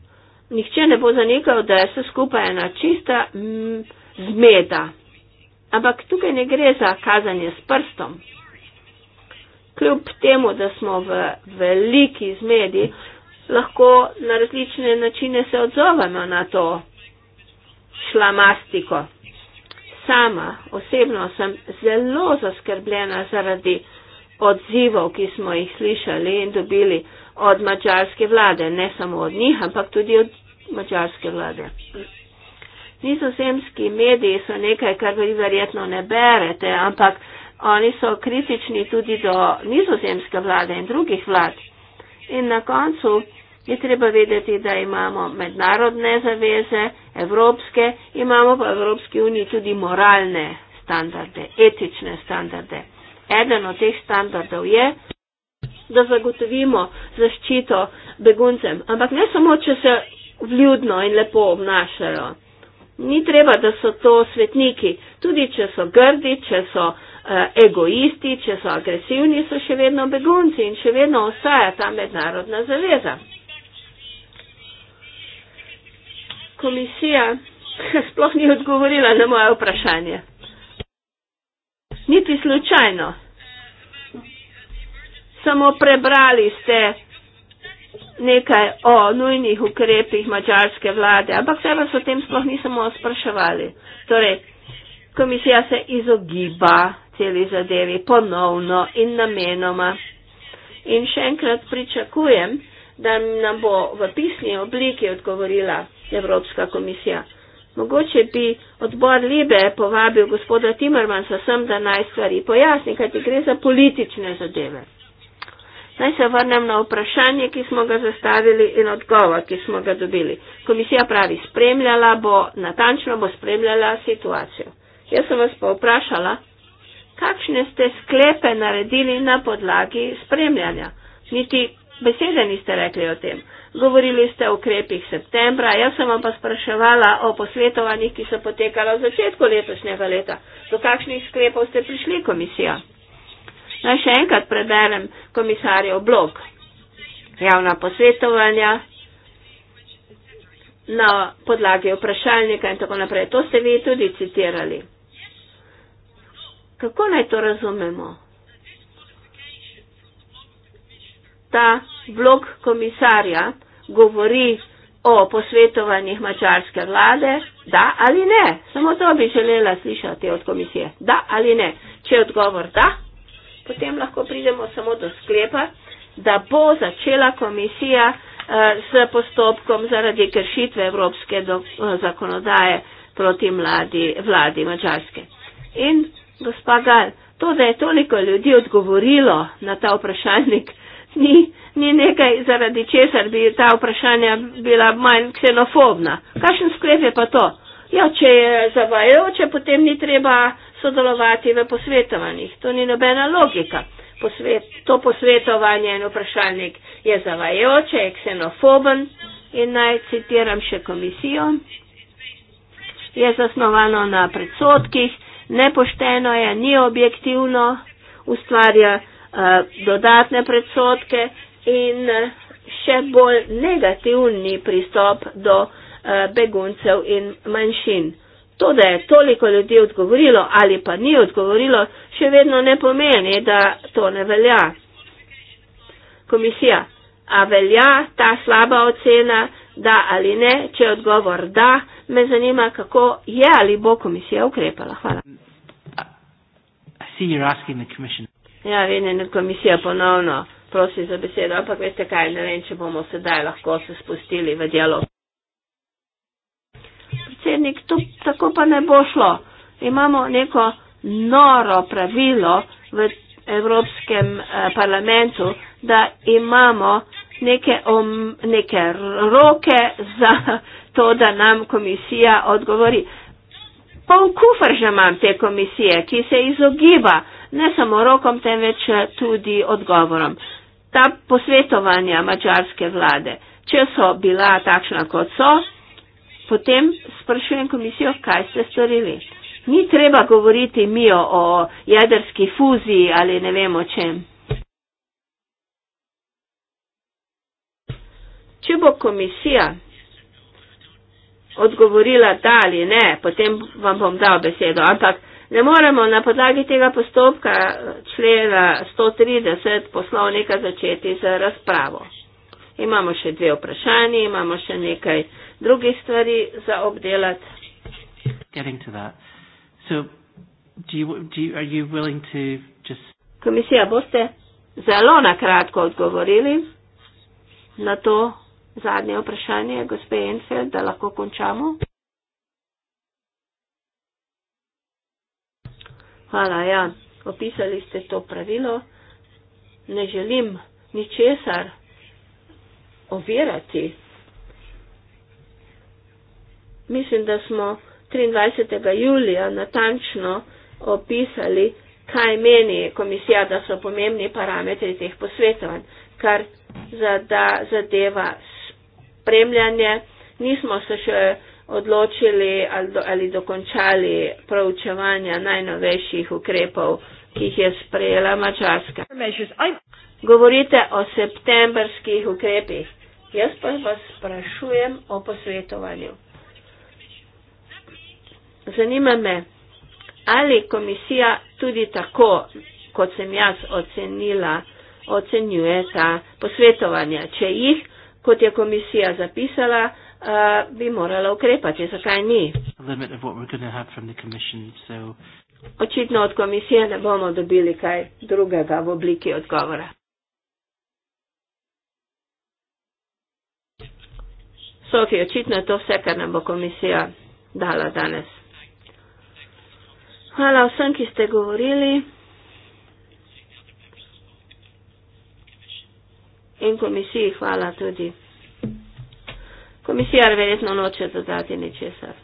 Speaker 2: nihče ne bo zanikal, da je vse skupaj ena čista mm, zmeda. Ampak tukaj ne gre za kazanje s prstom. Kljub temu, da smo v veliki zmedi, lahko na različne načine se odzovemo na to šlamastiko. Sama osebno sem zelo zaskrbljena zaradi odzivov, ki smo jih slišali in dobili od mačarske vlade, ne samo od njih, ampak tudi od mačarske vlade. Nizozemski mediji so nekaj, kar vi verjetno ne berete, ampak oni so kritični tudi do nizozemske vlade in drugih vlad. In na koncu je treba vedeti, da imamo mednarodne zaveze, evropske, imamo pa v Evropski uniji tudi moralne standarde, etične standarde. Eden od teh standardov je, da zagotovimo zaščito beguncem, ampak ne samo, če se vljudno in lepo obnašajo. Ni treba, da so to svetniki. Tudi, če so grdi, če so eh, egoisti, če so agresivni, so še vedno begunci in še vedno ostaja ta mednarodna zaveza. Komisija sploh ni odgovorila na moje vprašanje niti slučajno. Samo prebrali ste nekaj o nujnih ukrepih mađarske vlade, ampak se vas o tem sploh nismo spraševali. Torej, komisija se izogiba celi zadevi ponovno in namenoma. In še enkrat pričakujem, da nam bo v pisni obliki odgovorila Evropska komisija. Mogoče bi odbor Libe povabil gospoda Timmermansa sem, da naj stvari pojasni, kajti gre za politične zadeve. Naj se vrnem na vprašanje, ki smo ga zastavili in odgovor, ki smo ga dobili. Komisija pravi, spremljala bo, natančno bo spremljala situacijo. Jaz sem vas pa vprašala, kakšne ste sklepe naredili na podlagi spremljanja. Niti besede niste rekli o tem. Govorili ste o ukrepih septembra, jaz sem vam pa spraševala o posvetovanjih, ki so potekala v začetku letošnjega leta. Do kakšnih sklepov ste prišli, komisija? Naj še enkrat preberem komisarjev blog. Javna posvetovanja na podlagi vprašalnika in tako naprej. To ste vi tudi citirali. Kako naj to razumemo? ta blog komisarja govori o posvetovanjih mačarske vlade, da ali ne. Samo to bi želela slišati od komisije. Da ali ne. Če je odgovor da, potem lahko pridemo samo do sklepa, da bo začela komisija eh, s postopkom zaradi kršitve evropske do, eh, zakonodaje proti mladi, vladi mačarske. In gospa Gal, to, da je toliko ljudi odgovorilo na ta vprašalnik, ni, ni nekaj, zaradi česar bi ta vprašanja bila manj ksenofobna. Kakšen sklep je pa to? Ja, če je zavajajoče, potem ni treba sodelovati v posvetovanjih. To ni nobena logika. Posvet, to posvetovanje in vprašalnik je zavajajoče, je ksenofoben in naj citiram še komisijo. Je zasnovano na predsotkih, nepošteno je, ni objektivno, ustvarja dodatne predsotke in še bolj negativni pristop do beguncev in manjšin. To, da je toliko ljudi odgovorilo ali pa ni odgovorilo, še vedno ne pomeni, da to ne velja. Komisija, a velja ta slaba ocena, da ali ne, če je odgovor da, me zanima, kako je ali bo komisija ukrepala.
Speaker 1: Hvala. I see you're
Speaker 2: Ja, vedno je komisija ponovno prosi za besedo, ampak veste kaj, ne vem, če bomo sedaj lahko se spustili v dialog. Predsednik, to tako pa ne bo šlo. Imamo neko noro pravilo v Evropskem eh, parlamentu, da imamo neke, om, neke roke za to, da nam komisija odgovori. Pol kufr že imam te komisije, ki se izogiba ne samo rokom, temveč eh, tudi odgovorom. Ta posvetovanja mačarske vlade, če so bila takšna, kot so, potem sprašujem komisijo, kaj ste storili. Ni treba govoriti mi o, o jedrski fuziji ali ne vem o čem. Če bo komisija odgovorila da ali ne, potem vam bom dal besedo, ampak Ne moremo na podlagi tega postopka eh, člena 130 poslovnika začeti z razpravo. Imamo še dve vprašanje, imamo še nekaj drugih stvari za obdelati.
Speaker 1: So, do you, do you, just...
Speaker 2: Komisija, boste zelo nakratko odgovorili na to zadnje vprašanje gospe Enfeld, da lahko končamo? Hvala, ja, opisali ste to pravilo. Ne želim ničesar ovirati. Mislim, da smo 23. julija natančno opisali, kaj meni komisija, da so pomembni parametri teh posvetovanj, kar zadeva spremljanje. Nismo se še odločili ali, do, ali dokončali proučevanja najnovejših ukrepov, ki jih je sprejela Mačarska. Govorite o septembrskih ukrepih. Jaz pa vas sprašujem o posvetovanju. Zanima me, ali komisija tudi tako, kot sem jaz ocenila, ocenjuje ta posvetovanja, če jih, kot je komisija zapisala, uh, bi morala ukrepati, zakaj ni. Očitno od komisije ne bomo dobili kaj drugega v obliki odgovora. Sofija, očitno je to vse, kar nam bo komisija dala danes. Hvala vsem, ki ste govorili. In komisiji hvala tudi. Komisija verjetno noče dodati ničesar.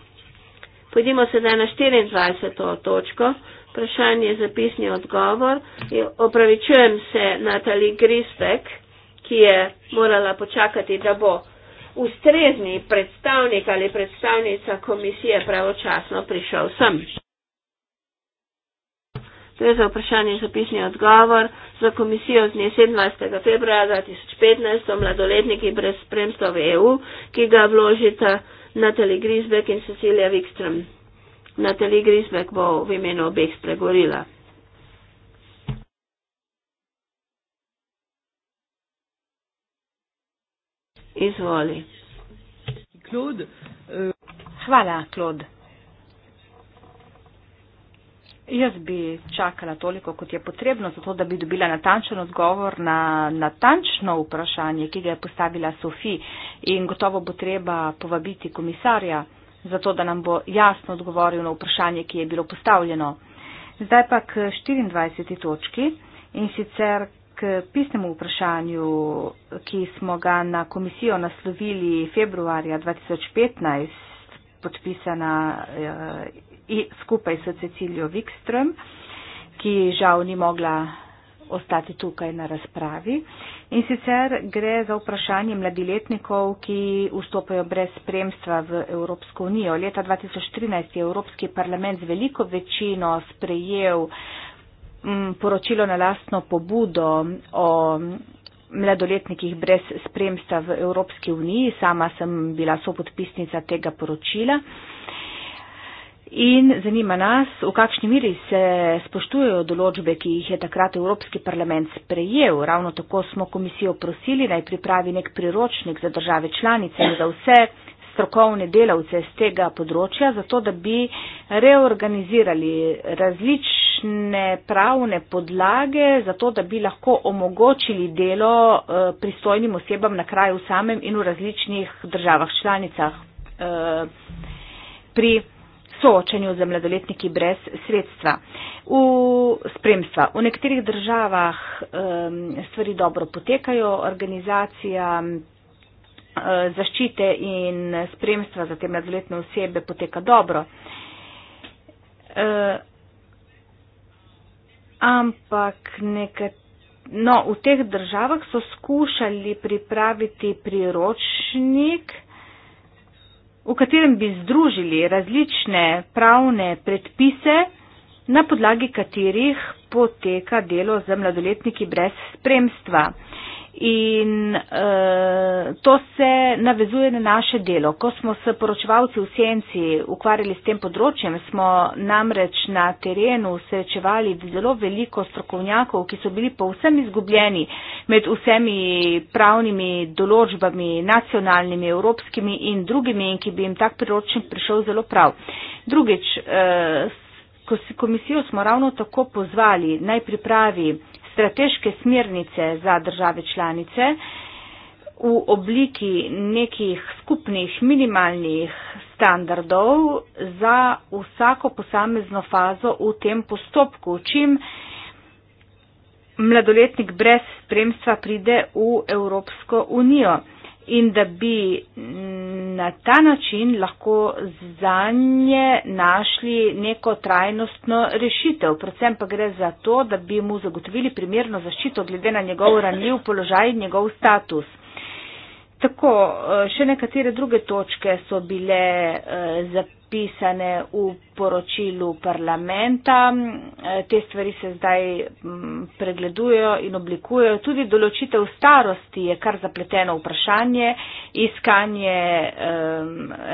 Speaker 2: Pojdimo sedaj na 24. točko. Vprašanje za pisni odgovor. Opravičujem se Natali Gristek, ki je morala počakati, da bo ustrezni predstavnik ali predstavnica komisije pravočasno prišel sem. To je za vprašanje zapisni odgovor za komisijo z dne 27. februarja 2015 o mladoletniki brez spremstva v EU, ki ga vložita Natalie Grisbeck in Cecilia Wikström. Natalie Grisbeck bo v imenu obeh spregovorila. Izvoli.
Speaker 4: Claude, uh... Hvala, Klod. Jaz bi čakala toliko, kot je potrebno, zato da bi dobila natančen odgovor na natančno vprašanje, ki ga je postavila Sofi in gotovo bo treba povabiti komisarja, zato da nam bo jasno odgovoril na vprašanje, ki je bilo postavljeno. Zdaj pa k 24. točki in sicer k pisnemu vprašanju, ki smo ga na komisijo naslovili februarja 2015, podpisana. Eh, i, skupaj s Cecilijo Wikström, ki žal ni mogla ostati tukaj na razpravi. In sicer gre za vprašanje mladiletnikov, ki vstopajo brez spremstva v Evropsko unijo. Leta 2013 je Evropski parlament z veliko večino sprejel m, mm, poročilo na lastno pobudo o mladoletnikih brez spremstva v Evropski uniji. Sama sem bila sopodpisnica tega poročila. Uh, In zanima nas, v kakšni miri se spoštujejo določbe, ki jih je takrat Evropski parlament sprejel. Ravno tako smo komisijo prosili, naj pripravi nek priročnik za države članice in za vse strokovne delavce z tega področja, zato da bi reorganizirali različne pravne podlage, zato da bi lahko omogočili delo eh, pristojnim osebam na kraju samem in v različnih državah članicah. Eh, pri soočenju z mladoletniki brez sredstva. V spremstva. V nekaterih državah um, stvari dobro potekajo, organizacija uh, zaščite in spremstva za te mladoletne osebe poteka dobro. Uh, ampak nekat, no, v teh državah so skušali pripraviti priročnik, v katerem bi združili različne pravne predpise, na podlagi katerih poteka delo z mladoletniki brez spremstva. In uh, to se navezuje na naše delo. Ko smo se poročevalci v senci ukvarjali s tem področjem, smo namreč na terenu srečevali zelo veliko strokovnjakov, ki so bili povsem izgubljeni med vsemi pravnimi določbami, nacionalnimi, evropskimi in drugimi, in ki bi jim tak priročnik prišel zelo prav. Drugič, uh, komisijo smo ravno tako pozvali naj pripravi strateške smernice za države članice v obliki nekih skupnih minimalnih standardov za vsako posamezno fazo v tem postopku, čim mladoletnik brez spremstva pride v Evropsko unijo in da bi na ta način lahko za nje našli neko trajnostno rešitev. Predvsem pa gre za to, da bi mu zagotovili primerno zaščito glede na njegov ranljiv položaj in njegov status. Tako, eh, še nekatere druge točke so bile eh, zapisane v poročilu parlamenta. Eh, te stvari se zdaj mm, pregledujejo in oblikujejo. Tudi določitev starosti je kar zapleteno vprašanje, iskanje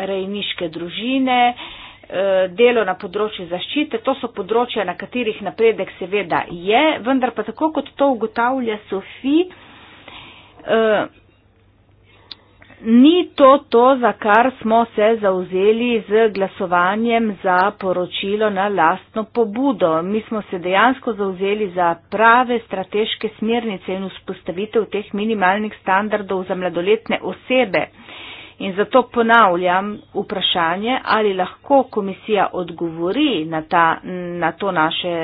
Speaker 4: rejniške družine, delo na področju zaščite. To so področja, na katerih napredek seveda je, vendar pa tako kot to ugotavlja Sofi ni to to, za kar smo se zauzeli z glasovanjem za poročilo na lastno pobudo. Mi smo se dejansko zauzeli za prave strateške smernice in vzpostavitev teh minimalnih standardov za mladoletne osebe. In zato ponavljam vprašanje, ali lahko komisija odgovori na, ta, na to naše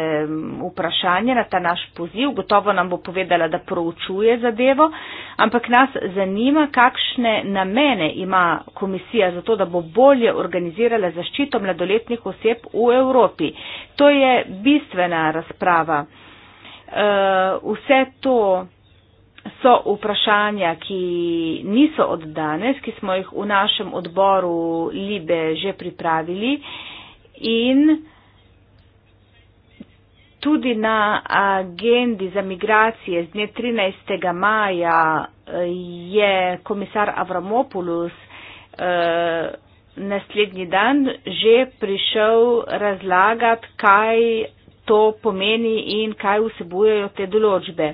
Speaker 4: vprašanje, na ta naš poziv. Gotovo nam bo povedala, da proučuje zadevo, ampak nas zanima, kakšne namene ima komisija za to, da bo bolje organizirala zaščito mladoletnih oseb v Evropi. To je bistvena razprava. Uh, vse to so vprašanja, ki niso od danes, ki smo jih v našem odboru Libe že pripravili in tudi na agendi za migracije z dne 13. maja eh, je komisar Avramopoulos eh, naslednji dan že prišel razlagati, kaj to pomeni in kaj vsebujejo te določbe.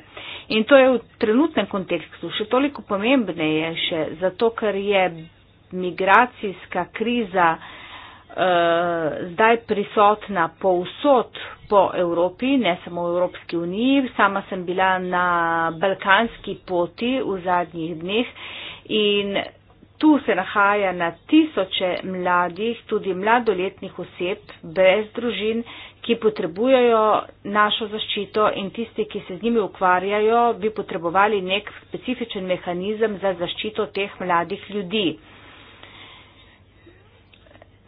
Speaker 4: In to je v trenutnem kontekstu še toliko pomembneje, še zato, ker je migracijska kriza eh, zdaj prisotna povsod po Evropi, ne samo v Evropski uniji. Sama sem bila na balkanski poti v zadnjih dneh in tu se nahaja na tisoče mladih, tudi mladoletnih oseb brez družin, ki potrebujejo našo zaščito in tisti, ki se z njimi ukvarjajo, bi potrebovali nek specifičen mehanizem za zaščito teh mladih ljudi.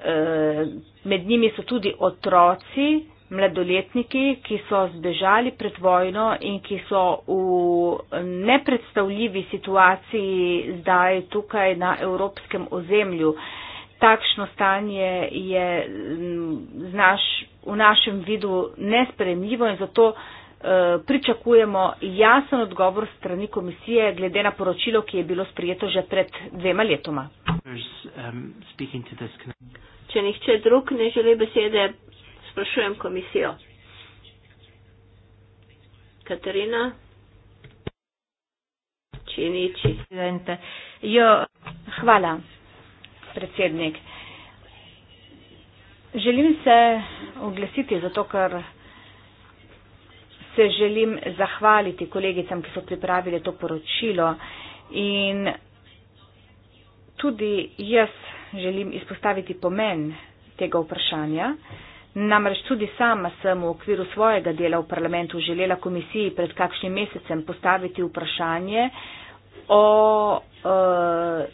Speaker 4: E, med njimi so tudi otroci, mladoletniki, ki so zbežali pred vojno in ki so v nepredstavljivi situaciji zdaj tukaj na evropskem ozemlju takšno stanje je mm, naš, v našem vidu nespremljivo in zato eh, pričakujemo jasen odgovor strani komisije glede na poročilo, ki je bilo sprijeto že pred dvema letoma.
Speaker 2: Če nihče drug ne želi besede, sprašujem komisijo. Katarina. Čini, čini. Hvala
Speaker 4: predsednik. Želim se oglasiti zato, ker se želim zahvaliti kolegicam, ki so pripravile to poročilo in tudi jaz želim izpostaviti pomen tega vprašanja. Namreč tudi sama sem v okviru svojega dela v parlamentu želela komisiji pred kakšnim mesecem postaviti vprašanje o uh,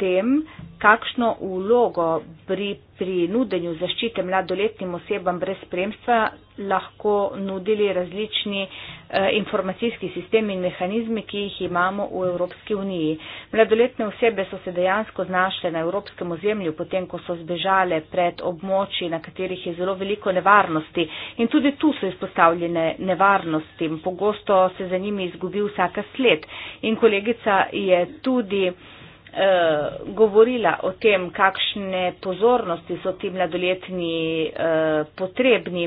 Speaker 4: tem, kakšno vlogo pri, pri nudenju zaščite mladoletnim osebam brez spremstva lahko nudili različni eh, informacijski sistemi in mehanizmi, ki jih imamo v Evropski uniji. Mladoletne osebe so se dejansko znašle na evropskem ozemlju, potem ko so zbežale pred območji, na katerih je zelo veliko nevarnosti. In tudi tu so izpostavljene nevarnosti. Pogosto se za njimi izgubi vsaka sled. In kolegica je tudi. Eh, govorila o tem, kakšne pozornosti so ti mladoletni eh, potrebni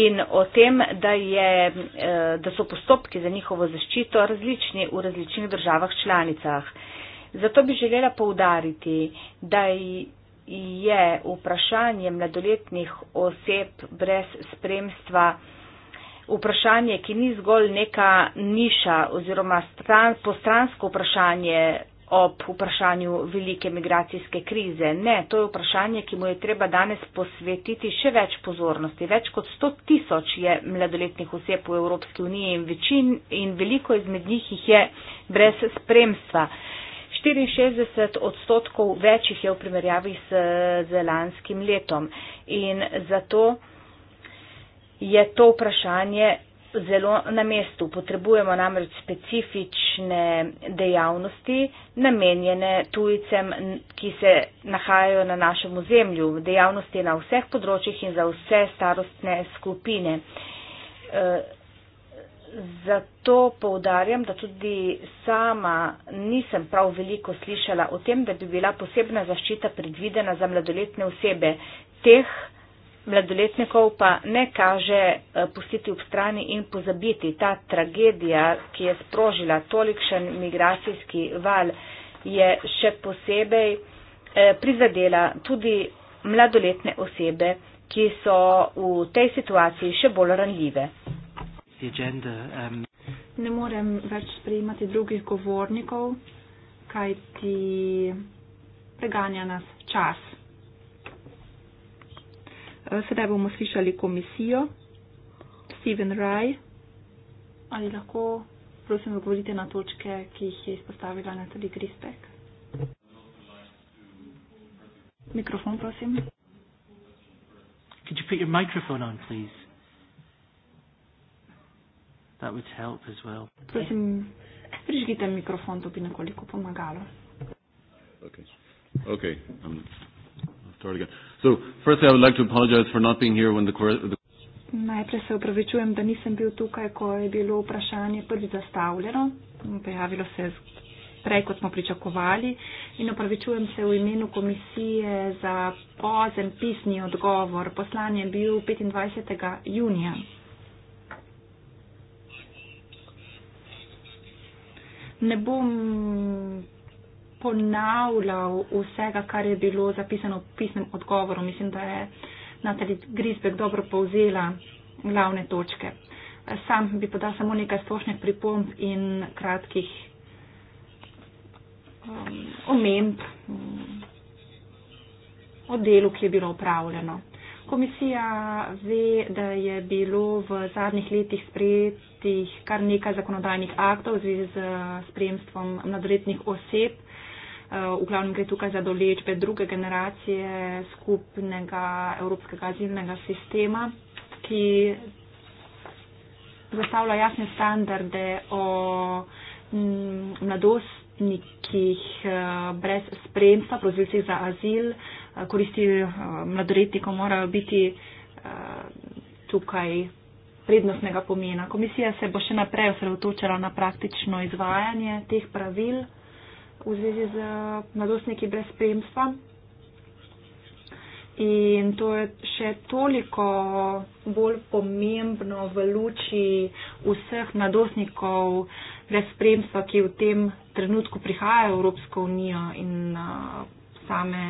Speaker 4: in o tem, da, je, eh, da so postopki za njihovo zaščito različni v različnih državah članicah. Zato bi želela poudariti, da je vprašanje mladoletnih oseb brez spremstva vprašanje, ki ni zgolj neka niša oziroma stran, postransko vprašanje ob vprašanju velike migracijske krize. Ne, to je vprašanje, ki mu je treba danes posvetiti še več pozornosti. Več kot 100 tisoč je mladoletnih oseb v Evropski uniji in, večin, in veliko izmed njih jih je brez spremstva. 64 odstotkov večjih je v primerjavi s, z lanskim letom in zato je to vprašanje zelo na mestu. Potrebujemo namreč specifične dejavnosti, namenjene tujcem, ki se nahajajo na našem ozemlju. Dejavnosti na vseh področjih in za vse starostne skupine. E, zato poudarjam, da tudi sama nisem prav veliko slišala o tem, da bi bila posebna zaščita predvidena za mladoletne osebe. Teh mladoletnikov pa ne kaže eh, pustiti ob strani in pozabiti. Ta tragedija, ki je sprožila tolikšen migracijski val, je še posebej eh, prizadela tudi mladoletne osebe, ki so v tej
Speaker 3: situaciji še bolj ranljive.
Speaker 1: Um,
Speaker 3: ne morem več sprejemati drugih govornikov, kajti preganja nas čas. Sedaj bomo slišali komisijo. Steven Raj. Ali lahko, prosim, odgovorite na točke, ki jih je izpostavila Natali Gristek? Mikrofon, prosim.
Speaker 1: Could you put your microphone on, please? That would help as well.
Speaker 3: Prosim, prižgite mikrofon, to bi nekoliko pomagalo.
Speaker 1: Okay. Okay. I'm, um, I'll start again. So firstly, I would like to apologize for not being here when the.
Speaker 3: Najprej se opravičujem, da nisem bil tukaj, ko je bilo vprašanje prvi zastavljeno. Pojavilo se je prej, kot smo pričakovali. In opravičujem se v imenu komisije za pozen pisni odgovor. Poslan je bil 25. junija. Ne bom ponavljal vsega, kar je bilo zapisano v pisnem odgovoru. Mislim, da je Natalie Grisbeck dobro povzela glavne točke. Sam bi podal samo nekaj splošnih pripomb in kratkih um, omemb um, o delu, ki je bilo upravljeno. Komisija ve, da je bilo v zadnjih letih sprejetih kar nekaj zakonodajnih aktov v zvezi z spremstvom mladoletnih oseb. Eh, v glavnem gre tukaj za doležbe druge generacije skupnega evropskega azilnega sistema, ki zastavlja jasne standarde o mm, mladostnikih eh, brez spremstva, prozilcih za azil, eh, koristi mladoretnikov morajo biti tukaj prednostnega pomena. Komisija se bo še naprej osredotočala na praktično izvajanje teh pravil v zvezi z mladostniki brez spremstva. In to je še toliko bolj pomembno v luči vseh mladostnikov brez spremstva, ki v tem trenutku prihajajo v Evropsko unijo in same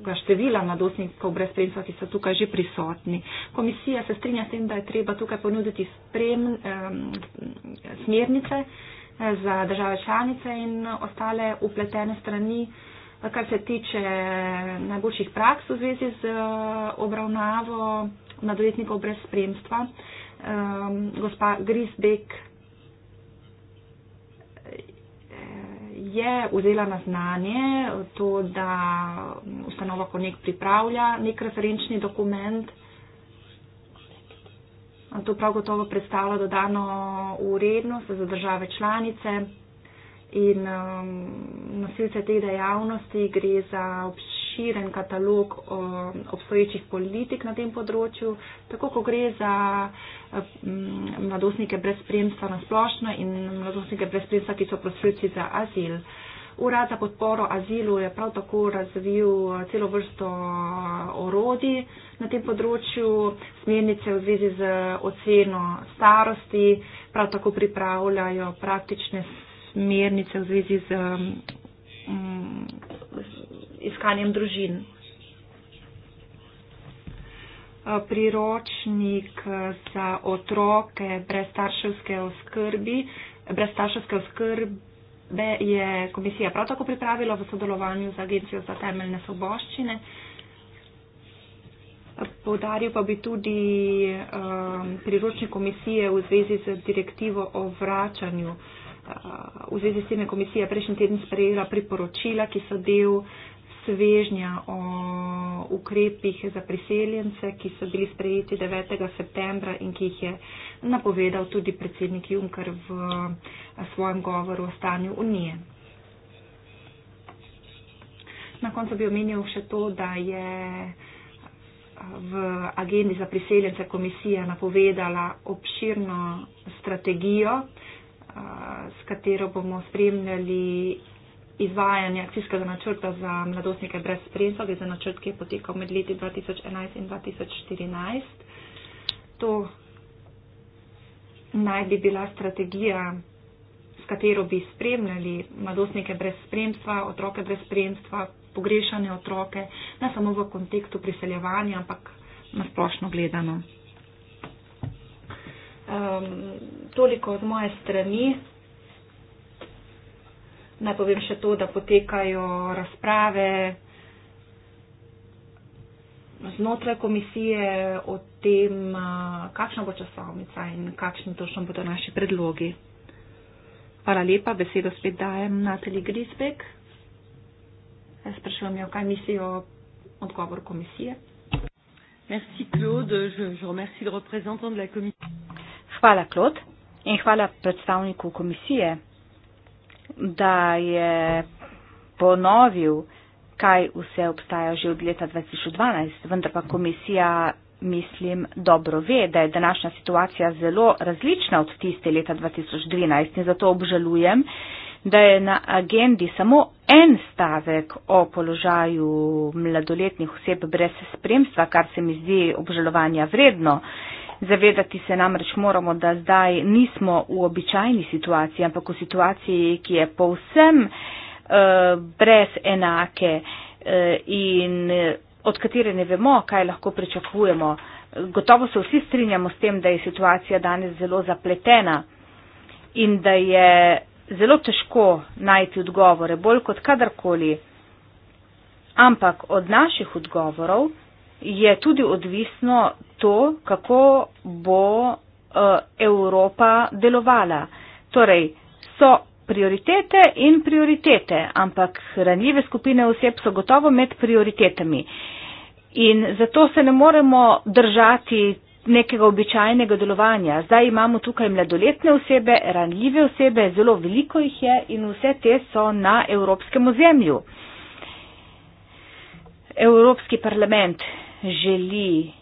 Speaker 3: ga števila mladostnikov brez spremstva, ki so tukaj že prisotni. Komisija se strinja s tem, da je treba tukaj ponuditi sprem, eh, smernice, eh, za države članice in ostale upletene strani, kar se tiče najboljših praks v zvezi z eh, obravnavo mladoletnikov brez spremstva. Ehm, gospa Grisbek eh, je vzela na znanje to, da ustanova Konek pripravlja nek referenčni dokument, To prav gotovo predstavlja dodano urednost za države članice in um, nosilce te dejavnosti gre za obširen katalog um, obstoječih politik na tem področju, tako ko gre za um, mladostnike brez spremstva na splošno in mladostnike brez spremstva, ki so prosilci za azil. Uh, Urad za podporo azilu je prav tako razvil eh, celo vrsto eh, orodij na tem področju, smernice v zvezi z oceno starosti, prav tako pripravljajo praktične smernice v zvezi z mm, iskanjem družin. Eh, priročnik za otroke brez starševske oskrbi, brez starševske oskrbi je komisija prav tako pripravila v sodelovanju z Agencijo za temeljne svoboščine. Podaril pa bi tudi um, priročni komisije v zvezi z direktivo o vračanju. Uh, v zvezi s tem je komisija prejšnji teden sprejela priporočila, ki so del uh, svežnja o ukrepih za priseljence, ki so bili sprejeti 9. septembra in ki jih je napovedal tudi predsednik Juncker v svojem govoru o stanju Unije. Na koncu bi omenil še to, da je v agendi za priseljence komisija napovedala obširno strategijo, s katero bomo spremljali izvajanje akcijskega načrta za mladostnike brez spremstva, gre za načrt, ki je potekal med leti 2011 in 2014. To naj bi bila strategija, s katero bi spremljali mladostnike brez spremstva, otroke brez spremstva, pogrešane otroke, ne samo v kontekstu priseljevanja, ampak nasplošno gledano. Um, toliko z moje strani. Naj povem še to, da potekajo razprave znotraj komisije o tem, kakšna bo časovnica in kakšni točno bodo naši predlogi. Hvala lepa, besedo spet dajem Nateli Grisbek. Sprašujem jo, ja, kaj mislijo o odgovoru komisije. Merci Claude, je, je remercie le représentant de la commission. Hvala Claude in hvala predstavniku
Speaker 4: komisije da je ponovil, kaj vse obstaja že od leta 2012, vendar pa komisija, mislim, dobro ve, da je današnja situacija zelo različna od tiste leta 2012 in zato obžalujem, da je na agendi samo en stavek o položaju mladoletnih oseb brez spremstva, kar se mi zdi obžalovanja vredno. Uh, Zavedati se namreč moramo, da zdaj nismo v običajni situaciji, ampak v situaciji, ki je povsem eh, brez enake eh, in eh, od katere ne vemo, kaj lahko pričakujemo. Gotovo se vsi strinjamo s tem, da je situacija danes zelo zapletena in da je zelo težko najti odgovore, bolj kot kadarkoli. Ampak od naših odgovorov je tudi odvisno to, kako bo uh, Evropa delovala. Torej, so prioritete in prioritete, ampak ranljive skupine oseb so gotovo med prioritetami. In zato se ne moremo držati nekega običajnega delovanja. Zdaj imamo tukaj mladoletne osebe, ranljive osebe, zelo veliko jih je in vse te so na evropskem ozemlju. Evropski parlament želi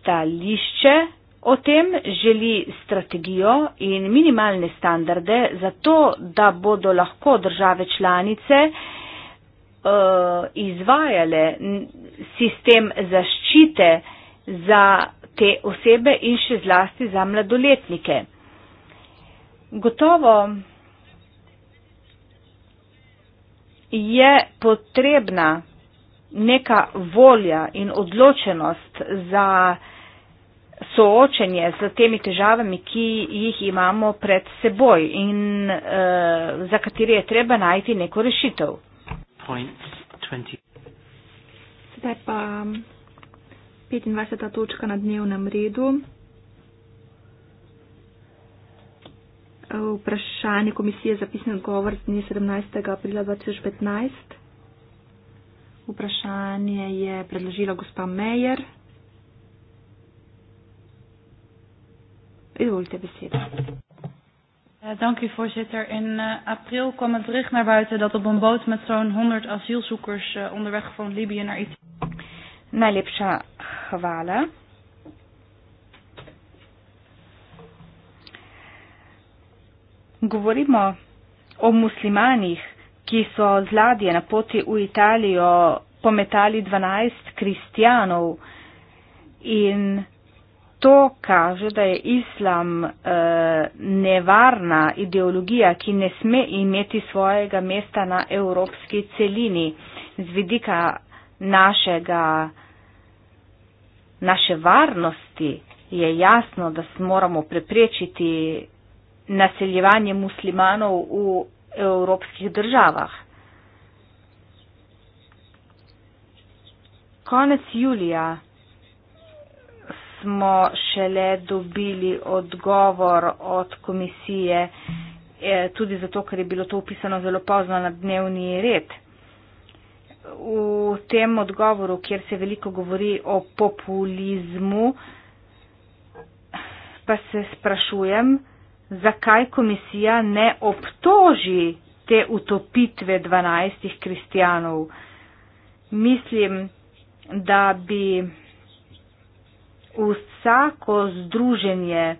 Speaker 4: stališče o tem, želi strategijo in minimalne standarde za to, da bodo lahko države članice eh, izvajale sistem zaščite za te osebe in še zlasti za mladoletnike. Gotovo je potrebna neka volja in odločenost za soočenje z temi težavami, ki jih imamo pred seboj in uh, za katere je treba najti neko rešitev.
Speaker 3: Sedaj pa 25. točka na dnevnem redu. Vprašanje komisije za pisni odgovor z dne 17. aprila 2015. Vprašanje je predložila gospa Mejer. Izvolite besedo. Ja, dank u, voorzitter. In uh, april kwam het bericht naar buiten dat op een boot met zo'n 100 asielzoekers uh, onderweg van Libië naar Italië. Najlepša hvala.
Speaker 4: Govorimo o muslimanih, ki so z ladje na poti v Italijo pometali 12 kristijanov in to kaže, da je islam eh, nevarna ideologija, ki ne sme imeti svojega mesta na evropski celini z vidika našega, naše varnosti. Je jasno, da moramo preprečiti naseljevanje muslimanov v evropskih državah. Konec julija smo šele dobili odgovor od komisije, eh, tudi zato, ker je bilo to upisano zelo pozno na dnevni red. V tem odgovoru, kjer se veliko govori o populizmu, pa se sprašujem, zakaj komisija ne obtoži te utopitve 12 kristijanov. Mislim, da bi vsako združenje,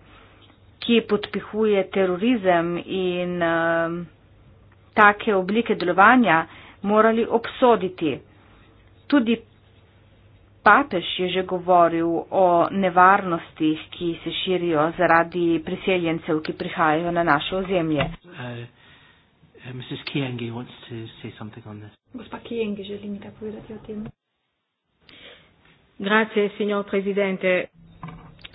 Speaker 4: ki podpihuje terorizem in uh, take oblike delovanja, morali obsoditi. Tudi papež je že govoril o nevarnostih, ki se širijo zaradi priseljencev, ki prihajajo na naše ozemlje.
Speaker 1: Uh, uh,
Speaker 3: Gospa Kijengi želi nekaj povedati o tem.
Speaker 4: Grazie, signor presidente.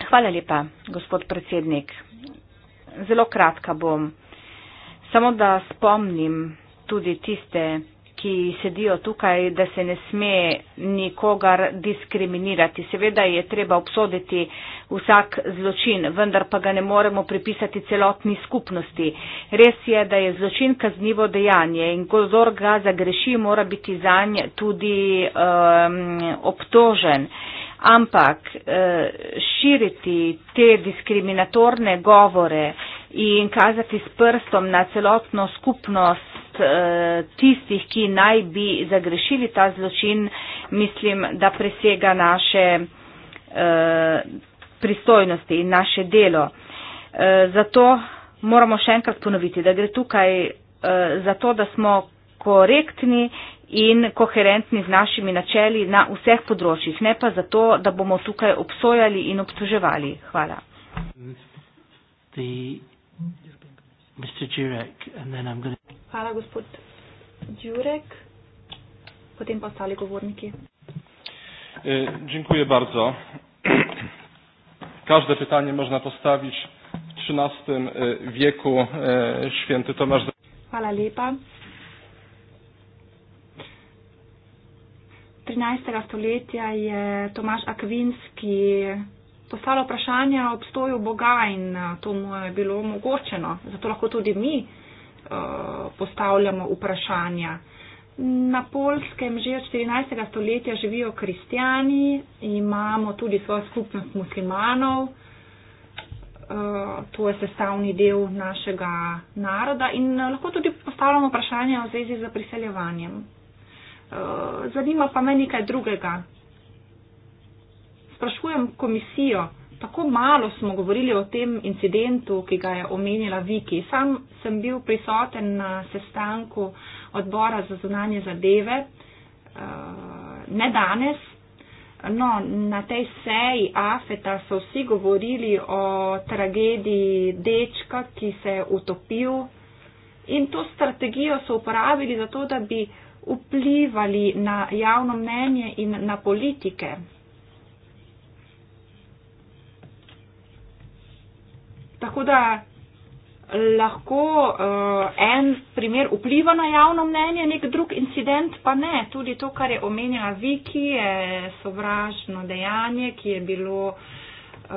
Speaker 4: Hvala lepa, gospod predsednik. Zelo kratka bom. Samo da spomnim tudi tiste, ki sedijo tukaj, da se ne sme nikogar diskriminirati. Seveda je treba obsoditi vsak zločin, vendar pa ga ne moremo pripisati celotni skupnosti. Res je, da je zločin kaznivo dejanje in ko zor ga zagreši, mora biti zanj tudi um, obtožen. Ampak eh, širiti te diskriminatorne govore in kazati s prstom na celotno skupnost, Eh, tistih, ki naj bi zagrešili ta zločin, mislim, da presega naše eh, pristojnosti in naše delo. Eh, zato moramo še enkrat ponoviti, da gre tukaj za to, da smo korektni in koherentni z našimi načeli na vseh področjih, ne pa zato, da bomo tukaj obsojali in
Speaker 1: obtoževali. Hvala. Mr. Jurek, and then I'm going to...
Speaker 3: Hvala, gospod Jurek. Potem pa ostali govorniki.
Speaker 1: E, dziękuję bardzo. Każde pytanie można postawić w XIII e, wieku e, święty Tomasz.
Speaker 3: Hvala lepa. 13. stoletja je Tomaš Akvinski postalo vprašanje o obstoju Boga in eh, to mu je bilo omogočeno. Zato lahko tudi mi uh, postavljamo vprašanja. Na polskem že od 14. stoletja živijo kristijani, imamo tudi svojo skupnost muslimanov, eh, to je sestavni del našega naroda in lahko tudi postavljamo vprašanje v zvezi z priseljevanjem. Zanima pa me nekaj drugega, sprašujem komisijo. Tako malo smo govorili o tem incidentu, ki ga je omenila Viki. Sam sem bil prisoten na sestanku odbora za zunanje zadeve, eh, ne danes. No, na tej seji Afeta so vsi govorili o tragediji dečka, ki se je utopil in to strategijo so uporabili zato, da bi vplivali na javno mnenje in na politike. Tako da eh, lahko uh, en primer vpliva na javno mnenje, nek drug incident pa ne. Tudi to, kar je omenjala Viki, je sovražno dejanje, ki je bilo um,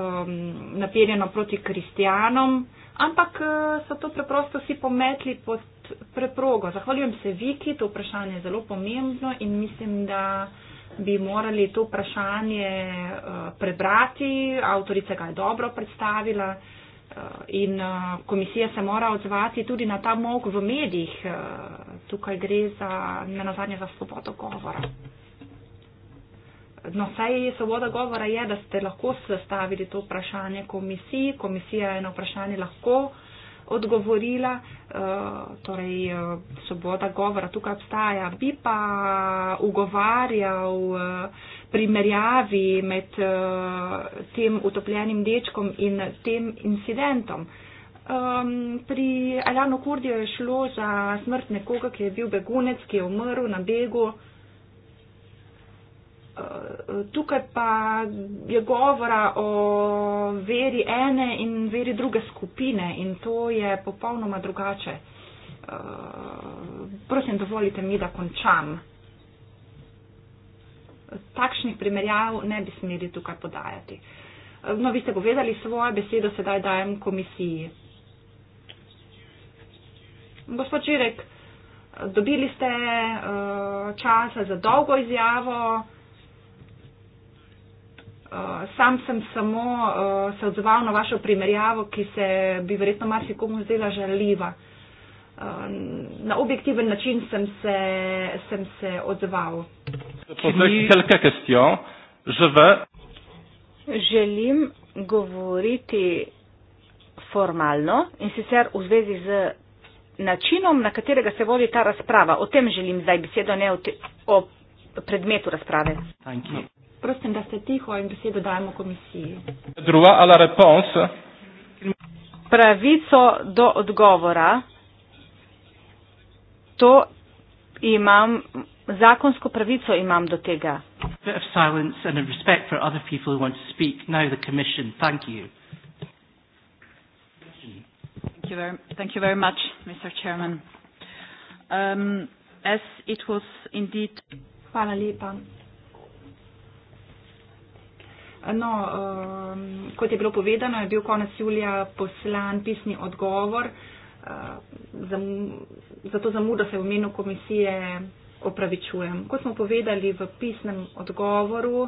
Speaker 3: ehm, napirjeno proti kristijanom, ampak uh, so to preprosto vsi pometli pod preprogo. Zahvaljujem se Viki, to vprašanje je zelo pomembno in mislim, da bi morali to vprašanje uh, prebrati. Avtorica ga je dobro predstavila. Eh, in eh, komisija se mora odzvati tudi na ta mok v medijih. Eh, tukaj gre za, ne nazadnje, za svobodo govora. No, saj je svoboda govora, je, da ste lahko sestavili to vprašanje komisiji. Komisija je na vprašanje lahko odgovorila, torej svoboda govora tukaj obstaja. Bi pa ugovarjal primerjavi med uh, tem utopljenim dečkom in tem incidentom. Um, pri Alano Kurdijo je šlo za smrt nekoga, ki je bil begunec, ki je umrl na begu. Eh, tukaj pa je govora o veri ene in veri druge skupine in to je popolnoma drugače. Eh, prosim, dovolite mi, da končam takšnih primerjav ne bi smeli tukaj podajati. No, vi ste povedali svojo besedo, sedaj dajem komisiji. Gospod Čirek, dobili ste eh, časa za dolgo izjavo. Eh, sam sem samo eh, se odzval na vašo primerjavo, ki se bi verjetno marsikomu zdela žaljiva. Ehm, na objektiven način sem se, sem se odzval. Želim
Speaker 4: govoriti formalno in sicer v zvezi z načinom, na katerega se vodi ta razprava. O tem želim zdaj besedo, ne o, te, o
Speaker 3: predmetu razprave. Prosim, da ste tiho in besedo dajemo komisiji. Pravico do odgovora
Speaker 4: to imam, zakonsko pravico imam do tega.
Speaker 1: Thank
Speaker 3: you, very, thank you very much, Mr. Chairman. Um, as it was indeed. Hvala lepa. No, um, kot je bilo povedano, je bil konec julija poslan pisni odgovor uh, Eh, za to zamudo se v imenu komisije opravičujem. Kot smo povedali v pisnem odgovoru,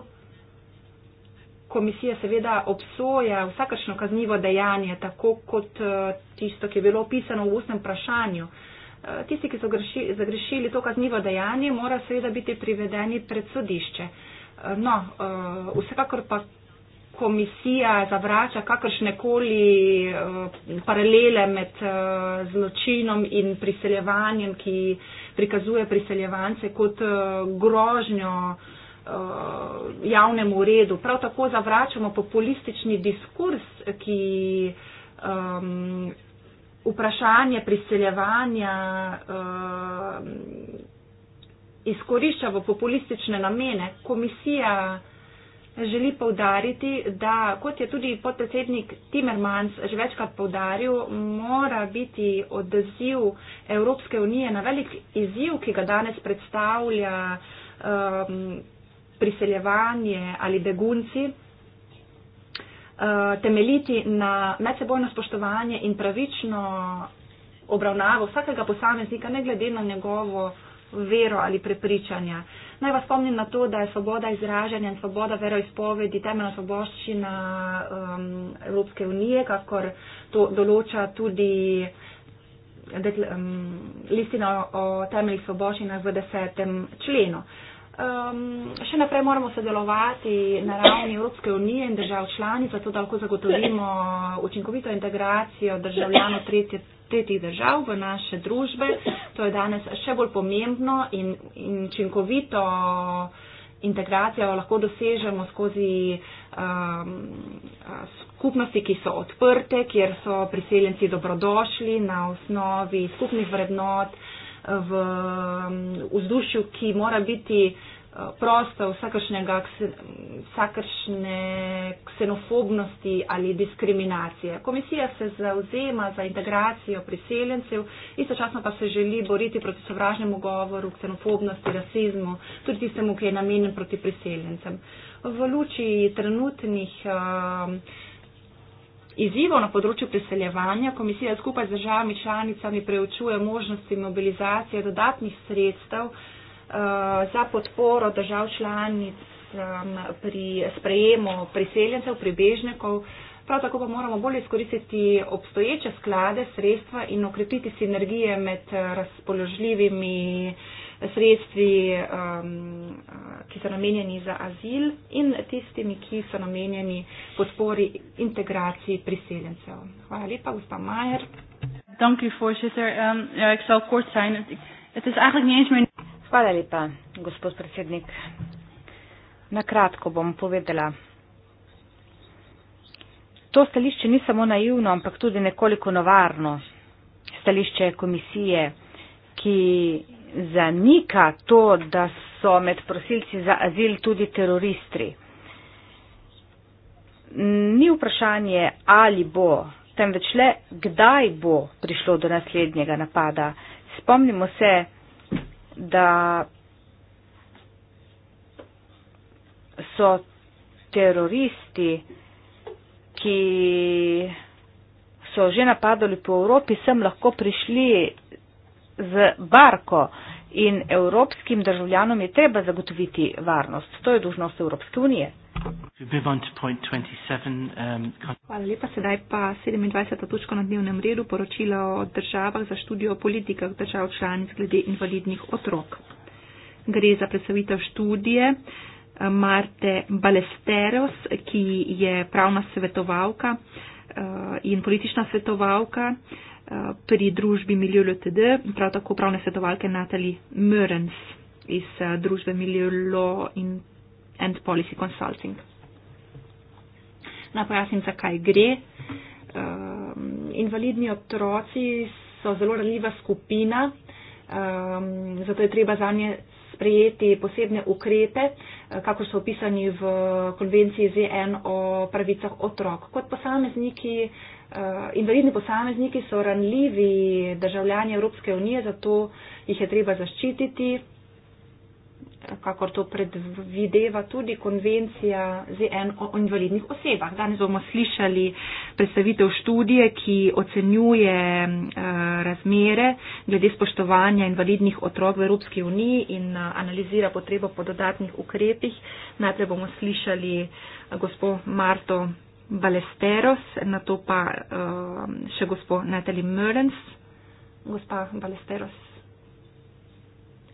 Speaker 3: komisija seveda obsoja vsakršno kaznivo dejanje, tako kot eh, tisto, ki je bilo opisano v ustnem vprašanju. Eh, tisti, ki so greši, zagrešili to kaznivo dejanje, mora seveda biti privedeni pred sodišče. No, vsekakor pa komisija zavrača kakršne koli eh, paralele med eh, zločinom in priseljevanjem, ki prikazuje priseljevance kot eh, grožnjo javnemu redu. Prav tako zavračamo populistični diskurs, ki um, vprašanje priseljevanja um, izkorišča v populistične namene. Komisija želi povdariti, da kot je tudi podpredsednik Timmermans že večkrat povdaril, mora biti odziv Evropske unije na velik izziv, ki ga danes predstavlja um, priseljevanje ali begunci, uh, temeljiti na medsebojno spoštovanje in pravično obravnavo vsakega posameznika, ne glede na njegovo vero ali prepričanja. Uh, Naj vas spomnim na to, da je svoboda izražanja in svoboda veroizpovedi temeljna svoboščina um, Evropske unije, kakor to določa tudi dekla, um, listina o, o temeljnih svoboščinah v desetem členu. Um, še naprej moramo sodelovati na ravni Evropske unije in držav članic, zato da lahko zagotovimo učinkovito integracijo državljanov tretje tretjih držav, v naše družbe. To je danes še bolj pomembno in, in činkovito integracijo lahko dosežemo skozi um, skupnosti, ki so odprte, kjer so priseljenci dobrodošli na osnovi skupnih vrednot v um, vzdušju, ki mora biti uh, prosto vsakršnega, vsakršne ksenofobnosti ali diskriminacije. Komisija se zauzema za integracijo priseljencev, istočasno pa se želi boriti proti sovražnemu govoru, ksenofobnosti, rasizmu, tudi tistemu, ki je namenjen proti priseljencem. V luči trenutnih um, Izzivov na področju priseljevanja komisija skupaj z državami članicami preučuje možnosti mobilizacije dodatnih sredstev, Eh, za podporo držav članic pri sprejemu priseljencev, pribežnikov. Prav tako pa moramo bolj izkoristiti obstoječe sklade, sredstva in okrepiti sinergije med razpoložljivimi sredstvi, ki so namenjeni za azil in tistimi, ki so namenjeni podpori integraciji priseljencev. Hvala lepa, gospa Majer. Thank you, um, yeah, ik zal kort zijn. Het is eigenlijk niet eens meer. Hvala lepa, gospod
Speaker 4: predsednik. Na kratko bom povedala. To stališče ni samo naivno, ampak tudi nekoliko novarno. Stališče komisije, ki zanika to, da so med prosilci za azil tudi teroristi. Ni vprašanje, ali bo, temveč le, kdaj bo prišlo do naslednjega napada. Spomnimo se, da so teroristi, ki so že napadali po Evropi, sem lahko prišli z barko in evropskim državljanom je treba
Speaker 3: zagotoviti varnost. To je dužnost Evropske unije.
Speaker 1: Um,
Speaker 3: Hvala lepa. Sedaj pa 27. točka na dnevnem redu, poročilo o državah za študijo o politikah držav članic glede invalidnih otrok. Gre za predstavitev študije eh, Marte Balesteros, ki je pravna svetovalka eh, in politična svetovalka eh, pri družbi Miljo LTD, prav tako pravne svetovalke Natali Mörens iz družbe Miljo in and Policy Consulting. Naj pojasnim, zakaj gre. Um, invalidni otroci so zelo ranljiva skupina, um, zato je treba zanje sprejeti posebne ukrepe, eh, kako so opisani v konvenciji ZN o pravicah otrok. Kot posamezniki, uh, invalidni posamezniki so ranljivi državljani Evropske unije, zato jih je treba zaščititi kakor to predvideva tudi konvencija ZN o invalidnih osebah. Danes bomo slišali predstavitev študije, ki ocenjuje eh, razmere glede spoštovanja invalidnih otrok v Evropski uniji in eh, analizira potrebo po dodatnih ukrepih. Najprej bomo slišali eh, gospod Marto Balesteros, na to pa še gospod Natalie Mörens. Gospa Balesteros.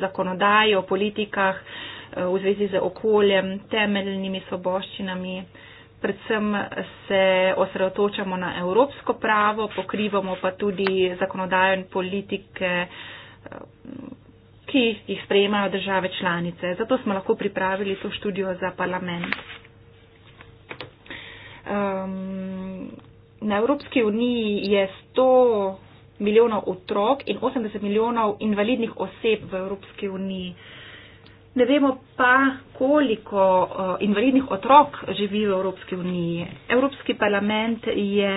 Speaker 3: zakonodaji, o politikah, eh, v zvezi z okoljem, temeljnimi soboščinami. Predvsem se osredotočamo na evropsko pravo, pokrivamo pa tudi zakonodajo in politike, eh, ki jih sprejemajo države članice. Zato smo lahko pripravili to študijo za parlament. Um, na Evropski uniji je 100 milijonov otrok in 80 milijonov invalidnih oseb v Evropski uniji. Ne vemo pa, koliko eh, invalidnih otrok živi v Evropski uniji. Evropski parlament je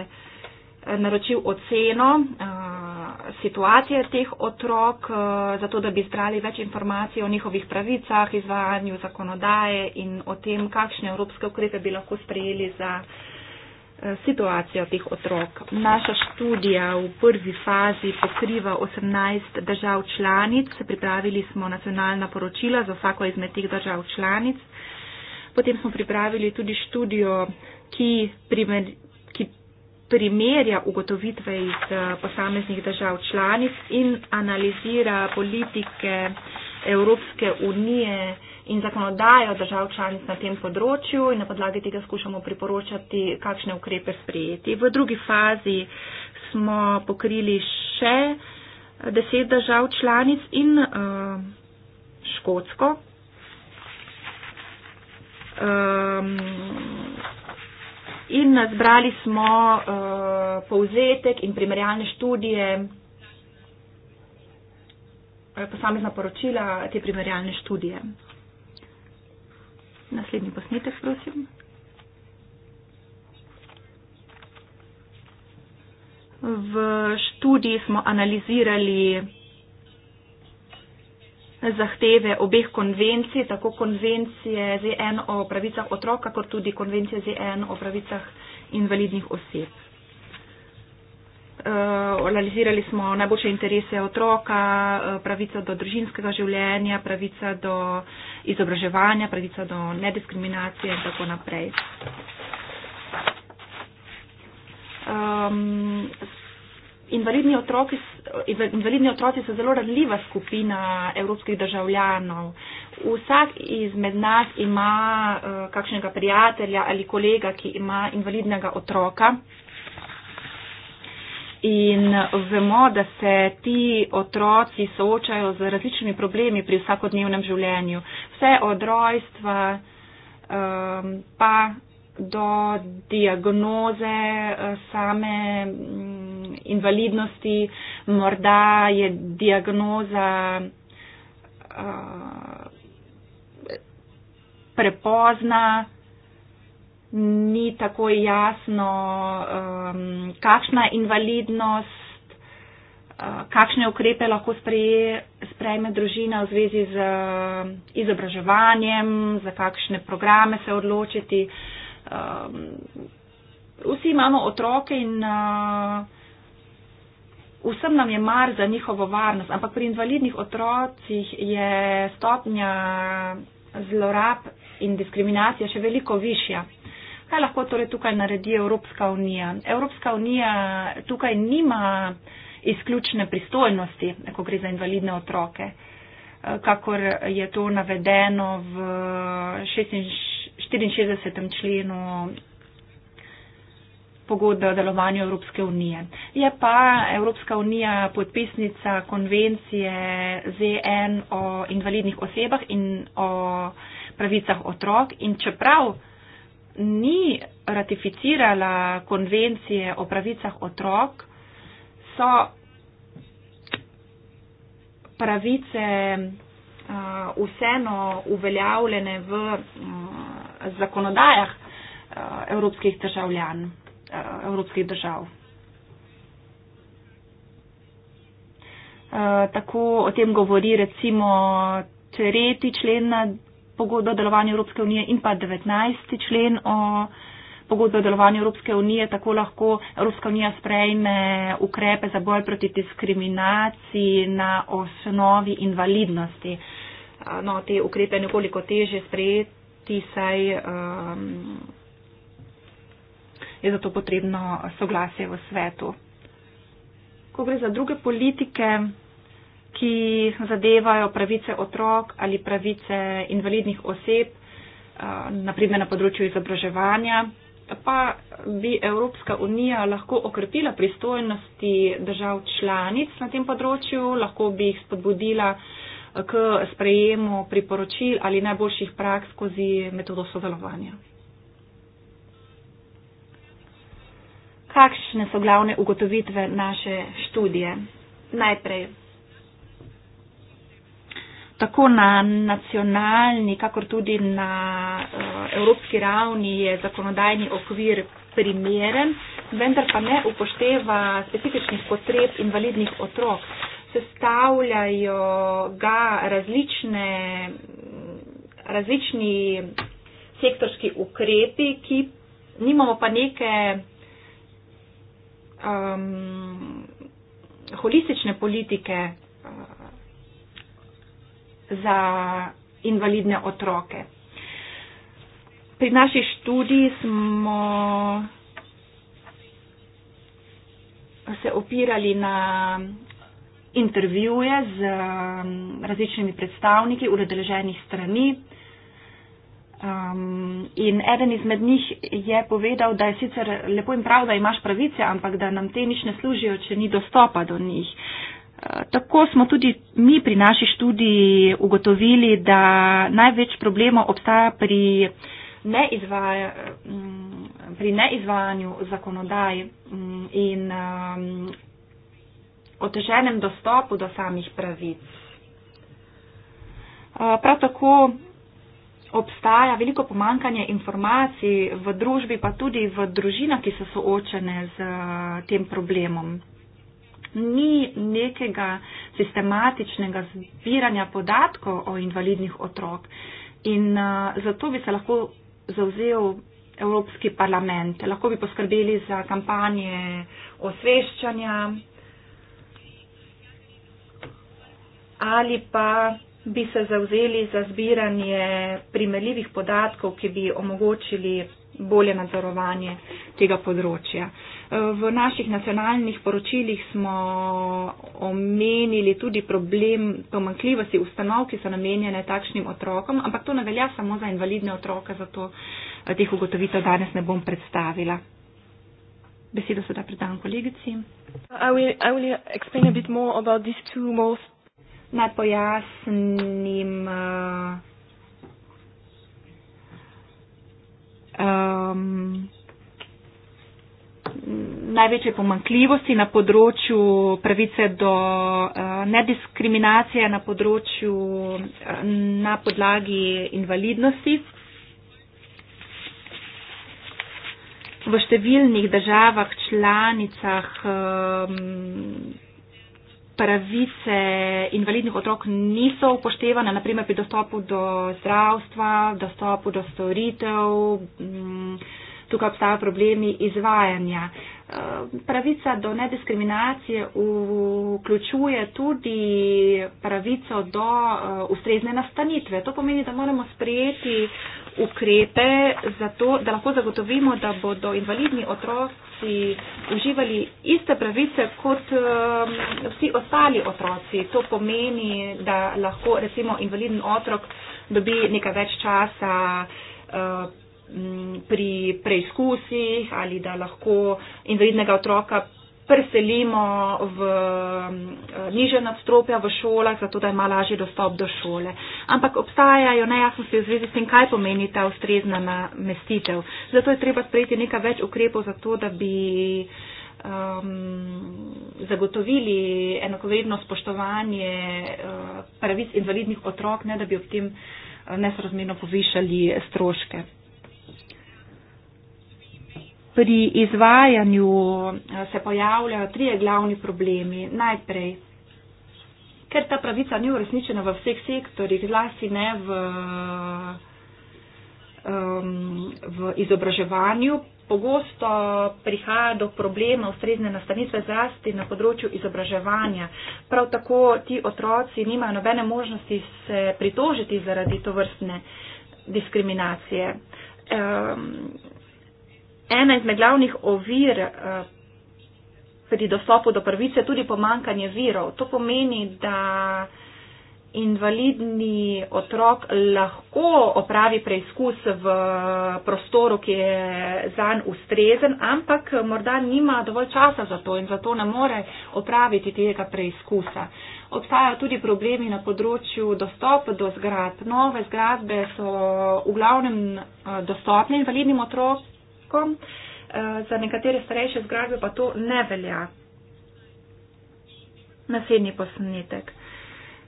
Speaker 3: eh, naročil oceno
Speaker 4: eh,
Speaker 3: situacije teh otrok, zato da bi zbrali več informacij o njihovih pravicah, izvajanju zakonodaje in o tem, kakšne evropske ukrepe bi lahko sprejeli za. Eh, situacijo teh otrok. Naša študija v prvi fazi pokriva 18 držav članic, pripravili smo nacionalna poročila za vsako izmed teh držav članic. Potem smo pripravili tudi študijo, ki, primer, ki primerja ugotovitve iz eh, posameznih držav članic in analizira politike Evropske unije in zakonodajo držav članic na tem področju in na podlagi tega skušamo priporočati, kakšne ukrepe sprejeti. V drugi fazi smo pokrili še deset držav članic in uh, Škotsko. Um, in zbrali smo uh, povzetek in primerjalne študije, eh, posamezna poročila te primerjalne študije. Naslednji posnetek, prosim. V študiji smo analizirali zahteve obeh konvencij, tako konvencije ZN o pravicah otroka, kot tudi konvencije ZN o pravicah invalidnih oseb. Eh, analizirali smo najboljše interese otroka, eh, pravica do družinskega življenja, pravica do izobraževanja, pravica do nediskriminacije in tako naprej. Um, invalidni, otroki, invalidni otroci so zelo radljiva skupina evropskih državljanov. Vsak izmed nas ima uh, kakšnega prijatelja ali kolega, ki ima invalidnega otroka in vemo, da se ti otroci soočajo z različnimi problemi pri vsakodnevnem življenju. Vse od rojstva um, pa do diagnoze eh, same mm, invalidnosti, morda je diagnoza uh, prepozna ni tako jasno, um, kakšna invalidnost, uh, kakšne ukrepe lahko spreje, sprejme družina v zvezi z um, izobraževanjem, za kakšne programe se odločiti. Um, vsi imamo otroke in uh, vsem nam je mar za njihovo varnost, ampak pri invalidnih otrocih je stopnja zlorab in diskriminacija še veliko višja. Kaj lahko torej tukaj naredi Evropska unija? Evropska unija tukaj nima izključne pristojnosti, ko gre za invalidne otroke, eh, kakor je to navedeno v 64. členu pogodbe o delovanju Evropske unije. Je pa Evropska unija podpisnica konvencije ZN o invalidnih osebah in o pravicah otrok in čeprav ni ratificirala konvencije o pravicah otrok, so pravice uh, vseeno uveljavljene v uh, zakonodajah uh, evropskih državljan, uh, evropskih držav. Uh, tako o tem govori recimo tretji člen pogodbe o delovanju Evropske unije in pa 19. člen o pogodbe o delovanju Evropske unije, tako lahko Evropska unija sprejme ukrepe za boj proti diskriminaciji na osnovi invalidnosti. No, te ukrepe je nekoliko teže sprejeti, saj um, je zato potrebno soglasje v svetu. Ko gre za druge politike, ki zadevajo pravice otrok ali pravice invalidnih oseb, eh, naprimer na področju izobraževanja, pa bi Evropska unija lahko okrepila pristojnosti držav članic na tem področju, lahko bi jih spodbudila eh, k sprejemu priporočil ali najboljših praks skozi metodo sodelovanja. Kakšne so glavne ugotovitve naše študije? Najprej tako na nacionalni, kakor tudi na uh, evropski ravni je zakonodajni okvir primeren, vendar pa ne upošteva specifičnih potreb invalidnih otrok. Sestavljajo ga različne, različni sektorski ukrepi, ki nimamo pa neke um, holistične politike za invalidne otroke. Pri naši študiji smo se opirali na intervjuje z um, različnimi predstavniki uredeleženih strani. Um, in eden izmed njih je povedal, da je sicer lepo in prav, da imaš pravice, ampak da nam te nič ne služijo, če ni dostopa do njih. Uh, Tako smo tudi mi pri naši študiji ugotovili, da največ problemov obstaja pri, neizvaja, mm, pri neizvajanju zakonodaj mm, in mm, oteženem dostopu do samih pravic. Prav tako obstaja veliko pomankanje informacij v družbi, pa tudi v družinah, ki so soočene z tem problemom ni nekega sistematičnega zbiranja podatkov o invalidnih otrok. In uh, zato bi se lahko zauzel Evropski parlament, lahko bi poskrbeli za kampanje osveščanja ali pa bi se zauzeli za zbiranje primerljivih podatkov, ki bi omogočili bolje nadzorovanje tega področja. Uh, V naših nacionalnih poročilih smo omenili tudi problem pomankljivosti ustanov, ki so namenjene takšnim otrokom, ampak to ne velja samo za invalidne otroke, zato eh, teh ugotovitev danes ne bom predstavila. Besedo se da predam kolegici. Naj pojasnim. Uh, um, največje pomankljivosti na področju pravice do uh, nediskriminacije na področju uh, na podlagi invalidnosti. V številnih državah, članicah um, pravice invalidnih otrok niso upoštevane, naprimer pri dostopu do zdravstva, dostopu do storitev. Um, tukaj obstajajo problemi izvajanja. Eh, pravica do nediskriminacije vključuje tudi pravico do eh, ustrezne nastanitve. To pomeni, da moramo sprejeti ukrepe za to, da lahko zagotovimo, da bodo invalidni otroci uživali iste pravice kot eh, vsi ostali otroci. To pomeni, da lahko recimo invaliden otrok dobi nekaj več časa Mm, pri preizkusih ali da lahko invalidnega otroka preselimo v mm, niže nadstropja v šolah, zato da ima lažji dostop do šole. Ampak obstajajo nejasnosti v zvezi s tem, kaj pomeni ta ustrezna namestitev. Zato je treba sprejeti nekaj več ukrepov, zato da bi um, zagotovili enakovredno spoštovanje uh, pravic invalidnih otrok, ne da bi ob tem uh, nesrazmerno povišali stroške pri izvajanju eh, se pojavljajo trije glavni problemi. Najprej, ker ta pravica ni uresničena v vseh sektorjih, zlasti ne v, um, v izobraževanju. Pogosto prihaja do problema ustrezne nastanitve zlasti na področju izobraževanja. Prav tako ti otroci nimajo nobene možnosti se pritožiti zaradi to vrstne diskriminacije. Um, ena izmed glavnih ovir eh, pri dostopu do prvice tudi pomankanje virov. To pomeni, da invalidni otrok lahko opravi preizkus v eh, prostoru, ki je zanj ustrezen, ampak morda nima dovolj časa za to in zato ne more opraviti tega preizkusa. Obstajajo tudi problemi na področju dostopa do zgrad. Nove zgradbe so v glavnem eh, dostopne invalidnim otrokom otrokom, eh, za nekatere starejše zgradbe pa to ne velja. Naslednji posnetek.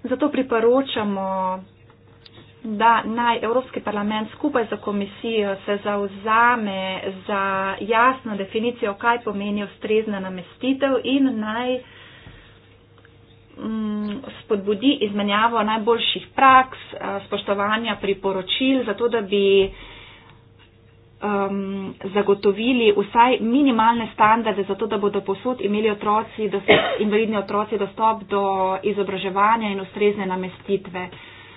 Speaker 3: Zato priporočamo, da naj Evropski parlament skupaj za komisijo se zauzame za jasno definicijo, kaj pomeni ustrezna namestitev in naj mm, spodbudi izmenjavo najboljših praks, eh, spoštovanja priporočil, zato da bi um, zagotovili vsaj minimalne standarde za to, da bodo posod imeli otroci, da so invalidni otroci dostop do izobraževanja in ustrezne namestitve.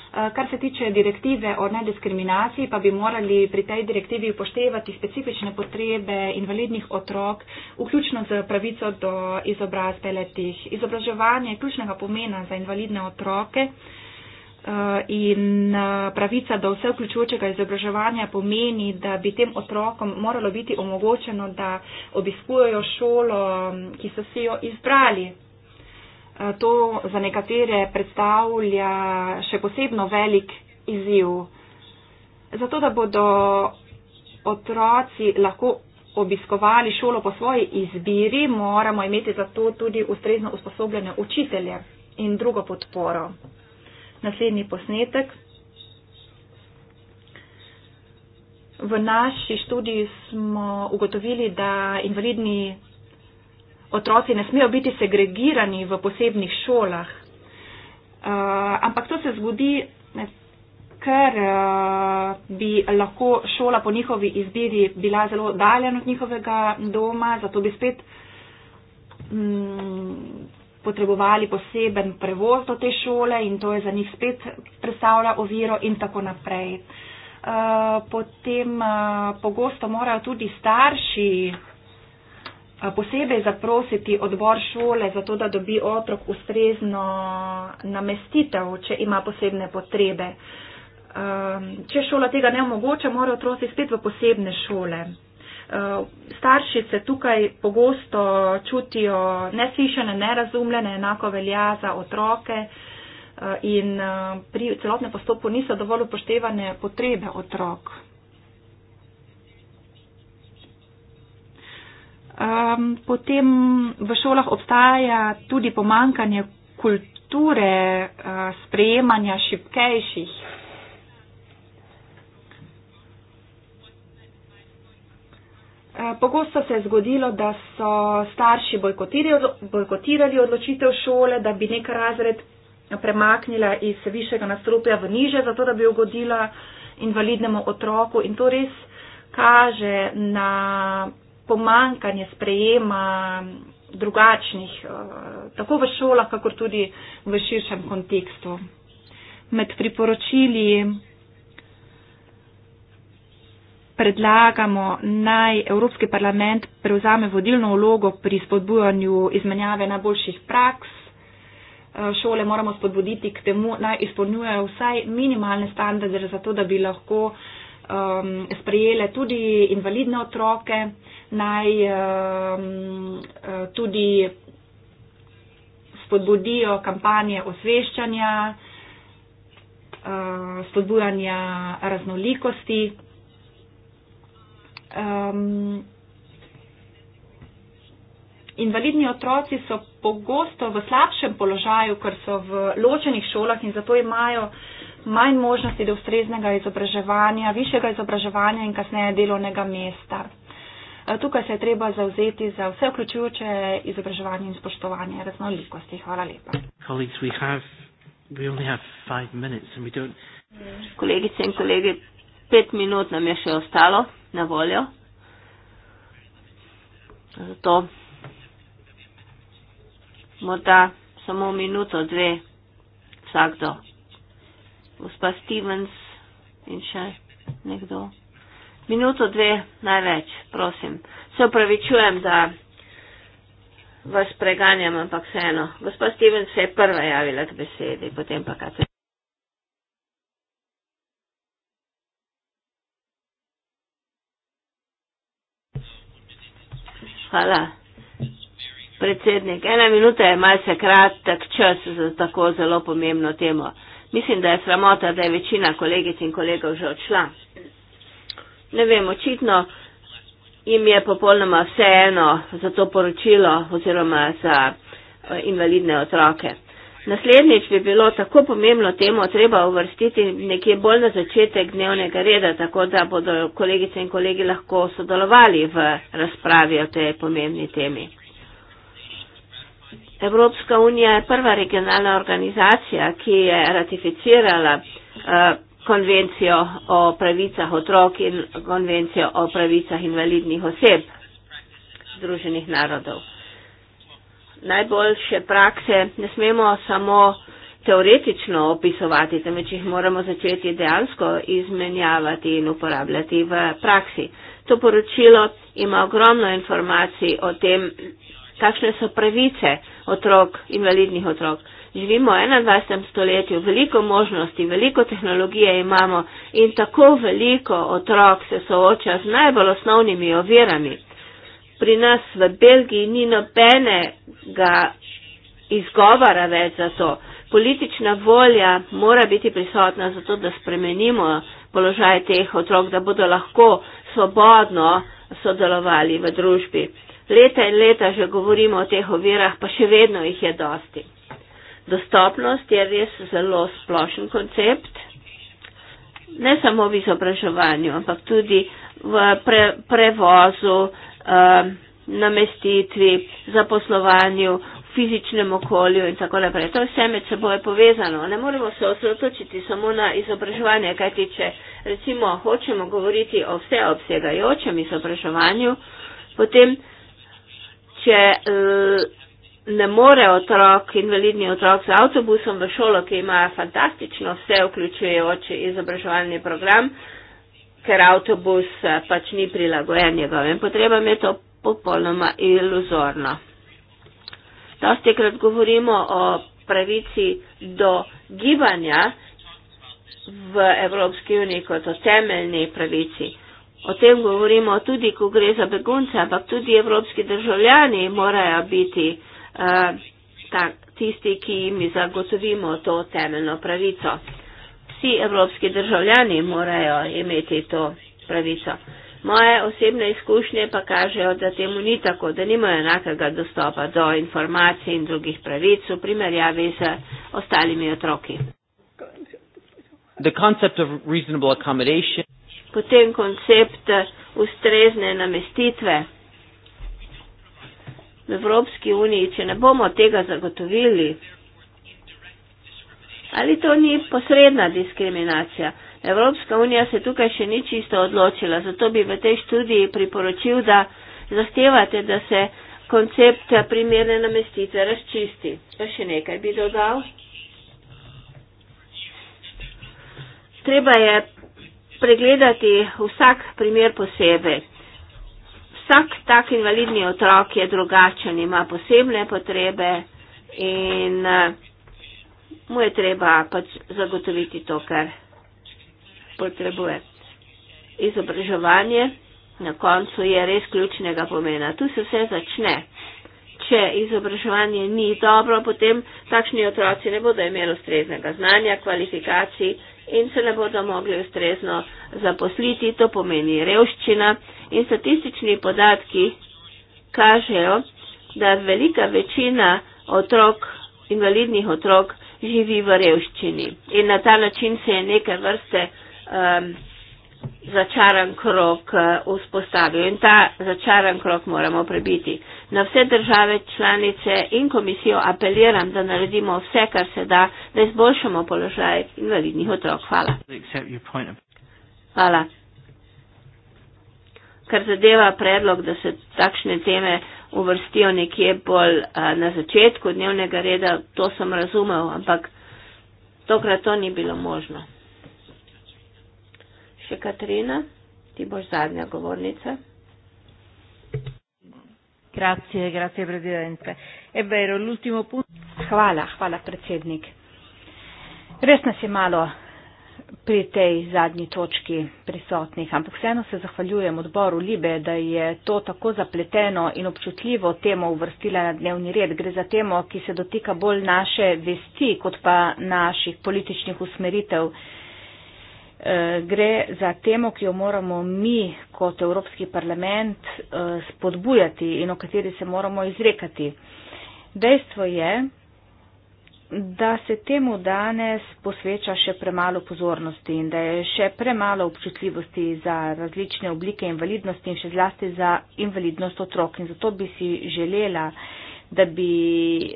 Speaker 3: Uh, kar se tiče direktive o nediskriminaciji, pa bi morali pri tej direktivi upoštevati specifične potrebe invalidnih otrok, vključno z pravico do izobrazbe letih. Izobraževanje je ključnega pomena za invalidne otroke. Uh, Eh, in eh, pravica do vse vključujočega izobraževanja pomeni, da bi tem otrokom moralo biti omogočeno, da obiskujejo šolo, ki so si jo izbrali. Eh, to za nekatere predstavlja še posebno velik izziv. Zato, da bodo otroci lahko obiskovali šolo po svoji izbiri, moramo imeti za to tudi ustrezno usposobljene učitelje in drugo podporo naslednji posnetek. V naši študiji smo ugotovili, da invalidni otroci ne smejo biti segregirani v posebnih šolah. Uh, ampak to se zgodi, ne, ker uh, bi lahko šola po njihovi izbiri bila zelo daljena od njihovega doma, zato bi spet mm, potrebovali poseben prevoz do te šole in to je za njih spet predstavlja oviro in tako naprej. Eh, potem eh, pogosto morajo tudi starši eh, posebej zaprositi odbor šole za to, da dobi otrok ustrezno namestitev, če ima posebne potrebe. Če šola tega ne omogoča, morajo otroci spet v posebne šole. Eh, starši se tukaj pogosto čutijo neslišene, nerazumljene, enako velja za otroke eh, in eh, pri celotnem postopku niso dovolj upoštevane potrebe otrok. Potem v šolah obstaja tudi pomankanje kulture sprejemanja šipkejših Eh, pogosto se je zgodilo, da so starši bojkotirali odločitev šole, da bi nek razred premaknila iz višjega nastropja v niže, zato da bi ugodila invalidnemu otroku. In to res kaže na pomankanje sprejema drugačnih, eh, tako v šolah, kakor tudi v širšem kontekstu. Med priporočili predlagamo naj Evropski parlament prevzame vodilno vlogo pri spodbujanju izmenjave najboljših praks. Eh, šole moramo spodbuditi k temu, naj izpolnjujejo vsaj minimalne standarde, zato da bi lahko um, sprejele tudi invalidne otroke, naj um, tudi spodbudijo kampanje osveščanja, uh, spodbujanja raznolikosti. Um, invalidni otroci so pogosto v slabšem položaju, ker so v ločenih šolah in zato imajo manj možnosti do ustreznega izobraževanja, višjega izobraževanja in kasneje delovnega mesta. Eh, tukaj se je treba zauzeti za vse vključujoče izobraževanje in spoštovanje raznolikosti. Hvala lepa.
Speaker 1: Kolegice in kolegi,
Speaker 2: pet minut nam je še ostalo na voljo. Zato morda samo minuto, dve, vsakdo. Gospa Stevens in še nekdo. Minuto, dve, največ, prosim. Se upravičujem, da vas preganjam, ampak vseeno. Gospa Stevens se je prva javila k besedi, potem pa kaj. Hvala. Predsednik, ena minuta je malce kratek čas za tako zelo pomembno temo. Mislim, da je sramota, da je večina kolegic in kolegov že odšla. Ne vem, očitno jim je popolnoma vseeno za to poročilo oziroma za eh, invalidne otroke. Naslednjič bi bilo tako pomembno temo treba uvrstiti nekje bolj na začetek dnevnega reda, tako da bodo kolegice in kolegi lahko sodelovali v razpravi o tej pomembni temi. Evropska unija je prva regionalna organizacija, ki je ratificirala eh, konvencijo o pravicah otrok in konvencijo o pravicah invalidnih oseb Združenih narodov najboljše prakse ne smemo samo teoretično opisovati, temveč jih moramo začeti dejansko izmenjavati in uporabljati v praksi. To poročilo ima ogromno informacij o tem, kakšne so pravice otrok, invalidnih otrok. Živimo v 21. stoletju, veliko možnosti, veliko tehnologije imamo in tako veliko otrok se sooča z najbolj osnovnimi ovirami pri nas v Belgiji ni nobenega izgovora več za to. Politična volja mora biti prisotna za to, da spremenimo položaj teh otrok, da bodo lahko svobodno sodelovali v družbi. Leta in leta že govorimo o teh ovirah, pa še vedno jih je dosti. Dostopnost je res zelo splošen koncept, ne samo v izobraževanju, ampak tudi v pre prevozu, Eh, namestitvi, zaposlovanju, fizičnem okolju in tako naprej. To vse med seboj je povezano. Ne moremo se osredotočiti samo na izobraževanje, kajti če recimo hočemo govoriti o vseobsegajočem izobraževanju, potem, če eh, ne more otrok, invalidni otrok z avtobusom v šolo, ki ima fantastično vse vključujoče izobraževalni program, ker avtobus eh, pač ni prilagojen njegovim potrebam, je to popolnoma iluzorno. Dosti krat govorimo o pravici do gibanja v Evropski uniji kot o temeljni pravici. O tem govorimo tudi, ko gre za begunce, ampak tudi evropski državljani morajo biti uh, ta, tisti, ki jim zagotovimo to temeljno pravico vsi evropski državljani morajo imeti to pravico. Moje osebne izkušnje pa kažejo, da temu ni tako, da nimajo enakega dostopa do informacij in drugih pravic v primerjavi z ostalimi otroki. Potem koncept ustrezne namestitve. V Evropski uniji, če ne bomo tega zagotovili, Ali to ni posredna diskriminacija? Evropska unija se tukaj še ni čisto odločila, zato bi v tej študiji priporočil, da zahtevate, da se koncept primerne namestitve razčisti. To še nekaj bi dodal. Treba je pregledati vsak primer posebej. Vsak tak invalidni otrok je drugačen, ima posebne potrebe in uh, mu je treba pač zagotoviti to, kar potrebuje. Izobraževanje na koncu je res ključnega pomena. Tu se vse začne. Če izobraževanje ni dobro, potem takšni otroci ne bodo imeli ustreznega znanja, kvalifikacij in se ne bodo mogli ustrezno zaposliti. To pomeni revščina in statistični podatki kažejo, da velika večina otrok, invalidnih otrok, živi v revščini. In na ta način se je neke vrste um, začaran krok uh, vzpostavil. In ta začaran krok moramo prebiti. Na vse države članice in komisijo apeliram, da naredimo vse, kar se da, da izboljšamo položaj invalidnih otrok. Hvala. Hvala. Kar zadeva predlog, da se takšne teme uvrstijo nekje bolj a, na začetku dnevnega reda, to sem razumel, ampak tokrat to ni bilo možno. Še Katrina, ti boš zadnja govornica. Grazie, grazie
Speaker 4: predsednice. E vero, l'ultimo punto. Hvala, hvala predsednik. Res nas je malo pri tej zadnji točki prisotnih. Ampak vseeno se zahvaljujem odboru Libe, da je to tako zapleteno in občutljivo temo uvrstila na dnevni red. Gre za temo, ki se dotika bolj naše vesti, kot pa naših političnih usmeritev. Eh, gre za temo, ki jo moramo mi kot Evropski parlament eh, spodbujati in o kateri se moramo izrekati. Dejstvo je, da se temu danes posveča še premalo pozornosti in da je še premalo občutljivosti za različne oblike invalidnosti in še zlasti za invalidnost otrok. In zato bi si želela, da bi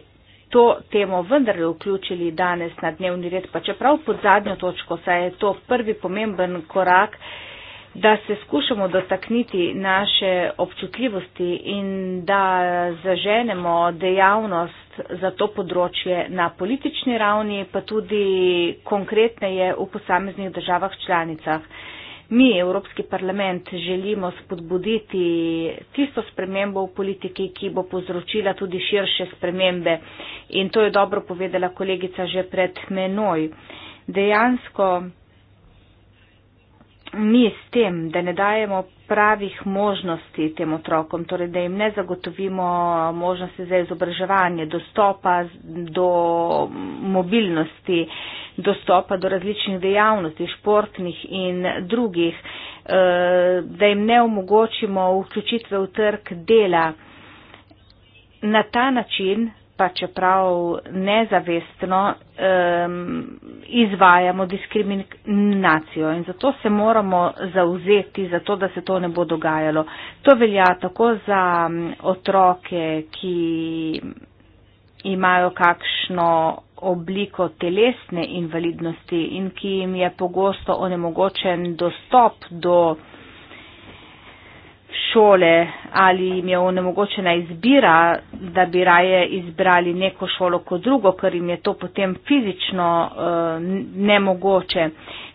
Speaker 4: to temo vendarle vključili danes na dnevni red, pa čeprav pod zadnjo točko, saj je to prvi pomemben korak, da se skušamo dotakniti naše občutljivosti in da zaženemo dejavnost za to področje na politični ravni, pa tudi konkretneje v posameznih državah članicah. Mi, Evropski parlament, želimo spodbuditi tisto spremembo v politiki, ki bo povzročila tudi širše spremembe. In to je dobro povedala kolegica že pred menoj. Dejansko mi s tem, da ne dajemo pravih možnosti tem otrokom, torej da jim ne zagotovimo možnosti za izobraževanje, dostopa do mobilnosti, dostopa do različnih dejavnosti, športnih in drugih, eh, da jim ne omogočimo vključitve v trg dela. Na ta način pa čeprav nezavestno um, izvajamo diskriminacijo in zato se moramo zauzeti za to, da se to ne bo dogajalo. To velja tako za otroke, ki imajo kakšno obliko telesne invalidnosti in ki jim je pogosto onemogočen dostop do šole ali jim je onemogočena izbira, da bi raje izbrali neko šolo kot drugo, ker jim je to potem fizično uh, nemogoče.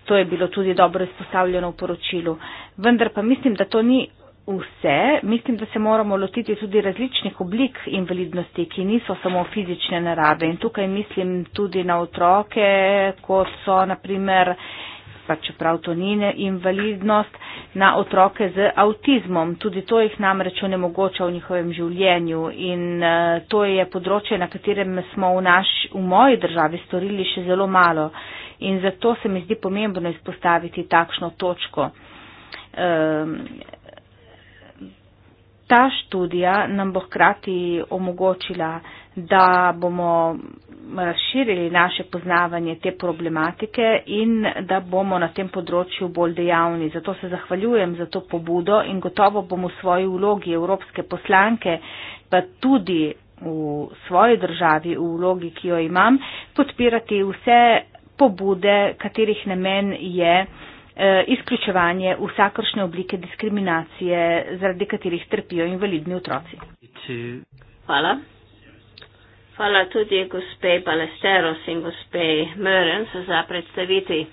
Speaker 4: To je bilo tudi dobro izpostavljeno v poročilu. Vendar pa mislim, da to ni vse. Mislim, da se moramo lotiti tudi različnih oblik invalidnosti, ki niso samo fizične narave. In tukaj mislim tudi na otroke, kot so naprimer. Uh, pa čeprav to ni invalidnost, na otroke z avtizmom. Tudi to jih namreč onemogoča v njihovem življenju in eh, to je področje, na katerem smo v, naš, v moji državi storili še zelo malo in zato se mi zdi pomembno izpostaviti takšno točko. Um, ta študija nam bo hkrati omogočila, da bomo razširili naše poznavanje te problematike in da bomo na tem področju bolj dejavni. Zato se zahvaljujem za to pobudo in gotovo bom v svoji vlogi evropske poslanke, pa tudi v svoji državi, v vlogi, ki jo imam, podpirati vse pobude, katerih namen je eh, izključevanje vsakršne oblike diskriminacije, zaradi katerih trpijo invalidni otroci.
Speaker 2: Hvala. Hvala tudi gospe Balesteros in gospe Mörens za predstaviti.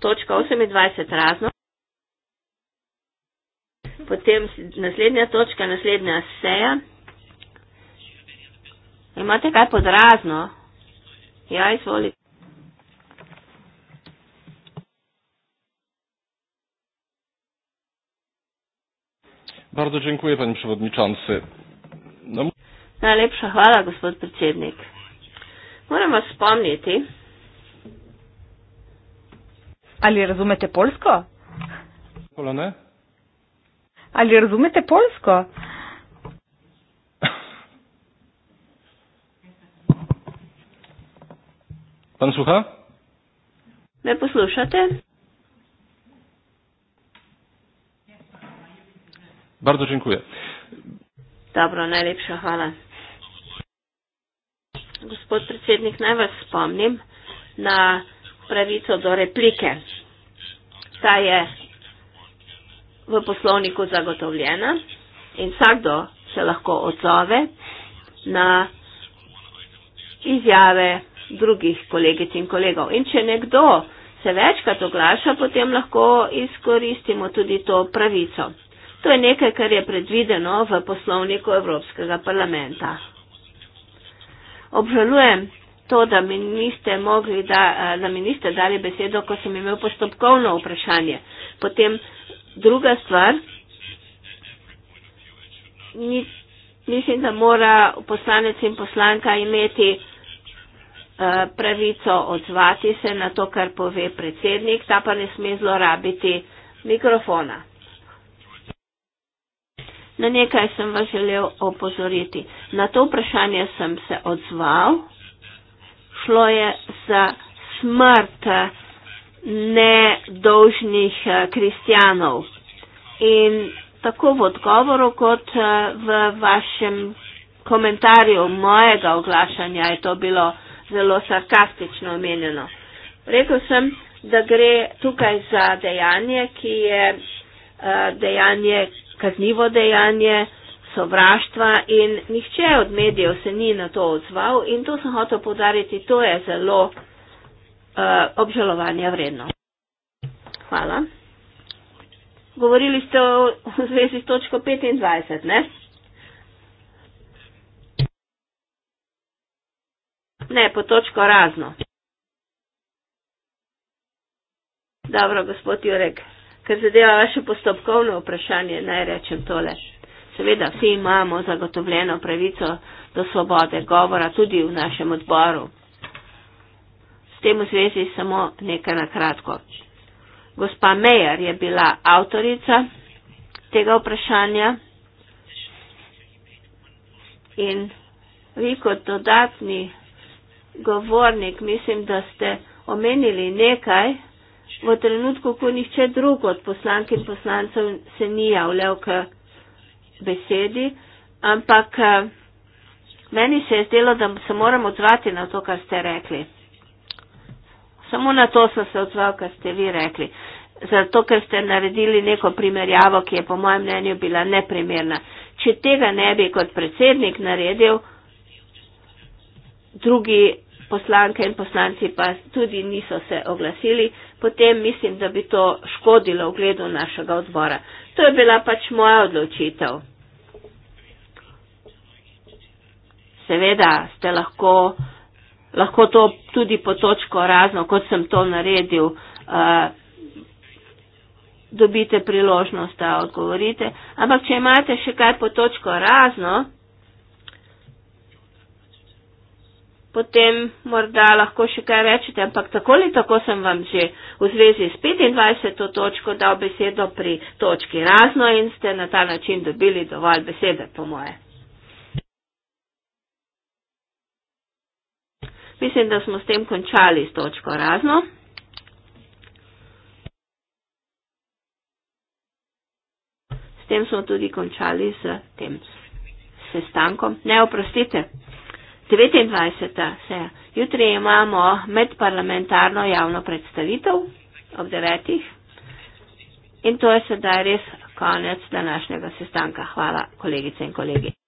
Speaker 2: Točka 28 razno. Potem naslednja točka, naslednja seja. Imate kaj pod razno? Ja, izvolite.
Speaker 1: Bardzo dziękuję, panie przewodniczący. No...
Speaker 2: Najlepsza chwała, gospod przewodnik. Moram was wspomnieć. Ale rozumiecie polsko?
Speaker 1: Polone?
Speaker 4: Ale rozumiecie polsko?
Speaker 1: Pan słucha?
Speaker 2: Me posłuchacie? Bardzo dziękuję. Dobro, najlepša hvala. Gospod predsednik, naj vas spomnim na pravico do replike. Ta je v poslovniku zagotovljena in vsakdo se lahko odzove na izjave drugih kolegic in kolegov. In če nekdo se večkrat oglaša, potem lahko izkoristimo tudi to pravico. To je nekaj, kar je predvideno v poslovniku Evropskega parlamenta. Obžalujem to, da mi niste, mogli, da, eh, da mi niste dali besedo, ko sem imel postopkovno vprašanje. Potem druga stvar. Ni, mislim, da mora poslanec in poslanka imeti eh, pravico odzvati se na to, kar pove predsednik, ta pa ne sme zlorabiti mikrofona. Na nekaj sem vas želel opozoriti. Na to vprašanje sem se odzval. Šlo je za smrt nedolžnih eh, kristijanov. In tako v odgovoru kot eh, v vašem komentarju mojega oglašanja je to bilo zelo sarkastično omenjeno. Rekl sem, da gre tukaj za dejanje, ki je eh, dejanje, kaznivo dejanje sovraštva in nihče od medijev se ni na to odzval in to sem hotel podariti, to je zelo uh, obžalovanja vredno. Hvala. Govorili ste o zvezi s točko 25, ne? Ne, po točko razno. Dobro, gospod Jurek. Ker zadeva vaše postopkovno vprašanje, naj rečem tole. Seveda vsi imamo zagotovljeno pravico do svobode govora tudi v našem odboru. S tem v zvezi samo nekaj na kratko. Gospa Mejer je bila avtorica tega vprašanja in vi kot dodatni govornik mislim, da ste omenili nekaj, v trenutku, ko nihče drug od poslank in poslancev se ni javljal k besedi, ampak eh, meni se je zdelo, da se moram odzvati na to, kar ste rekli. Samo na to sem se odzval, kar ste vi rekli. Zato, ker ste naredili neko primerjavo, ki je po mojem mnenju bila neprimerna. Če tega ne bi kot predsednik naredil, drugi poslanke in poslanci pa tudi niso se oglasili, potem mislim, da bi to škodilo ogledu našega odbora. To je bila pač moja odločitev. Seveda ste lahko, lahko to tudi po točko razno, kot sem to naredil, uh, dobite priložnost, da odgovorite. Ampak, če imate še kaj po točko razno, potem morda lahko še kaj rečete, ampak tako ali tako sem vam že v zvezi s 25. točko dal besedo pri točki razno in ste na ta način dobili dovolj besede, po moje. Mislim, da smo s tem končali s točko razno. S tem smo tudi končali s tem sestankom. Ne, oprostite. 29. seja. Jutri imamo medparlamentarno javno predstavitev ob 9. In to je sedaj res konec današnjega sestanka. Hvala, kolegice in kolegi.